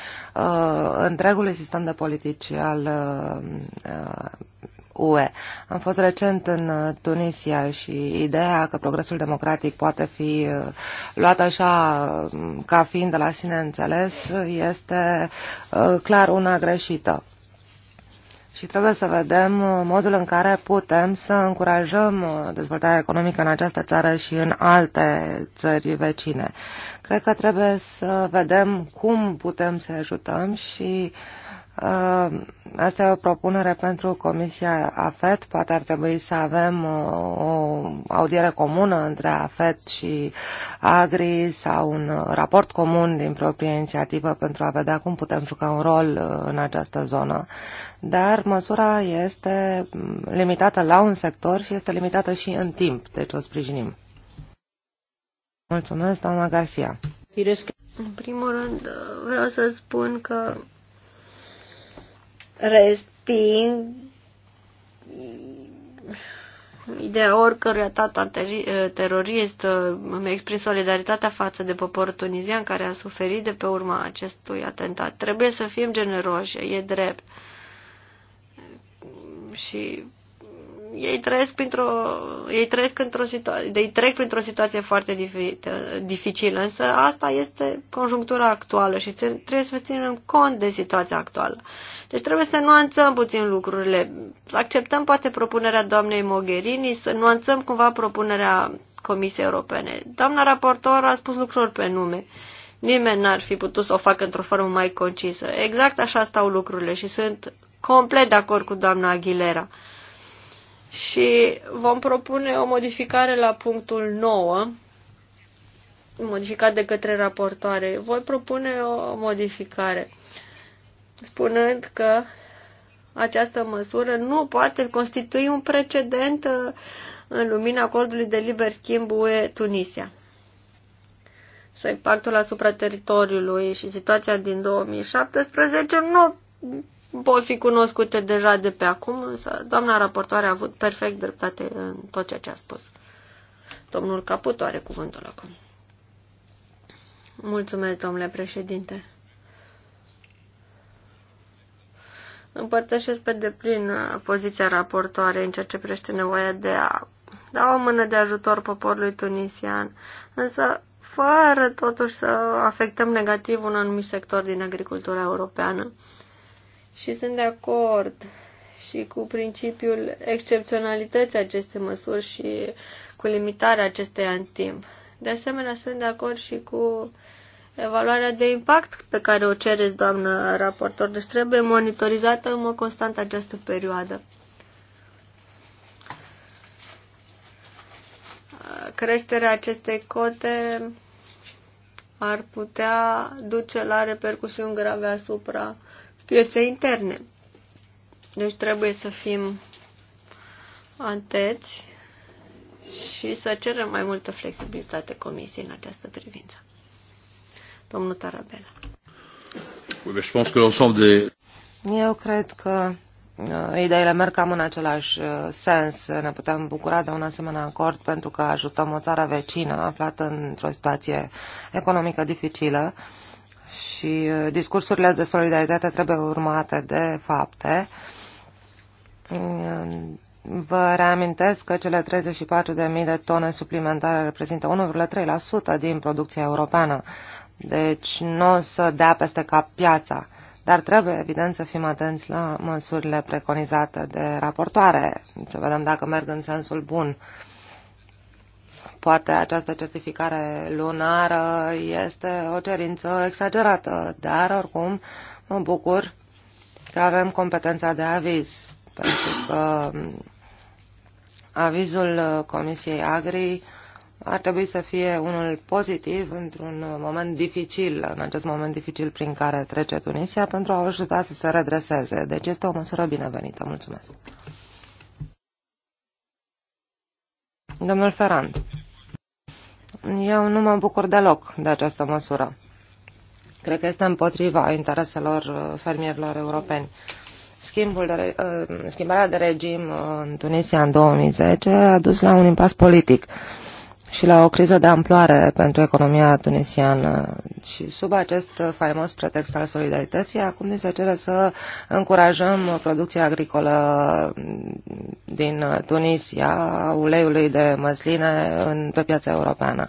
întregului sistem de politici al UE. Am fost recent în uh, Tunisia și ideea că progresul democratic poate fi uh, luat așa um, ca fiind de la sine înțeles este uh, clar una greșită. Și trebuie să vedem modul în care putem să încurajăm dezvoltarea economică în această țară și în alte țări vecine. Cred că trebuie să vedem cum putem să ajutăm și uh, Uh, asta e o propunere pentru Comisia AFET. Poate ar trebui să avem uh, o audiere comună între AFET și AGRI sau un raport comun din proprie inițiativă pentru a vedea cum putem juca un rol uh, în această zonă. Dar măsura este mm, limitată la un sector și este limitată și în timp, deci o sprijinim. Mulțumesc, doamna Garcia. În primul rând, vreau să spun că resping ideea oricărui atat eh, terorist. Eh, îmi exprim solidaritatea față de poporul tunizian care a suferit de pe urma acestui atentat. Trebuie să fim generoși, e drept. Și ei trăiesc printr-o, ei trăiesc într-o situație, ei trec printr-o situație foarte dificilă, însă asta este conjunctura actuală și trebuie să ținem cont de situația actuală. Deci trebuie să nuanțăm puțin lucrurile, să acceptăm poate propunerea doamnei Mogherini, să nuanțăm cumva propunerea Comisiei Europene. Doamna raportor a spus lucruri pe nume. Nimeni n-ar fi putut să o facă într-o formă mai concisă. Exact așa stau lucrurile și sunt complet de acord cu doamna Aguilera. Uh, și vom propune o modificare la punctul 9, modificat de către raportoare. Voi propune o modificare, spunând că această măsură nu poate constitui un precedent uh, în lumina acordului de liber schimb UE-Tunisia. Să impactul asupra teritoriului și situația din 2017 nu vor fi cunoscute deja de pe acum, însă doamna raportoare a avut perfect dreptate în tot ceea ce a spus. Domnul Caputo are cuvântul acum. Mulțumesc, domnule președinte. Împărtășesc pe deplin poziția raportoare în ceea ce prește nevoia de a da o mână de ajutor poporului tunisian, însă fără totuși să afectăm negativ un anumit sector din agricultura europeană. Și sunt de acord și cu principiul excepționalității acestei măsuri și cu limitarea acesteia în timp. De asemenea, sunt de acord și cu evaluarea de impact pe care o cereți, doamnă raportor. Deci trebuie monitorizată în mod constant această perioadă. Creșterea acestei cote ar putea duce la repercusiuni grave asupra piețe interne. Deci trebuie să fim anteți și să cerem mai multă flexibilitate comisiei în această privință. Domnul Tarabela. Eu cred că uh, ideile merg cam în același uh, sens. Ne putem bucura de un asemenea acord pentru că ajutăm o țară vecină aflată într-o situație economică dificilă și uh, discursurile de solidaritate trebuie urmate de fapte. Vă reamintesc că cele 34.000 de tone suplimentare reprezintă 1,3% din producția europeană, deci nu o să dea peste cap piața, dar trebuie, evident, să fim atenți la măsurile preconizate de raportoare, să vedem dacă merg în sensul bun. Poate această certificare lunară este o cerință exagerată, dar oricum mă bucur că avem competența de aviz, pentru că avizul Comisiei Agri ar trebui să fie unul pozitiv într-un moment dificil, în acest moment dificil prin care trece Tunisia, pentru a o ajuta să se redreseze. Deci este o măsură binevenită. Mulțumesc. Domnul Ferrand. Eu nu mă bucur deloc de această măsură. Cred că este împotriva intereselor uh, fermierilor europeni. Schimbul de, uh, schimbarea de regim uh, în Tunisia în 2010 a dus la un impas politic și la o criză de amploare pentru economia tunisiană. Și sub acest faimos pretext al solidarității, acum ni se cere să încurajăm producția agricolă din Tunisia, uleiului de măsline în, pe piața europeană.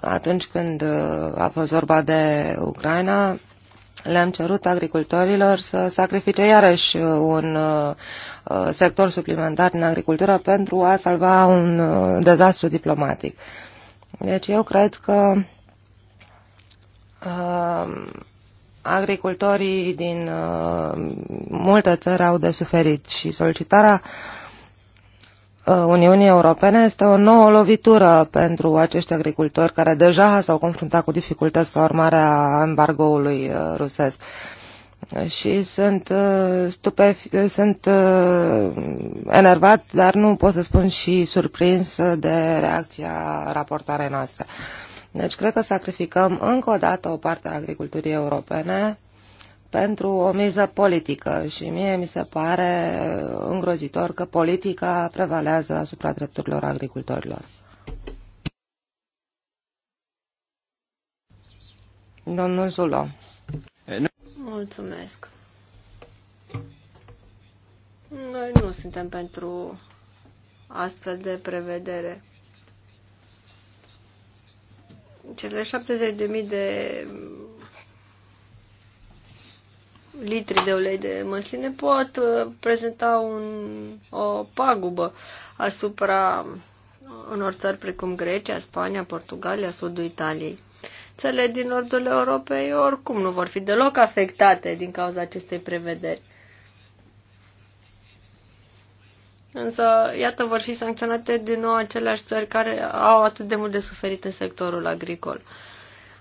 Atunci când a fost vorba de Ucraina, le-am cerut agricultorilor să sacrifice iarăși un uh, uh, sector suplimentar în agricultură pentru a salva un uh, dezastru diplomatic. Deci eu cred că agricultorii din multe țări au de suferit și solicitarea uh, Uh, Uniunii Europene este o nouă lovitură pentru acești agricultori care deja s-au confruntat cu dificultăți ca urmare a embargoului uh, rusesc. Și sunt, uh, stupef- sunt enervat, dar nu pot să spun și surprins de reacția raportarei noastre. Deci cred că sacrificăm încă o dată o parte a agriculturii europene pentru o miză politică și mie mi se pare îngrozitor că politica prevalează asupra drepturilor agricultorilor. Domnul Zulo. Mulțumesc. Noi nu suntem pentru astfel de prevedere. Cele 70.000 de litri de ulei de măsline pot uh, prezenta un, o pagubă asupra uh, unor țări precum Grecia, Spania, Portugalia, sudul Italiei. Țările din nordul Europei oricum nu vor fi deloc afectate din cauza acestei prevederi. Însă, iată, vor fi sancționate din nou aceleași țări care au atât de mult de suferit în sectorul agricol.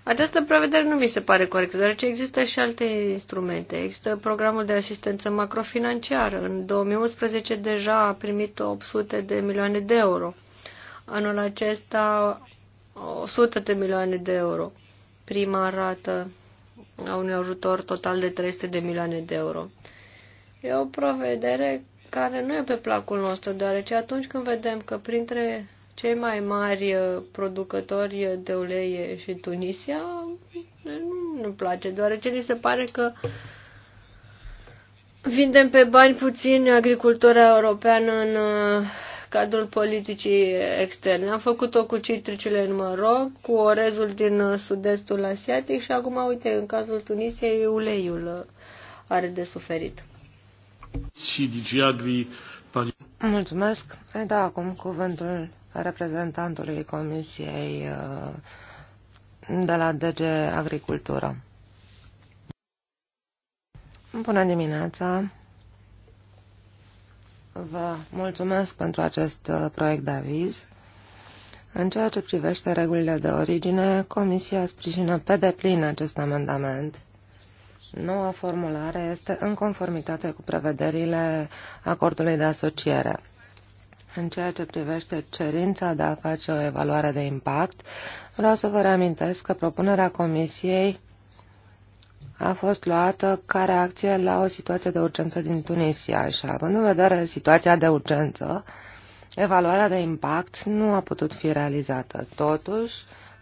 Această prevedere nu mi se pare corectă, deoarece există și alte instrumente. Există programul de asistență macrofinanciară. În 2011 deja a primit 800 de milioane de euro. Anul acesta 100 de milioane de euro. Prima rată a unui ajutor total de 300 de milioane de euro. E o prevedere care nu e pe placul nostru, deoarece atunci când vedem că printre cei mai mari uh, producători de ulei și Tunisia nu ne place, deoarece li se pare că vindem pe bani puțin agricultura europeană în uh, cadrul politicii externe. Am făcut-o cu citricele în Maroc, cu orezul din uh, sud-estul asiatic și acum, uite, în cazul Tunisiei, uleiul are de suferit. Mulțumesc. da acum cuvântul reprezentantului Comisiei uh, de la DG Agricultură. Bună dimineața! Vă mulțumesc pentru acest uh, proiect de aviz. În ceea ce privește regulile de origine, Comisia sprijină pe deplin acest amendament. Noua formulare este în conformitate cu prevederile acordului de asociere. În ceea ce privește cerința de a face o evaluare de impact, vreau să vă reamintesc că propunerea Comisiei a fost luată ca reacție la o situație de urgență din Tunisia și având în vedere situația de urgență, evaluarea de impact nu a putut fi realizată. Totuși,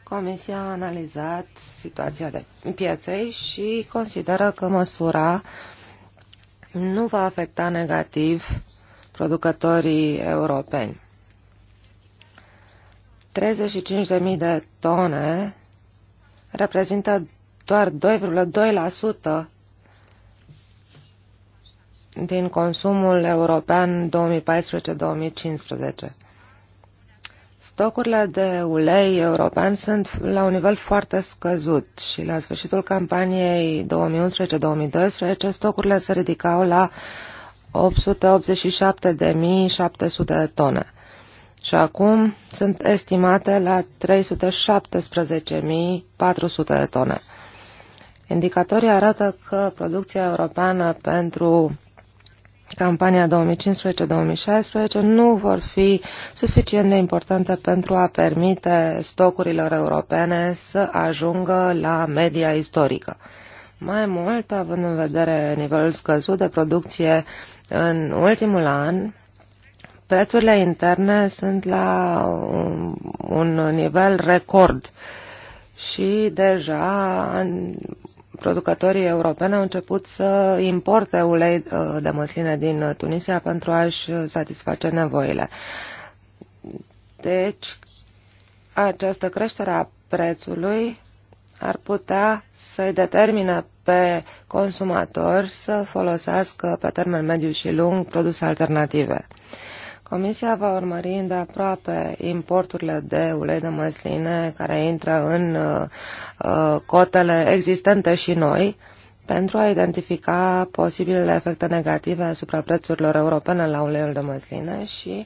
Comisia a analizat situația de pieței și consideră că măsura nu va afecta negativ producătorii europeni. 35.000 de tone reprezintă doar 2,2% din consumul european 2014-2015. Stocurile de ulei european sunt la un nivel foarte scăzut și la sfârșitul campaniei 2011-2012 stocurile se ridicau la 887.700 de tone și acum sunt estimate la 317.400 de tone. Indicatorii arată că producția europeană pentru campania 2015-2016 nu vor fi suficient de importante pentru a permite stocurilor europene să ajungă la media istorică. Mai mult, având în vedere nivelul scăzut de producție în ultimul an, prețurile interne sunt la un, un nivel record și deja producătorii europeni au început să importe ulei uh, de măsline din Tunisia pentru a-și satisface nevoile. Deci, această creștere a prețului ar putea să-i determine pe consumatori să folosească pe termen mediu și lung produse alternative. Comisia va urmări îndeaproape importurile de ulei de măsline care intră în uh, uh cotele existente și noi pentru a identifica posibilele efecte negative asupra prețurilor europene la uleiul de măsline și uh,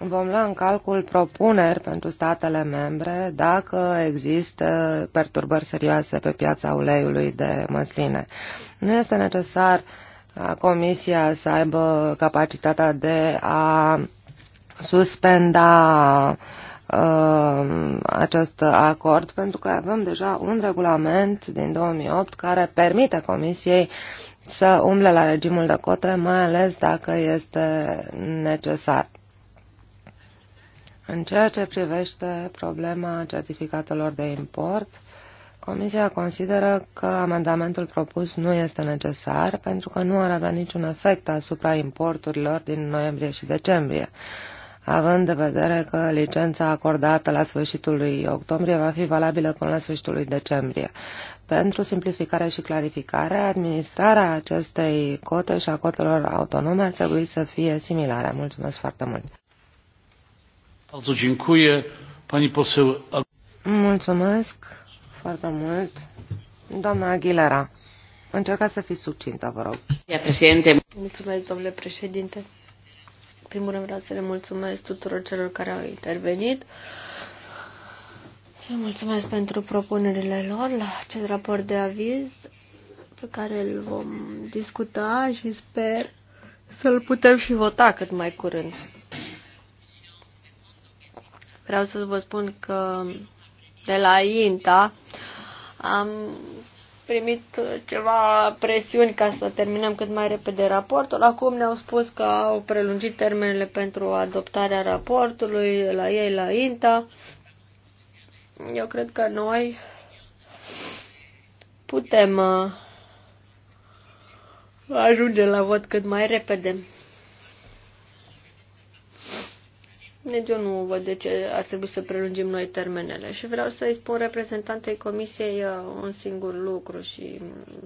vom lua în calcul propuneri pentru statele membre dacă există perturbări serioase pe piața uleiului de măsline. Nu este necesar ca Comisia să aibă capacitatea de a suspenda uh, acest acord, pentru că avem deja un regulament din 2008 care permite Comisiei să umble la regimul de cote, mai ales dacă este necesar. În ceea ce privește problema certificatelor de import, Comisia consideră că amendamentul propus nu este necesar pentru că nu ar avea niciun efect asupra importurilor din noiembrie și decembrie, având de vedere că licența acordată la sfârșitul lui octombrie va fi valabilă până la sfârșitul lui decembrie. Pentru simplificare și clarificare, administrarea acestei cote și a cotelor autonome ar trebui să fie similară. Mulțumesc foarte mult! Mulțumesc foarte mult. Doamna Aguilera, încercați să fiți succintă, vă rog. președinte. Mulțumesc, domnule președinte. În primul rând vreau să le mulțumesc tuturor celor care au intervenit. Să mulțumesc pentru propunerile lor la acest raport de aviz pe care îl vom discuta și sper să-l putem și vota cât mai curând. Vreau să vă spun că de la INTA am primit ceva presiuni ca să terminăm cât mai repede raportul. Acum ne-au spus că au prelungit termenele pentru adoptarea raportului la ei, la INTA. Eu cred că noi putem uh, ajunge la vot cât mai repede. Deci eu nu văd de ce ar trebui să prelungim noi termenele. Și vreau să-i spun reprezentantei comisiei uh, un singur lucru și uh,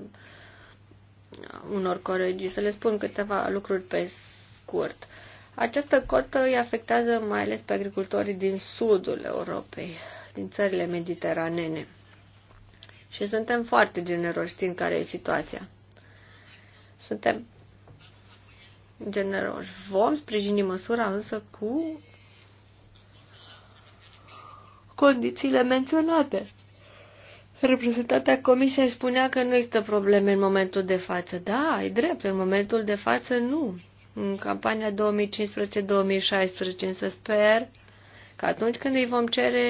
unor colegi să le spun câteva lucruri pe scurt. Această cotă îi afectează mai ales pe agricultorii din sudul Europei, din țările mediteranene. Și suntem foarte generoși, știm care e situația. Suntem generoși. Vom sprijini măsura însă cu condițiile menționate. Reprezentatea comisiei spunea că nu există probleme în momentul de față. Da, ai drept, în momentul de față nu. În campania 2015-2016 însă sper că atunci când îi vom cere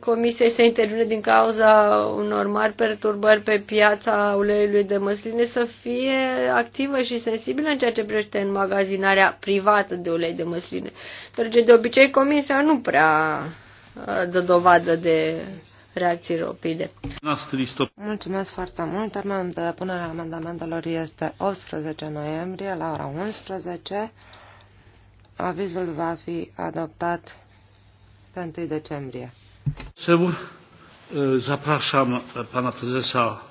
comisiei să intervine din cauza unor mari perturbări pe piața uleiului de măsline să fie activă și sensibilă în ceea ce privește înmagazinarea privată de ulei de măsline. Deoarece de obicei comisia nu prea dă dovadă de reacții rapide. Mulțumesc foarte mult. Termenul de amendamentelor este 18 noiembrie la ora 11. Avizul va fi adoptat pe 1 decembrie. Sebur, uh, zapraszam uh, pana prezesa.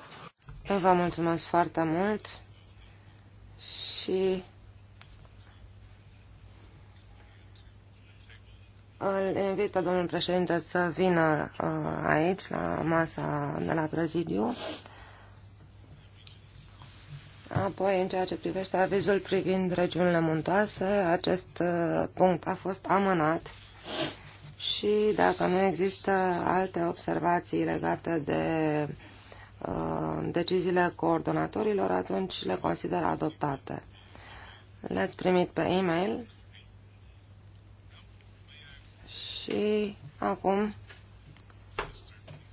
Vă mulțumesc foarte mult și Îl invit pe domnul președinte să vină uh, aici, la masa de la prezidiu. Apoi, în ceea ce privește avizul privind regiunile muntoase, acest uh, punct a fost amânat și dacă nu există alte observații legate de uh, deciziile coordonatorilor, atunci le consider adoptate. Le-ați primit pe e-mail. Și acum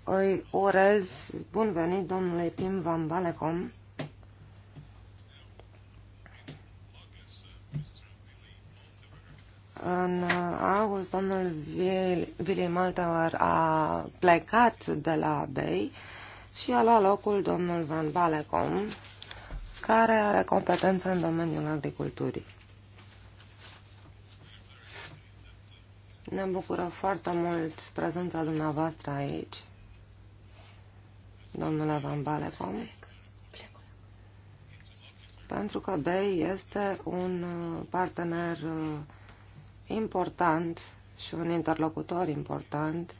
îi urez bun venit domnului Pim Van Balecom. În august, domnul Willy Maltauer a plecat de la Bay și a luat locul domnul Van Balecom, care are competență în domeniul agriculturii. Ne bucură foarte mult prezența dumneavoastră aici, domnule Van Balecom, pentru că Bey este un uh, partener uh, important și un interlocutor important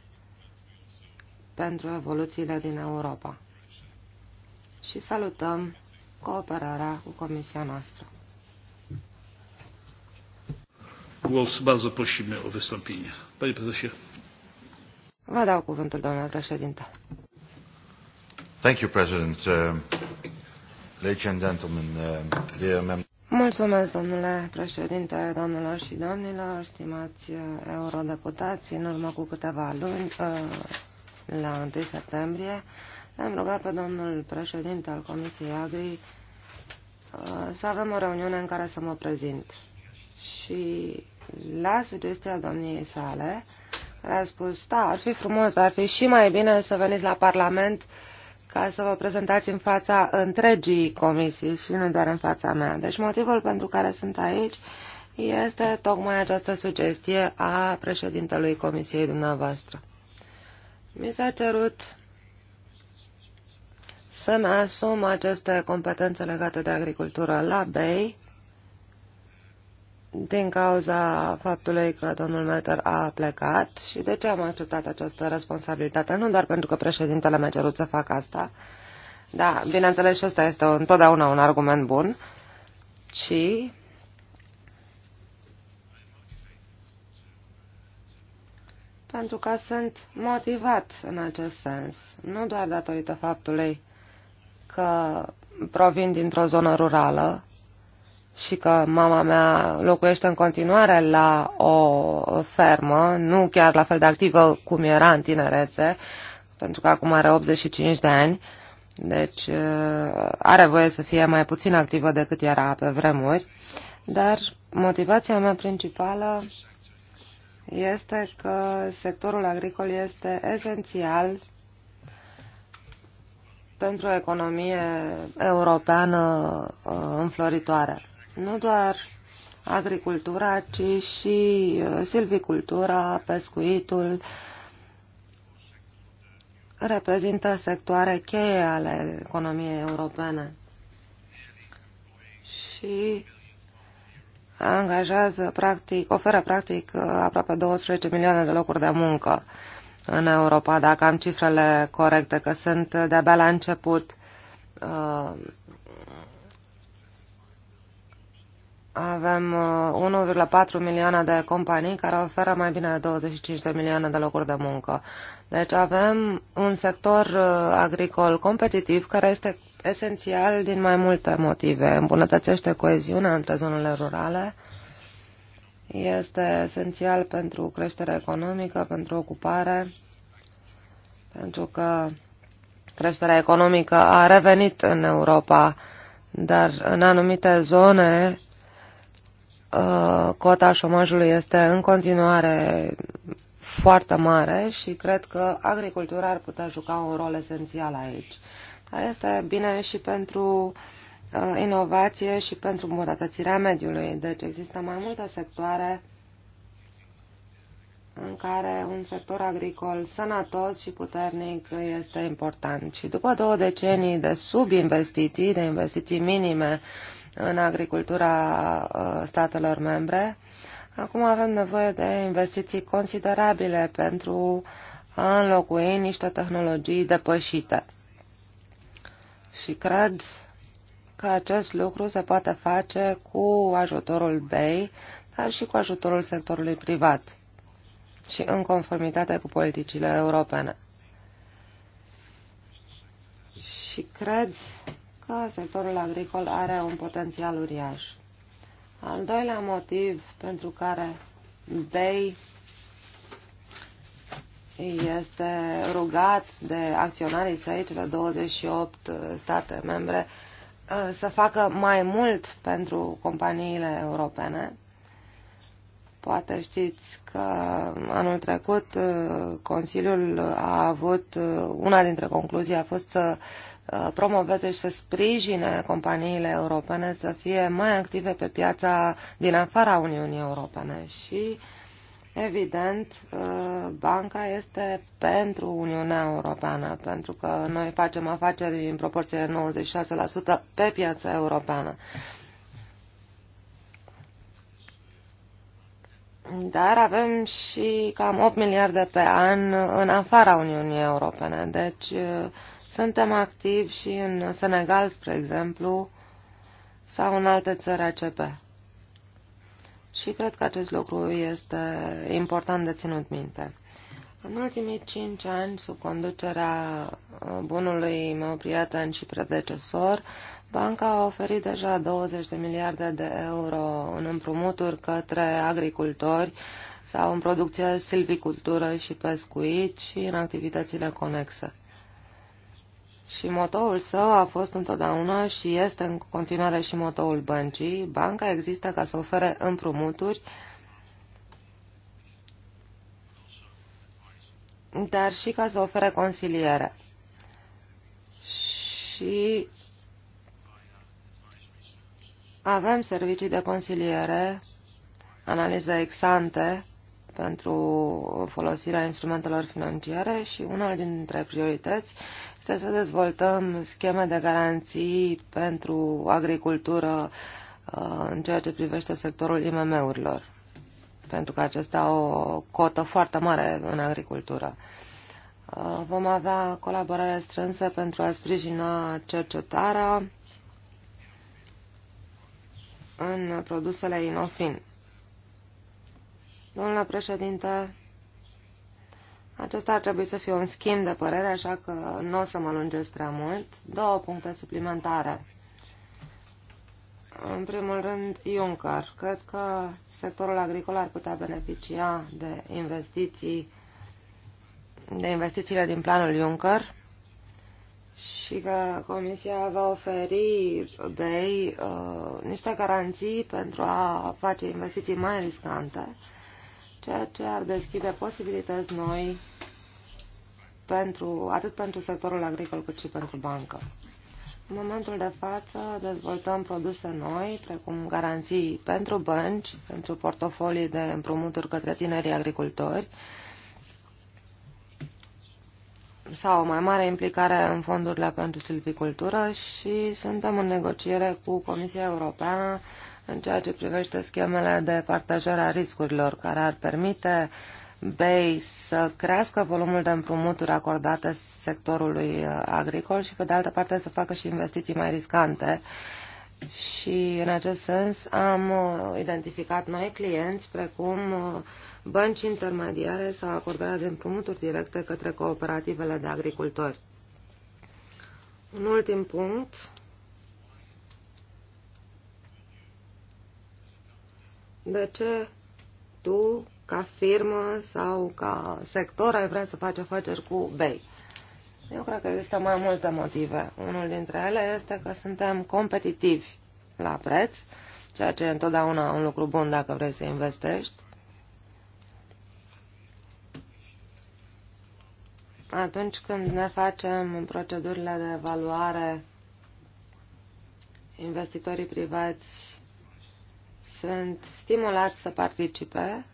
pentru evoluțiile din Europa. Și salutăm cooperarea cu Comisia noastră. głos. Bardzo prosimy o wystąpienie. Panie prezesie. Vă dau cuvântul, domnule președinte. Thank you, President. Uh, ladies and gentlemen, uh, dear members. Mulțumesc, domnule președinte, domnilor și domnilor, stimați uh, eurodeputați. În urmă cu câteva luni, uh, la 1 septembrie, am rugat pe domnul președinte al Comisiei Agri uh, să avem o reuniune în care să mă prezint. Și la sugestia domniei sale, care a spus, da, ar fi frumos, dar ar fi și mai bine să veniți la Parlament ca să vă prezentați în fața întregii comisii și nu doar în fața mea. Deci motivul pentru care sunt aici este tocmai această sugestie a președintelui comisiei dumneavoastră. Mi s-a cerut să-mi asum aceste competențe legate de agricultură la BEI din cauza faptului că domnul Melter a plecat și de ce am acceptat această responsabilitate, nu doar pentru că președintele mi-a cerut să fac asta, da, bineînțeles și ăsta este întotdeauna un argument bun, ci pentru că sunt motivat în acest sens, nu doar datorită faptului că provin dintr-o zonă rurală, și că mama mea locuiește în continuare la o fermă, nu chiar la fel de activă cum era în tinerețe, pentru că acum are 85 de ani, deci uh, are voie să fie mai puțin activă decât era pe vremuri, dar motivația mea principală este că sectorul agricol este esențial pentru o economie europeană uh, înfloritoare nu doar agricultura, ci și uh, silvicultura, pescuitul, reprezintă sectoare cheie ale economiei europene și angajează, practic, oferă practic uh, aproape 12 milioane de locuri de muncă în Europa, dacă am cifrele corecte, că sunt de-abia la început uh, Avem uh, 1,4 milioane de companii care oferă mai bine de 25 de milioane de locuri de muncă. Deci avem un sector uh, agricol competitiv care este esențial din mai multe motive. Îmbunătățește coeziunea între zonele rurale, este esențial pentru creșterea economică, pentru ocupare, pentru că creșterea economică a revenit în Europa, dar în anumite zone Uh, cota șomajului este în continuare foarte mare și cred că agricultura ar putea juca un rol esențial aici. Dar este bine și pentru uh, inovație și pentru îmbunătățirea mediului. Deci există mai multe sectoare în care un sector agricol sănătos și puternic este important. Și după două decenii de subinvestiții, de investiții minime în agricultura uh, statelor membre. Acum avem nevoie de investiții considerabile pentru a înlocui niște tehnologii depășite. Și cred că acest lucru se poate face cu ajutorul BEI, dar și cu ajutorul sectorului privat și în conformitate cu politicile europene. Și cred că sectorul agricol are un potențial uriaș. Al doilea motiv pentru care BEI este rugat de acționarii săi, cele 28 state membre, să facă mai mult pentru companiile europene. Poate știți că anul trecut Consiliul a avut, una dintre concluzii a fost să Uh, promoveze și să sprijine companiile europene să fie mai active pe piața din afara Uniunii Europene și Evident, uh, banca este pentru Uniunea Europeană, pentru că noi facem afaceri în proporție de 96% pe piața europeană. Dar avem și cam 8 miliarde pe an în afara Uniunii Europene, deci uh, suntem activi și în Senegal, spre exemplu, sau în alte țări ACP. Și cred că acest lucru este important de ținut minte. În ultimii cinci ani, sub conducerea uh, bunului meu prieten și predecesor, banca a oferit deja 20 de miliarde de euro în împrumuturi către agricultori sau în producția silvicultură și pescuit și în activitățile conexe. Și motoul său a fost întotdeauna și este în continuare și motoul băncii. Banca există ca să ofere împrumuturi, dar și ca să ofere consiliere. Și avem servicii de consiliere, analiză exante. ante, pentru folosirea instrumentelor financiare și una dintre priorități este să dezvoltăm scheme de garanții pentru agricultură uh, în ceea ce privește sectorul IMM-urilor, pentru că acesta au o cotă foarte mare în agricultură. Uh, vom avea colaborare strânsă pentru a sprijina cercetarea în produsele Inofin. Domnule președinte, acesta ar trebui să fie un schimb de părere, așa că nu o să mă lungesc prea mult. Două puncte suplimentare. În primul rând, Juncker. Cred că sectorul agricol ar putea beneficia de investiții, de investițiile din planul Juncker și că Comisia va oferi BEI uh, niște garanții pentru a face investiții mai riscante ceea ce ar deschide posibilități noi pentru, atât pentru sectorul agricol cât și pentru bancă. În momentul de față dezvoltăm produse noi, precum garanții pentru bănci, pentru portofolii de împrumuturi către tinerii agricultori, sau o mai mare implicare în fondurile pentru silvicultură și suntem în negociere cu Comisia Europeană în ceea ce privește schemele de partajare a riscurilor, care ar permite BEI să crească volumul de împrumuturi acordate sectorului uh, agricol și, pe de altă parte, să facă și investiții mai riscante. Și, în acest sens, am uh, identificat noi clienți, precum uh, bănci intermediare sau acordarea de împrumuturi directe către cooperativele de agricultori. Un ultim punct De ce tu, ca firmă sau ca sector, ai vrea să faci afaceri cu BEI? Eu cred că există mai multe motive. Unul dintre ele este că suntem competitivi la preț, ceea ce e întotdeauna un lucru bun dacă vrei să investești. Atunci când ne facem procedurile de evaluare, investitorii privați sunt stimulați să participe.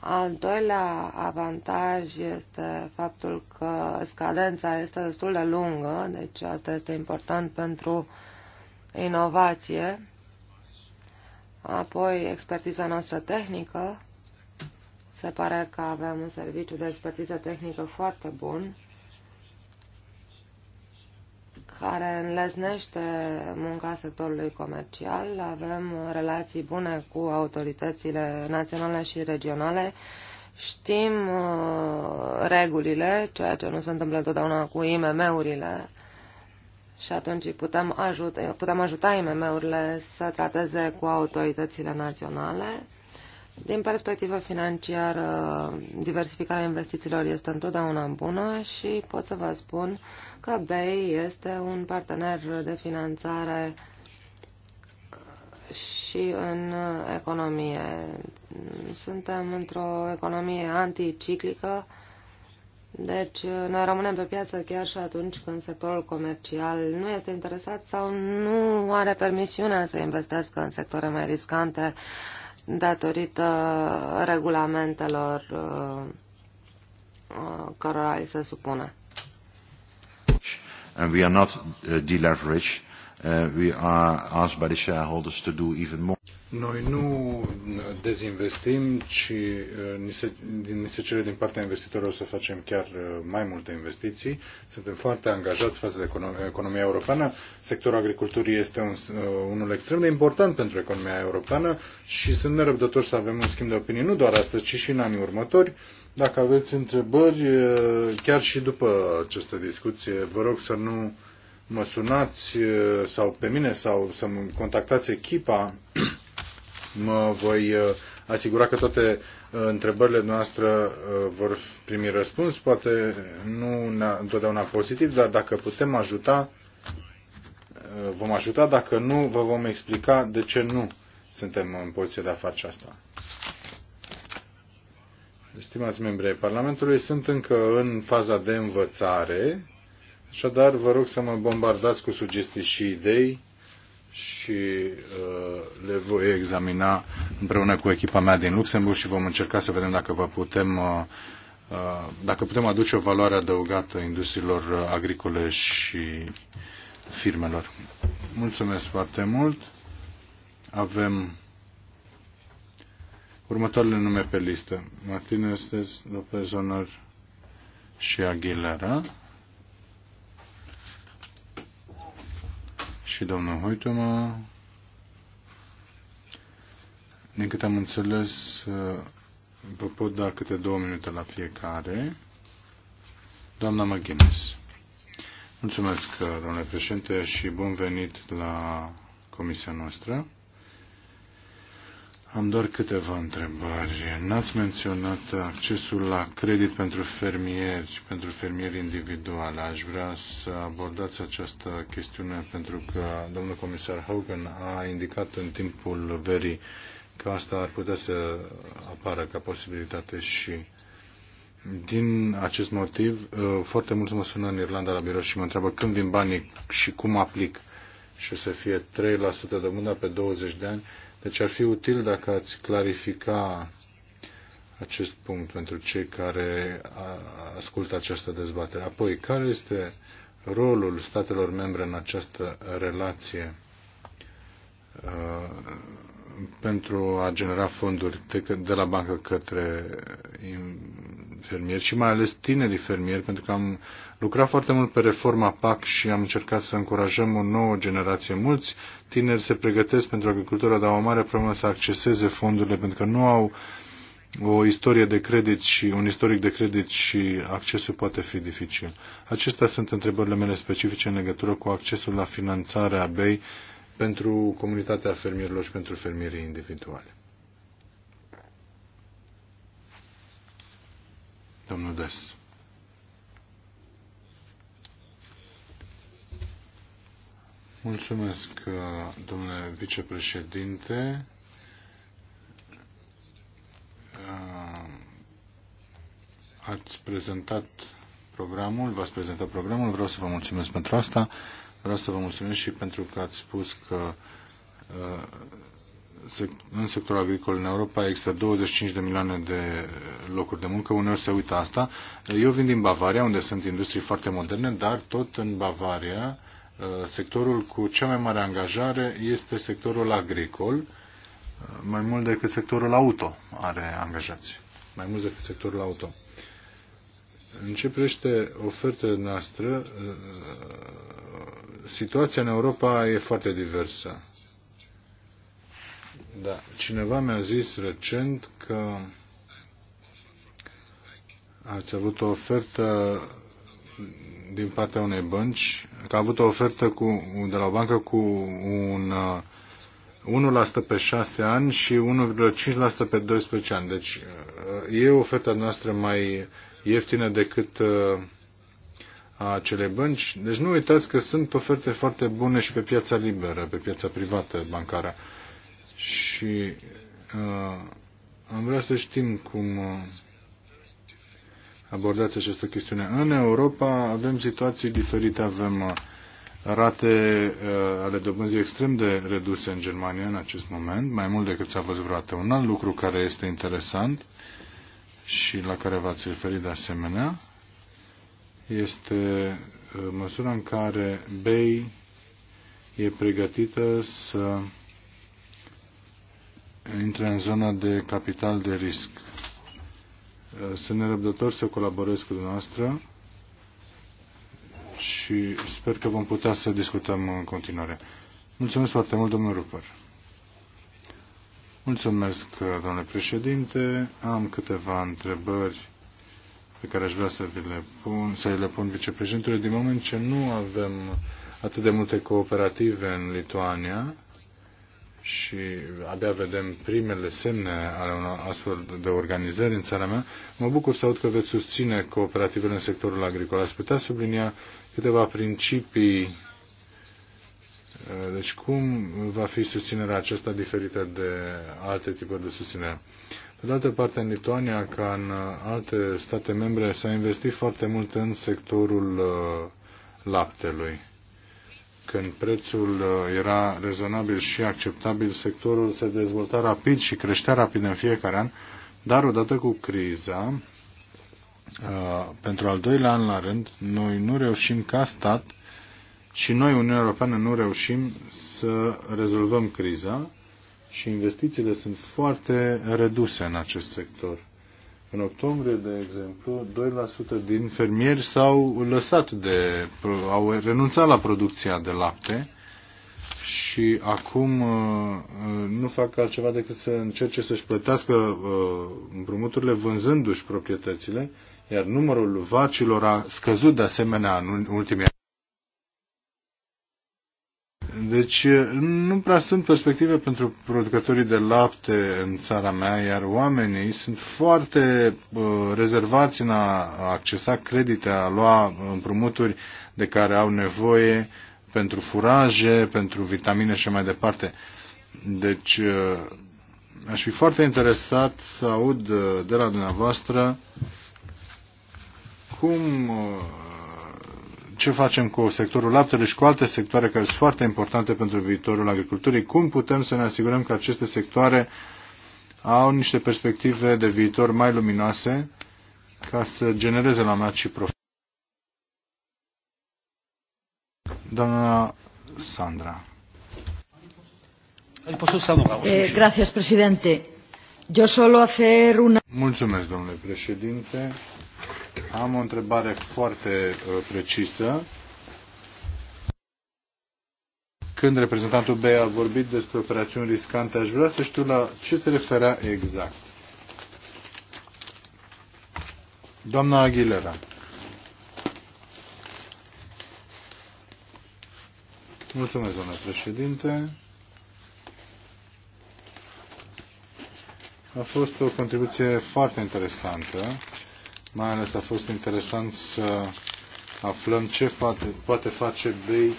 Al doilea avantaj este faptul că scadența este destul de lungă, deci asta este important pentru inovație. Apoi, expertiza noastră tehnică. Se pare că avem un serviciu de expertiză tehnică foarte bun care înleznește munca sectorului comercial. Avem relații bune cu autoritățile naționale și regionale. Știm uh, regulile, ceea ce nu se întâmplă totdeauna cu IMM-urile și atunci putem ajuta, putem ajuta IMM-urile să trateze cu autoritățile naționale din perspectivă financiară, diversificarea investițiilor este întotdeauna bună și pot să vă spun că BEI este un partener de finanțare și în economie. Suntem într-o economie anticiclică, deci ne rămânem pe piață chiar și atunci când sectorul comercial nu este interesat sau nu are permisiunea să investească în sectoare mai riscante, uh, datorită regulamentelor uh, uh, cărora li se supune. And we are not uh, deleveraged. Uh, we are asked by the shareholders to do even more. Noi nu dezinvestim, ci uh, ni se, ni se cere din partea investitorilor să facem chiar uh, mai multe investiții. Suntem foarte angajați față de economia europeană. Sectorul agriculturii este un, uh, unul extrem de important pentru economia europeană și sunt nerăbdător să avem un schimb de opinii, nu doar astăzi, ci și în anii următori. Dacă aveți întrebări, chiar și după această discuție, vă rog să nu mă sunați sau pe mine sau să-mi contactați echipa mă voi uh, asigura că toate uh, întrebările noastre uh, vor primi răspuns, poate nu întotdeauna pozitiv, dar dacă putem ajuta, vom ajuta, dacă nu, vă vom explica de ce nu suntem în poziție de a face asta. Stimați membri ai Parlamentului, sunt încă în faza de învățare, așadar vă rog să mă bombardați cu sugestii și idei și uh, le voi examina împreună cu echipa mea din Luxemburg și vom încerca să vedem dacă vă putem uh, uh, dacă putem aduce o valoare adăugată industriilor agricole și firmelor. Mulțumesc foarte mult. Avem următoarele nume pe listă. Martinez, Lopez Honor și Aguilera. și domnul Hoitoma. Din câte am înțeles, vă pot da câte două minute la fiecare. Doamna McGuinness. Mulțumesc, domnule președinte, și bun venit la comisia noastră. Am doar câteva întrebări. N-ați menționat accesul la credit pentru fermieri, pentru fermieri individuali. Aș vrea să abordați această chestiune pentru că domnul comisar Hogan a indicat în timpul verii că asta ar putea să apară ca posibilitate și din acest motiv, foarte mulți mă sună în Irlanda la birou și mă întreabă când vin banii și cum aplic și o să fie 3% de mână pe 20 de ani deci ar fi util dacă ați clarifica acest punct pentru cei care ascultă această dezbatere. Apoi, care este rolul statelor membre în această relație pentru a genera fonduri de, de la bancă către fermieri și mai ales tinerii fermieri, pentru că am lucrat foarte mult pe reforma PAC și am încercat să încurajăm o nouă generație. Mulți tineri se pregătesc pentru agricultură, dar o mare problemă să acceseze fondurile, pentru că nu au o istorie de credit și un istoric de credit și accesul poate fi dificil. Acestea sunt întrebările mele specifice în legătură cu accesul la finanțarea BEI pentru comunitatea fermierilor și pentru fermierii individuale. Domnul Des. Mulțumesc, uh, domnule vicepreședinte. Uh, ați prezentat programul, v-ați prezentat programul, vreau să vă mulțumesc pentru asta. Vreau să vă mulțumesc și pentru că ați spus că uh, în sectorul agricol în Europa există 25 de milioane de locuri de muncă, uneori se uită asta. Eu vin din Bavaria, unde sunt industrii foarte moderne, dar tot în Bavaria uh, sectorul cu cea mai mare angajare este sectorul agricol, uh, mai mult decât sectorul auto are angajați, mai mult decât sectorul auto. În ce privește ofertele noastre, uh, situația în Europa e foarte diversă da, cineva mi-a zis recent că ați avut o ofertă din partea unei bănci, că a avut o ofertă cu, de la o bancă cu un 1% uh, pe 6 ani și 1,5% pe 12 ani. Deci uh, e oferta noastră mai ieftină decât uh, a acelei bănci. Deci nu uitați că sunt oferte foarte bune și pe piața liberă, pe piața privată bancară și uh, am vrea să știm cum uh, abordați această chestiune. În Europa avem situații diferite, avem uh, rate uh, ale dobânzii extrem de reduse în Germania în acest moment, mai mult decât s-a văzut vreodată. Un alt lucru care este interesant și la care v-ați referit de asemenea este uh, măsura în care BEI e pregătită să intre în zona de capital de risc. Uh, sunt nerăbdător să colaborez cu dumneavoastră și sper că vom putea să discutăm în continuare. Mulțumesc foarte mult, domnul Rupăr. Mulțumesc, domnule președinte. Am câteva întrebări pe care aș vrea să vi le pun, să le pun vicepreședintele. Din moment ce nu avem atât de multe cooperative în Lituania, și abia vedem primele semne ale unor astfel de organizări în țara mea, mă bucur să aud că veți susține cooperativele în sectorul agricol. Ați putea sublinia câteva principii eh, deci cum va fi susținerea aceasta diferită de alte tipuri de susținere? Pe de altă parte, în Lituania, ca în alte state membre, s-a investit foarte mult în sectorul eh, laptelui când prețul uh, era rezonabil și acceptabil, sectorul se dezvolta rapid și creștea rapid în fiecare an, dar odată cu criza, uh, pentru al doilea an la rând, noi nu reușim ca stat și noi, Uniunea Europeană, nu reușim să rezolvăm criza și investițiile sunt foarte reduse în acest sector. În octombrie, de exemplu, 2% din fermieri s-au lăsat de, au renunțat la producția de lapte și acum uh, uh, nu fac altceva decât să încerce să-și plătească uh, împrumuturile vânzându-și proprietățile, iar numărul vacilor a scăzut de asemenea în ultimii ani. Deci nu prea sunt perspective pentru producătorii de lapte în țara mea, iar oamenii sunt foarte uh, rezervați în a accesa credite, a lua împrumuturi de care au nevoie pentru furaje, pentru vitamine și mai departe. Deci uh, aș fi foarte interesat să aud de la dumneavoastră cum uh, ce facem cu sectorul laptelui și cu alte sectoare care sunt foarte importante pentru viitorul agriculturii, cum putem să ne asigurăm că aceste sectoare au niște perspective de viitor mai luminoase ca să genereze la mânat și profit. Doamna Sandra. Eh, gracias, presidente. Yo solo hacer una... Mulțumesc, domnule președinte. Am o întrebare foarte uh, precisă. Când reprezentantul B a vorbit despre operațiuni riscante, aș vrea să știu la ce se referea exact. Doamna Aguilera. Mulțumesc, doamna președinte. A fost o contribuție foarte interesantă. Mai ales a fost interesant să aflăm ce poate face BEI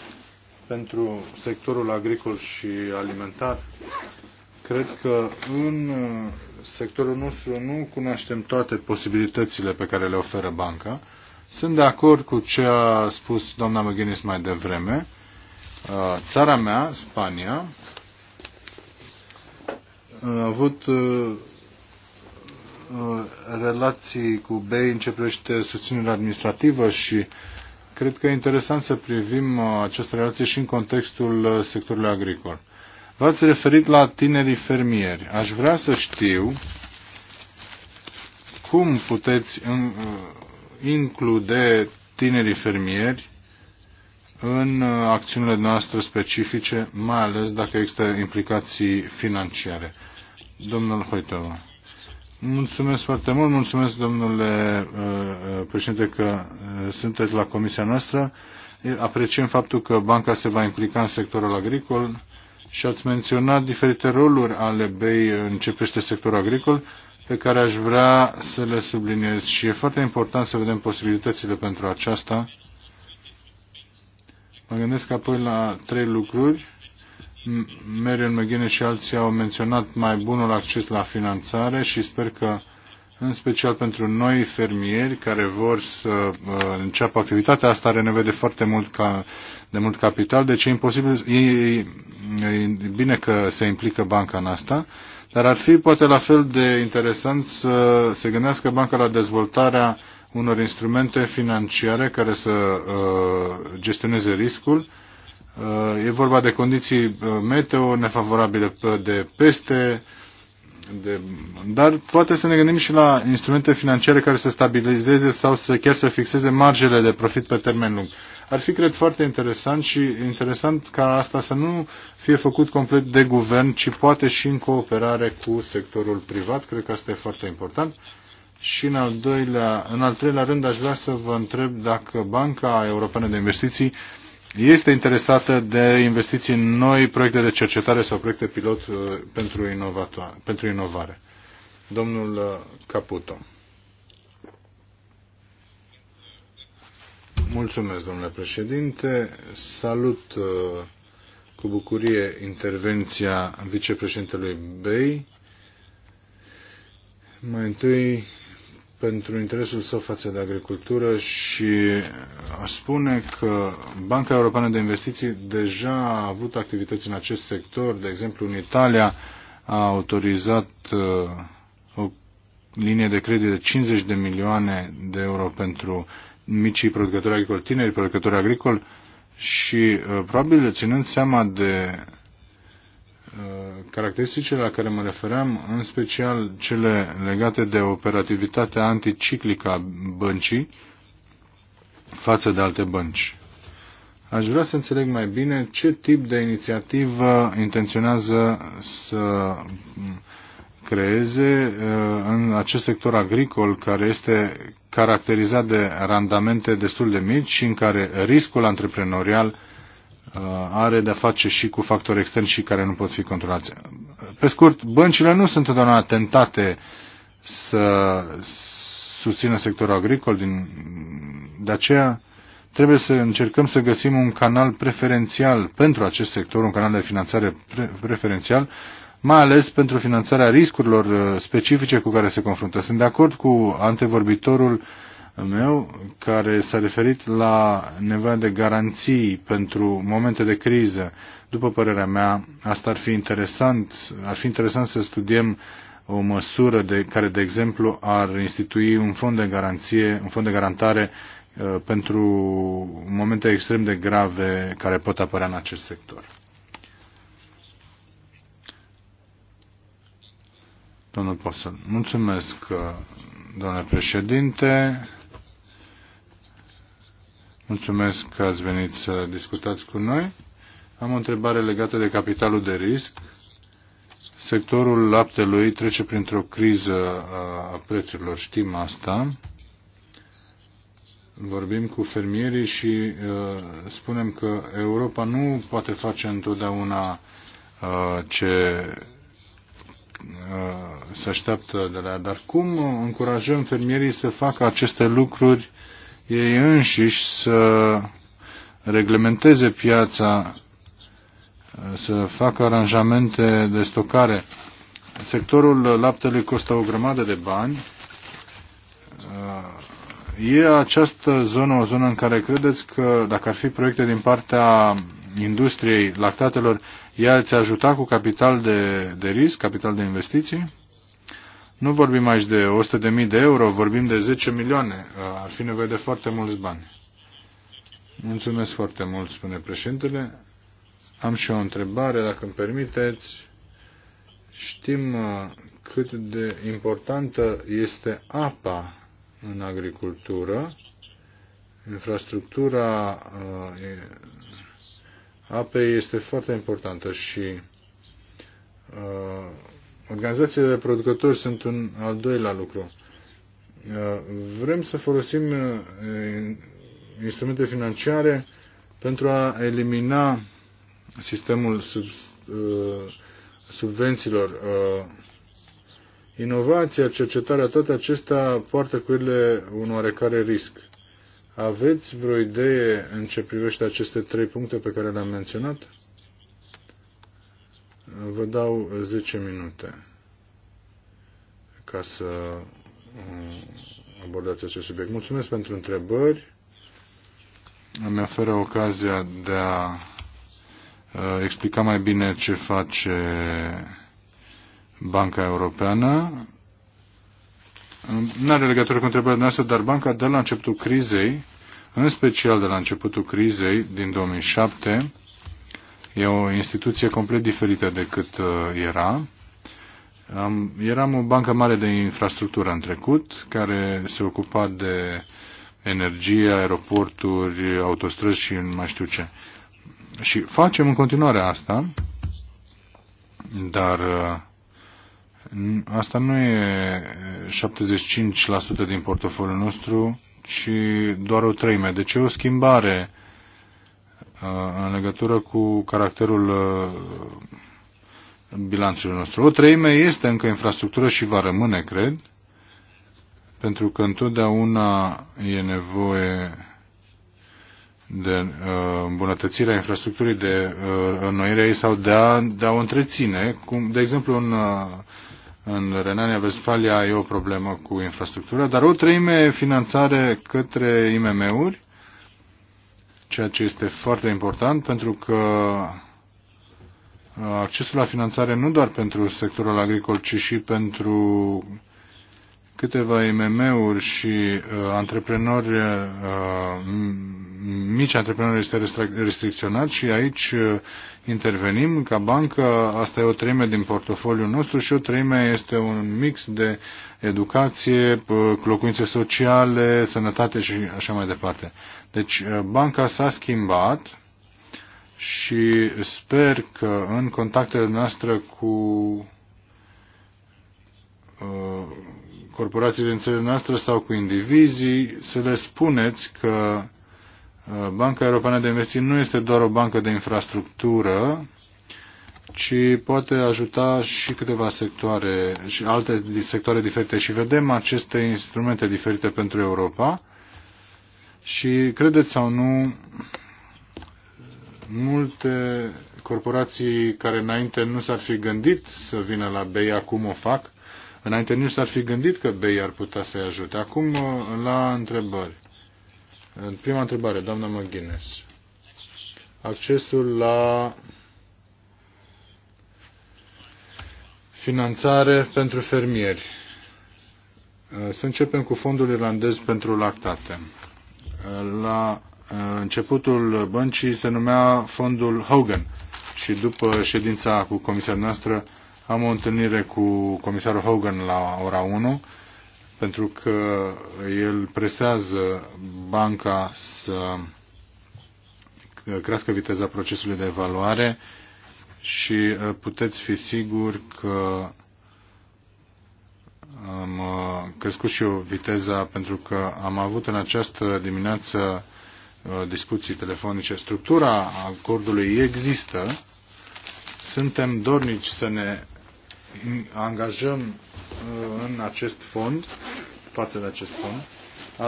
pentru sectorul agricol și alimentar. Cred că în uh, sectorul nostru nu cunoaștem toate posibilitățile pe care le oferă banca. Sunt de acord cu ce a spus doamna McGuinness mai devreme. Uh, țara mea, Spania, a avut uh, Uh, relații cu BEI privește susținerea administrativă și cred că e interesant să privim uh, această relație și în contextul uh, sectorului agricol. V-ați referit la tinerii fermieri. Aș vrea să știu cum puteți include tinerii fermieri în acțiunile noastre specifice, mai ales dacă există implicații financiare. Domnul Hoitova. Mulțumesc foarte mult, mulțumesc domnule uh, uh, președinte că uh, sunteți la comisia noastră. Apreciem faptul că banca se va implica în sectorul agricol și ați menționat diferite roluri ale BEI în ce privește sectorul agricol pe care aș vrea să le subliniez și e foarte important să vedem posibilitățile pentru aceasta. Mă gândesc apoi la trei lucruri Marian McGuinness și alții au menționat mai bunul acces la finanțare și sper că în special pentru noi fermieri care vor să uh, înceapă activitatea asta, are nevoie de foarte mult, ca, de mult capital, deci e, imposibil, e, e, e bine că se implică banca în asta, dar ar fi poate la fel de interesant să se gândească banca la dezvoltarea unor instrumente financiare care să uh, gestioneze riscul E vorba de condiții uh, meteo nefavorabile uh, de peste, de, dar poate să ne gândim și la instrumente financiare care să stabilizeze sau să chiar să fixeze margele de profit pe termen lung. Ar fi, cred, foarte interesant și interesant ca asta să nu fie făcut complet de guvern, ci poate și în cooperare cu sectorul privat. Cred că asta e foarte important. Și în al, doilea, în al treilea rând aș vrea să vă întreb dacă Banca Europeană de Investiții este interesată de investiții în noi proiecte de cercetare sau proiecte pilot uh, pentru, pentru inovare. Domnul uh, Caputo. Mulțumesc, domnule președinte. Salut uh, cu bucurie intervenția vicepreședintelui Bei. Mai întâi pentru interesul său față de agricultură și aș spune că Banca Europeană de Investiții deja a avut activități în acest sector. De exemplu, în Italia a autorizat uh, o linie de credit de 50 de milioane de euro pentru micii producători agricoli, tineri producători agricoli și uh, probabil ținând seama de Uh, caracteristicile la care mă refeream, în special cele legate de operativitatea anticiclică a băncii față de alte bănci. Aș vrea să înțeleg mai bine ce tip de inițiativă intenționează să creeze uh, în acest sector agricol care este caracterizat de randamente destul de mici și în care riscul antreprenorial Uh, are de-a face și cu factori externi și care nu pot fi controlați. Pe scurt, băncile nu sunt întotdeauna tentate să susțină sectorul agricol, din... de aceea trebuie să încercăm să găsim un canal preferențial pentru acest sector, un canal de finanțare pre- preferențial, mai ales pentru finanțarea riscurilor uh, specifice cu care se confruntă. Sunt de acord cu antevorbitorul uh, meu care s-a referit la nevoia de garanții pentru momente de criză. După părerea mea, asta ar fi interesant, ar fi interesant să studiem o măsură de, care, de exemplu, ar institui un fond de garanție, un fond de garantare uh, pentru momente extrem de grave care pot apărea în acest sector. Domnul Posel, mulțumesc, uh, domnule președinte. Mulțumesc că ați venit să discutați cu noi. Am o întrebare legată de capitalul de risc. Sectorul laptelui trece printr-o criză a prețurilor, știm asta. Vorbim cu fermierii și uh, spunem că Europa nu poate face întotdeauna uh, ce uh, se așteaptă de la ea. Dar cum încurajăm fermierii să facă aceste lucruri uh, ei înșiși să reglementeze piața, să facă aranjamente de stocare. Sectorul laptelui costă o grămadă de bani. E această zonă o zonă în care credeți că dacă ar fi proiecte din partea industriei lactatelor, ea ți ajuta cu capital de, de risc, capital de investiții? Nu vorbim aici de 100.000 de euro, vorbim de 10 milioane. Ar fi nevoie de foarte mulți bani. Mulțumesc foarte mult, spune președintele. Am și o întrebare, dacă îmi permiteți. Știm uh, cât de importantă este apa în agricultură. Infrastructura uh, apei este foarte importantă și uh, Organizațiile de producători sunt un al doilea lucru. Uh, vrem să folosim uh, instrumente financiare pentru a elimina sistemul sub, uh, subvențiilor. Inovația, cercetarea, toate acestea poartă cu ele un oarecare risc. Aveți vreo idee în ce privește aceste trei puncte pe care le-am menționat? Vă dau 10 uh, minute ca să uh, abordați acest subiect. Mulțumesc pentru întrebări. Îmi oferă ocazia de a uh, explica mai bine ce face Banca Europeană. Nu are legătură cu întrebarea noastre, dar banca de la începutul crizei, în special de la începutul crizei din 2007, E o instituție complet diferită decât uh, era. eram o bancă mare de infrastructură în trecut, care se ocupa de energie, aeroporturi, autostrăzi și mai știu ce. Și facem în continuare asta, dar uh, asta nu e 75% din portofoliul nostru, ci doar o treime. Deci e o schimbare în legătură cu caracterul uh, bilanțului nostru. O treime este încă infrastructură și va rămâne, cred, pentru că întotdeauna e nevoie de uh, îmbunătățirea infrastructurii, de uh, înnoirea ei sau de a, de a o întreține. Cum, de exemplu, în, uh, în Renania-Vestfalia e o problemă cu infrastructura, dar o treime finanțare către IMM-uri ceea ce este foarte important pentru că uh, accesul la finanțare nu doar pentru sectorul agricol, ci și pentru câteva IMM-uri și uh, antreprenori, uh, mici antreprenori este restricționat și aici uh, intervenim. Ca bancă, asta e o treime din portofoliul nostru și o treime este un mix de educație, uh, locuințe sociale, sănătate și așa mai departe. Deci uh, banca s-a schimbat și sper că în contactele noastre cu corporațiile din țările noastre sau cu indivizii, să le spuneți că uh, Banca Europeană de Investiții nu este doar o bancă de infrastructură, ci poate ajuta și câteva sectoare și alte sectoare diferite. Și vedem aceste instrumente diferite pentru Europa și, credeți sau nu, multe corporații care înainte nu s-ar fi gândit să vină la BEI acum o fac Înainte nici s-ar fi gândit că BEI ar putea să-i ajute. Acum la întrebări. Prima întrebare, doamna McGuinness. Accesul la finanțare pentru fermieri. Să începem cu fondul irlandez pentru lactate. La uh, începutul băncii se numea fondul Hogan și după ședința cu comisia noastră am o întâlnire cu comisarul Hogan la ora 1 pentru că el presează banca să crească viteza procesului de evaluare și uh, puteți fi siguri că am uh, crescut și eu viteza pentru că am avut în această dimineață uh, discuții telefonice. Structura acordului există. Suntem dornici să ne angajăm uh, în acest fond, față de acest fond,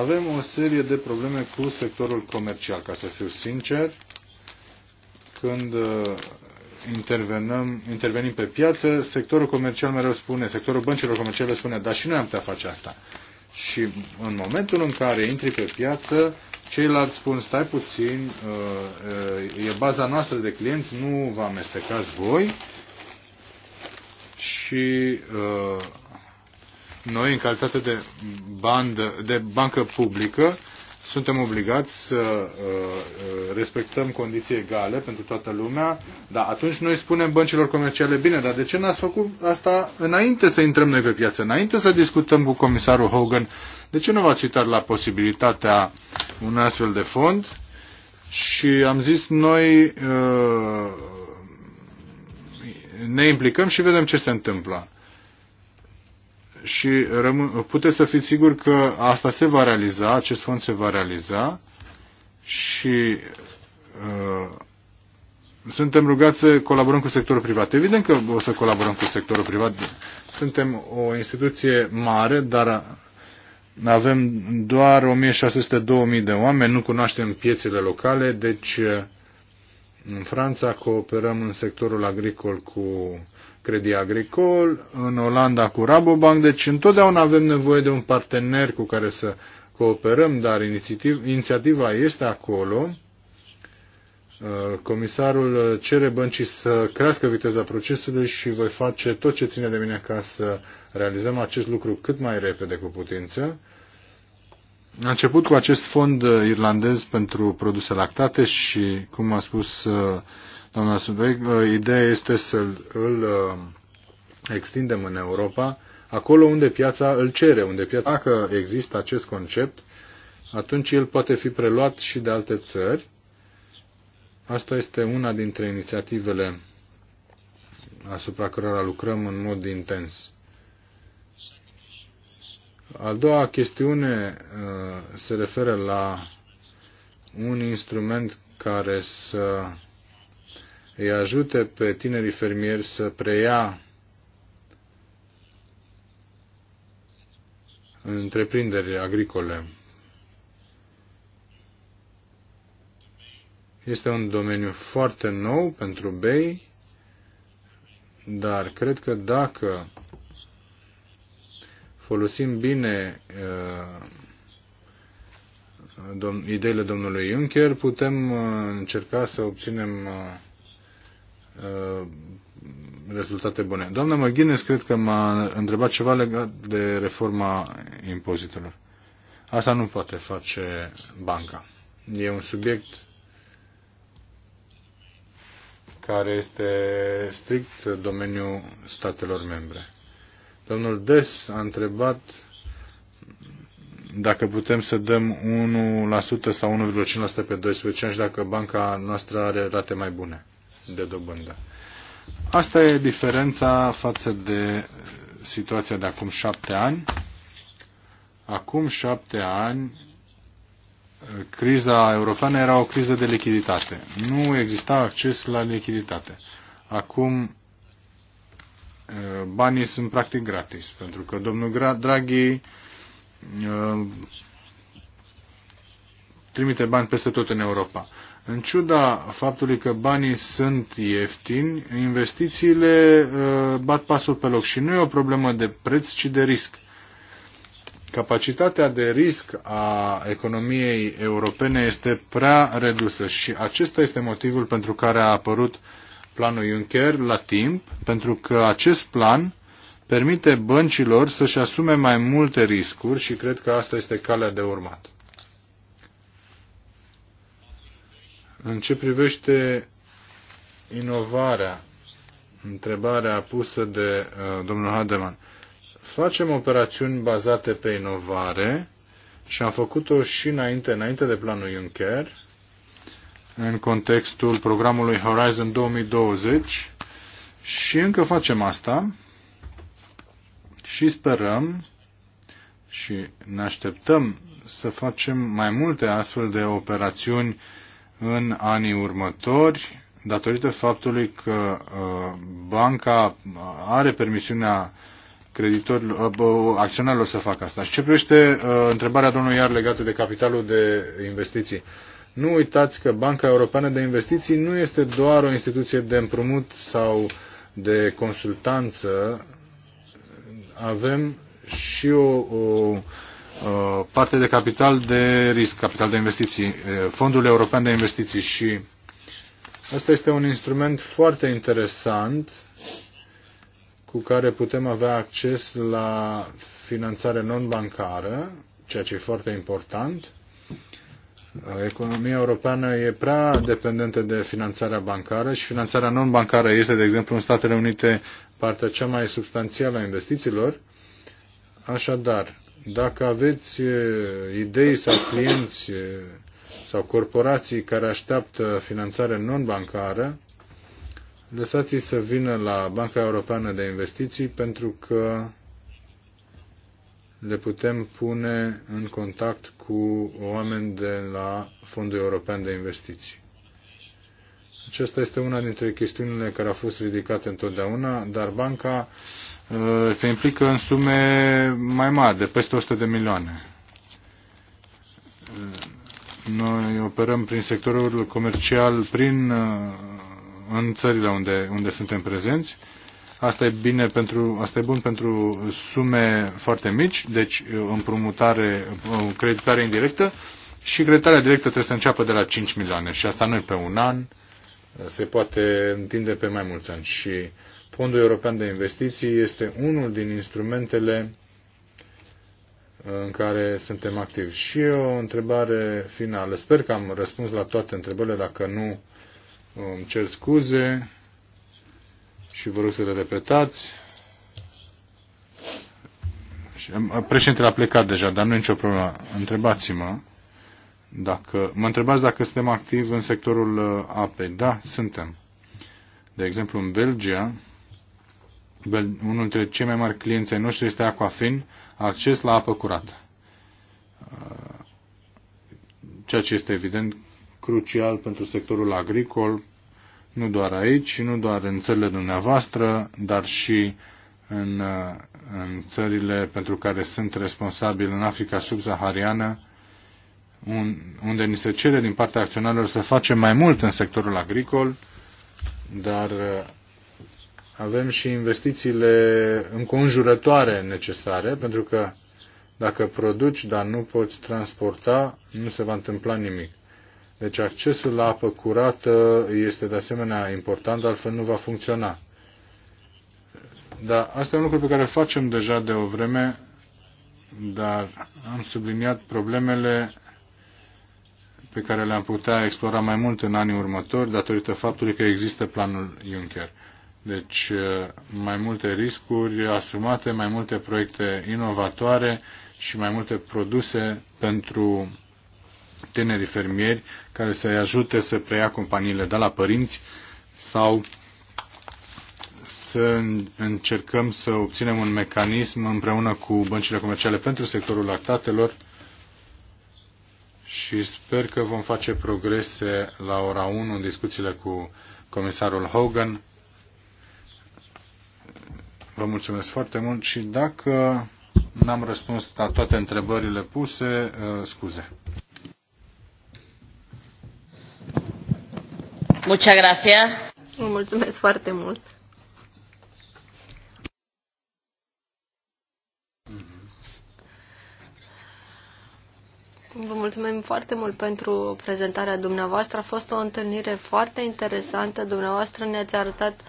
avem o serie de probleme cu sectorul comercial, ca să fiu sincer, când uh, intervenăm, intervenim pe piață, sectorul comercial mereu spune, sectorul băncilor comerciale spune, dar și noi am putea face asta. Și în momentul în care intri pe piață, ceilalți spun, stai puțin, uh, e baza noastră de clienți, nu vă amestecați voi și uh, noi, în calitate de, bandă, de bancă publică, suntem obligați să uh, respectăm condiții egale pentru toată lumea, dar atunci noi spunem băncilor comerciale, bine, dar de ce n-ați făcut asta înainte să intrăm noi pe piață, înainte să discutăm cu comisarul Hogan, de ce nu v-ați citat la posibilitatea unui astfel de fond? Și am zis noi, uh, ne implicăm și vedem ce se întâmplă. Și puteți să fiți siguri că asta se va realiza, acest fond se va realiza și uh, suntem rugați să colaborăm cu sectorul privat. Evident că o să colaborăm cu sectorul privat. Suntem o instituție mare, dar avem doar 1600-2000 de oameni, nu cunoaștem piețele locale, deci uh, în Franța cooperăm în sectorul agricol cu Credit Agricol, în Olanda cu Rabobank, deci întotdeauna avem nevoie de un partener cu care să cooperăm, dar inițiativa este acolo. Uh, comisarul cere băncii să crească viteza procesului și voi face tot ce ține de mine ca să realizăm acest lucru cât mai repede cu putință. A început cu acest fond uh, irlandez pentru produse lactate și, cum a spus uh, doamna Subeg, uh, ideea este să îl extindem în Europa, acolo unde piața îl cere, unde piața... Dacă există acest concept, atunci el poate fi preluat și de alte țări. Asta este una dintre inițiativele asupra cărora lucrăm în mod intens. Al doua chestiune uh, se referă la un instrument care să îi ajute pe tinerii fermieri să preia întreprinderi agricole. Este un domeniu foarte nou pentru bei, dar cred că dacă folosim bine uh, ideile domnului Juncker, putem uh, încerca să obținem uh, rezultate bune. Doamna McGuinness cred că m-a întrebat ceva legat de reforma impozitelor. Asta nu poate face banca. E un subiect care este strict domeniul statelor membre. Domnul Des a întrebat dacă putem să dăm 1% sau 1,5% pe 12 ani și dacă banca noastră are rate mai bune de dobândă. Asta e diferența față de situația de acum șapte ani. Acum șapte ani, criza europeană era o criză de lichiditate. Nu exista acces la lichiditate. Acum Uh, banii sunt practic gratis, pentru că domnul Draghi uh, trimite bani peste tot în Europa. În ciuda faptului că banii sunt ieftini, investițiile uh, bat pasul pe loc și nu e o problemă de preț, ci de risc. Capacitatea de risc a economiei europene este prea redusă și acesta este motivul pentru care a apărut uh, planul Juncker la timp, pentru că acest plan permite băncilor să-și asume mai multe riscuri și cred că asta este calea de urmat. În ce privește inovarea, întrebarea pusă de uh, domnul Hademan, facem operațiuni bazate pe inovare și am făcut-o și înainte, înainte de planul Juncker, în contextul programului Horizon 2020 și încă facem asta și sperăm și ne așteptăm să facem mai multe astfel de operațiuni în anii următori, datorită faptului că uh, banca are permisiunea creditorilor, uh, acționarilor să facă asta. Și ce privește uh, întrebarea domnului Iar legată de capitalul de investiții? Uh, nu uitați că Banca Europeană de Investiții nu este doar o instituție de împrumut sau de consultanță. Avem și o, o parte de capital de risc, capital de investiții, Fondul European de Investiții și asta este un instrument foarte interesant cu care putem avea acces la finanțare non-bancară, ceea ce e foarte important. Economia europeană e prea dependentă de finanțarea bancară și finanțarea non-bancară este, de exemplu, în Statele Unite partea cea mai substanțială a investițiilor. Așadar, dacă aveți idei sau clienți sau corporații care așteaptă finanțare non-bancară, lăsați-i să vină la Banca Europeană de Investiții pentru că le putem pune în contact cu oameni de la Fondul European de Investiții. Aceasta este una dintre chestiunile care a fost ridicate întotdeauna, dar banca uh, se implică în sume mai mari, de peste 100 de milioane. Uh, noi operăm prin sectorul comercial, prin, uh, în țările unde, unde suntem prezenți Asta e, bine pentru, asta e bun pentru sume foarte mici, deci uh, împrumutare, uh, creditare indirectă și creditarea directă trebuie să înceapă de la 5 milioane și asta nu e pe un an, uh, se poate întinde pe mai mulți ani și Fondul European de Investiții este unul din instrumentele în care suntem activi. Și o întrebare finală. Sper că am răspuns la toate întrebările, dacă nu îmi cer scuze și vă rog să le repetați. Președintele a plecat deja, dar nu e nicio problemă. Întrebați-mă dacă... Mă întrebați dacă suntem activi în sectorul uh, apei. Da, suntem. De exemplu, în Belgia, unul dintre cei mai mari clienți ai noștri este Aquafin, acces la apă curată. Uh, ceea ce este evident crucial pentru sectorul agricol, nu doar aici, nu doar în țările dumneavoastră, dar și în, în țările pentru care sunt responsabil în Africa subsahariană, un, unde ni se cere din partea acționarilor să facem mai mult în sectorul agricol, dar uh, avem și investițiile înconjurătoare necesare, pentru că dacă produci, dar nu poți transporta, nu se va întâmpla nimic. Deci accesul la apă curată este de asemenea important, altfel nu va funcționa. Dar asta e un lucru pe care îl facem deja de o vreme, dar am subliniat problemele pe care le-am putea explora mai mult în anii următori, datorită faptului că există planul Juncker. Deci mai multe riscuri asumate, mai multe proiecte inovatoare și mai multe produse pentru tinerii fermieri care să-i ajute să preia companiile de la părinți sau să încercăm să obținem un mecanism împreună cu băncile comerciale pentru sectorul lactatelor și sper că vom face progrese la ora 1 în discuțiile cu comisarul Hogan. Vă mulțumesc foarte mult și dacă n-am răspuns la toate întrebările puse, uh, scuze. Muchas gracias. Mulțumesc foarte mult. Vă mulțumim foarte mult pentru prezentarea dumneavoastră. A fost o întâlnire foarte interesantă. Dumneavoastră ne-ați arătat uh,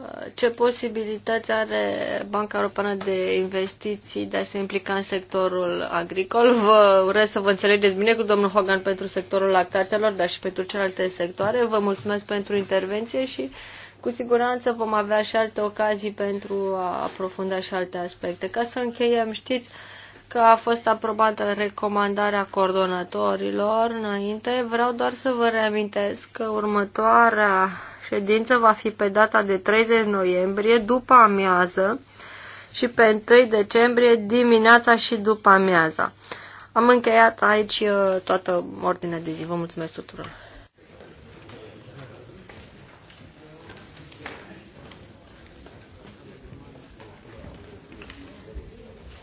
Uh, ce posibilități are Banca Europeană de Investiții de a se implica în sectorul agricol? Vă urez să vă înțelegeți bine cu domnul Hogan pentru sectorul lactatelor, dar și pentru celelalte sectoare. Vă mulțumesc pentru intervenție și cu siguranță vom avea și alte ocazii pentru a aprofunda și alte aspecte. Ca să încheiem, știți că a fost aprobată recomandarea coordonatorilor înainte. Vreau doar să vă reamintesc că următoarea ședință va fi pe data de 30 noiembrie, după amiază, și pe 1 decembrie dimineața și după amiaza. Am încheiat aici uh, toată ordinea de zi. Vă mulțumesc tuturor!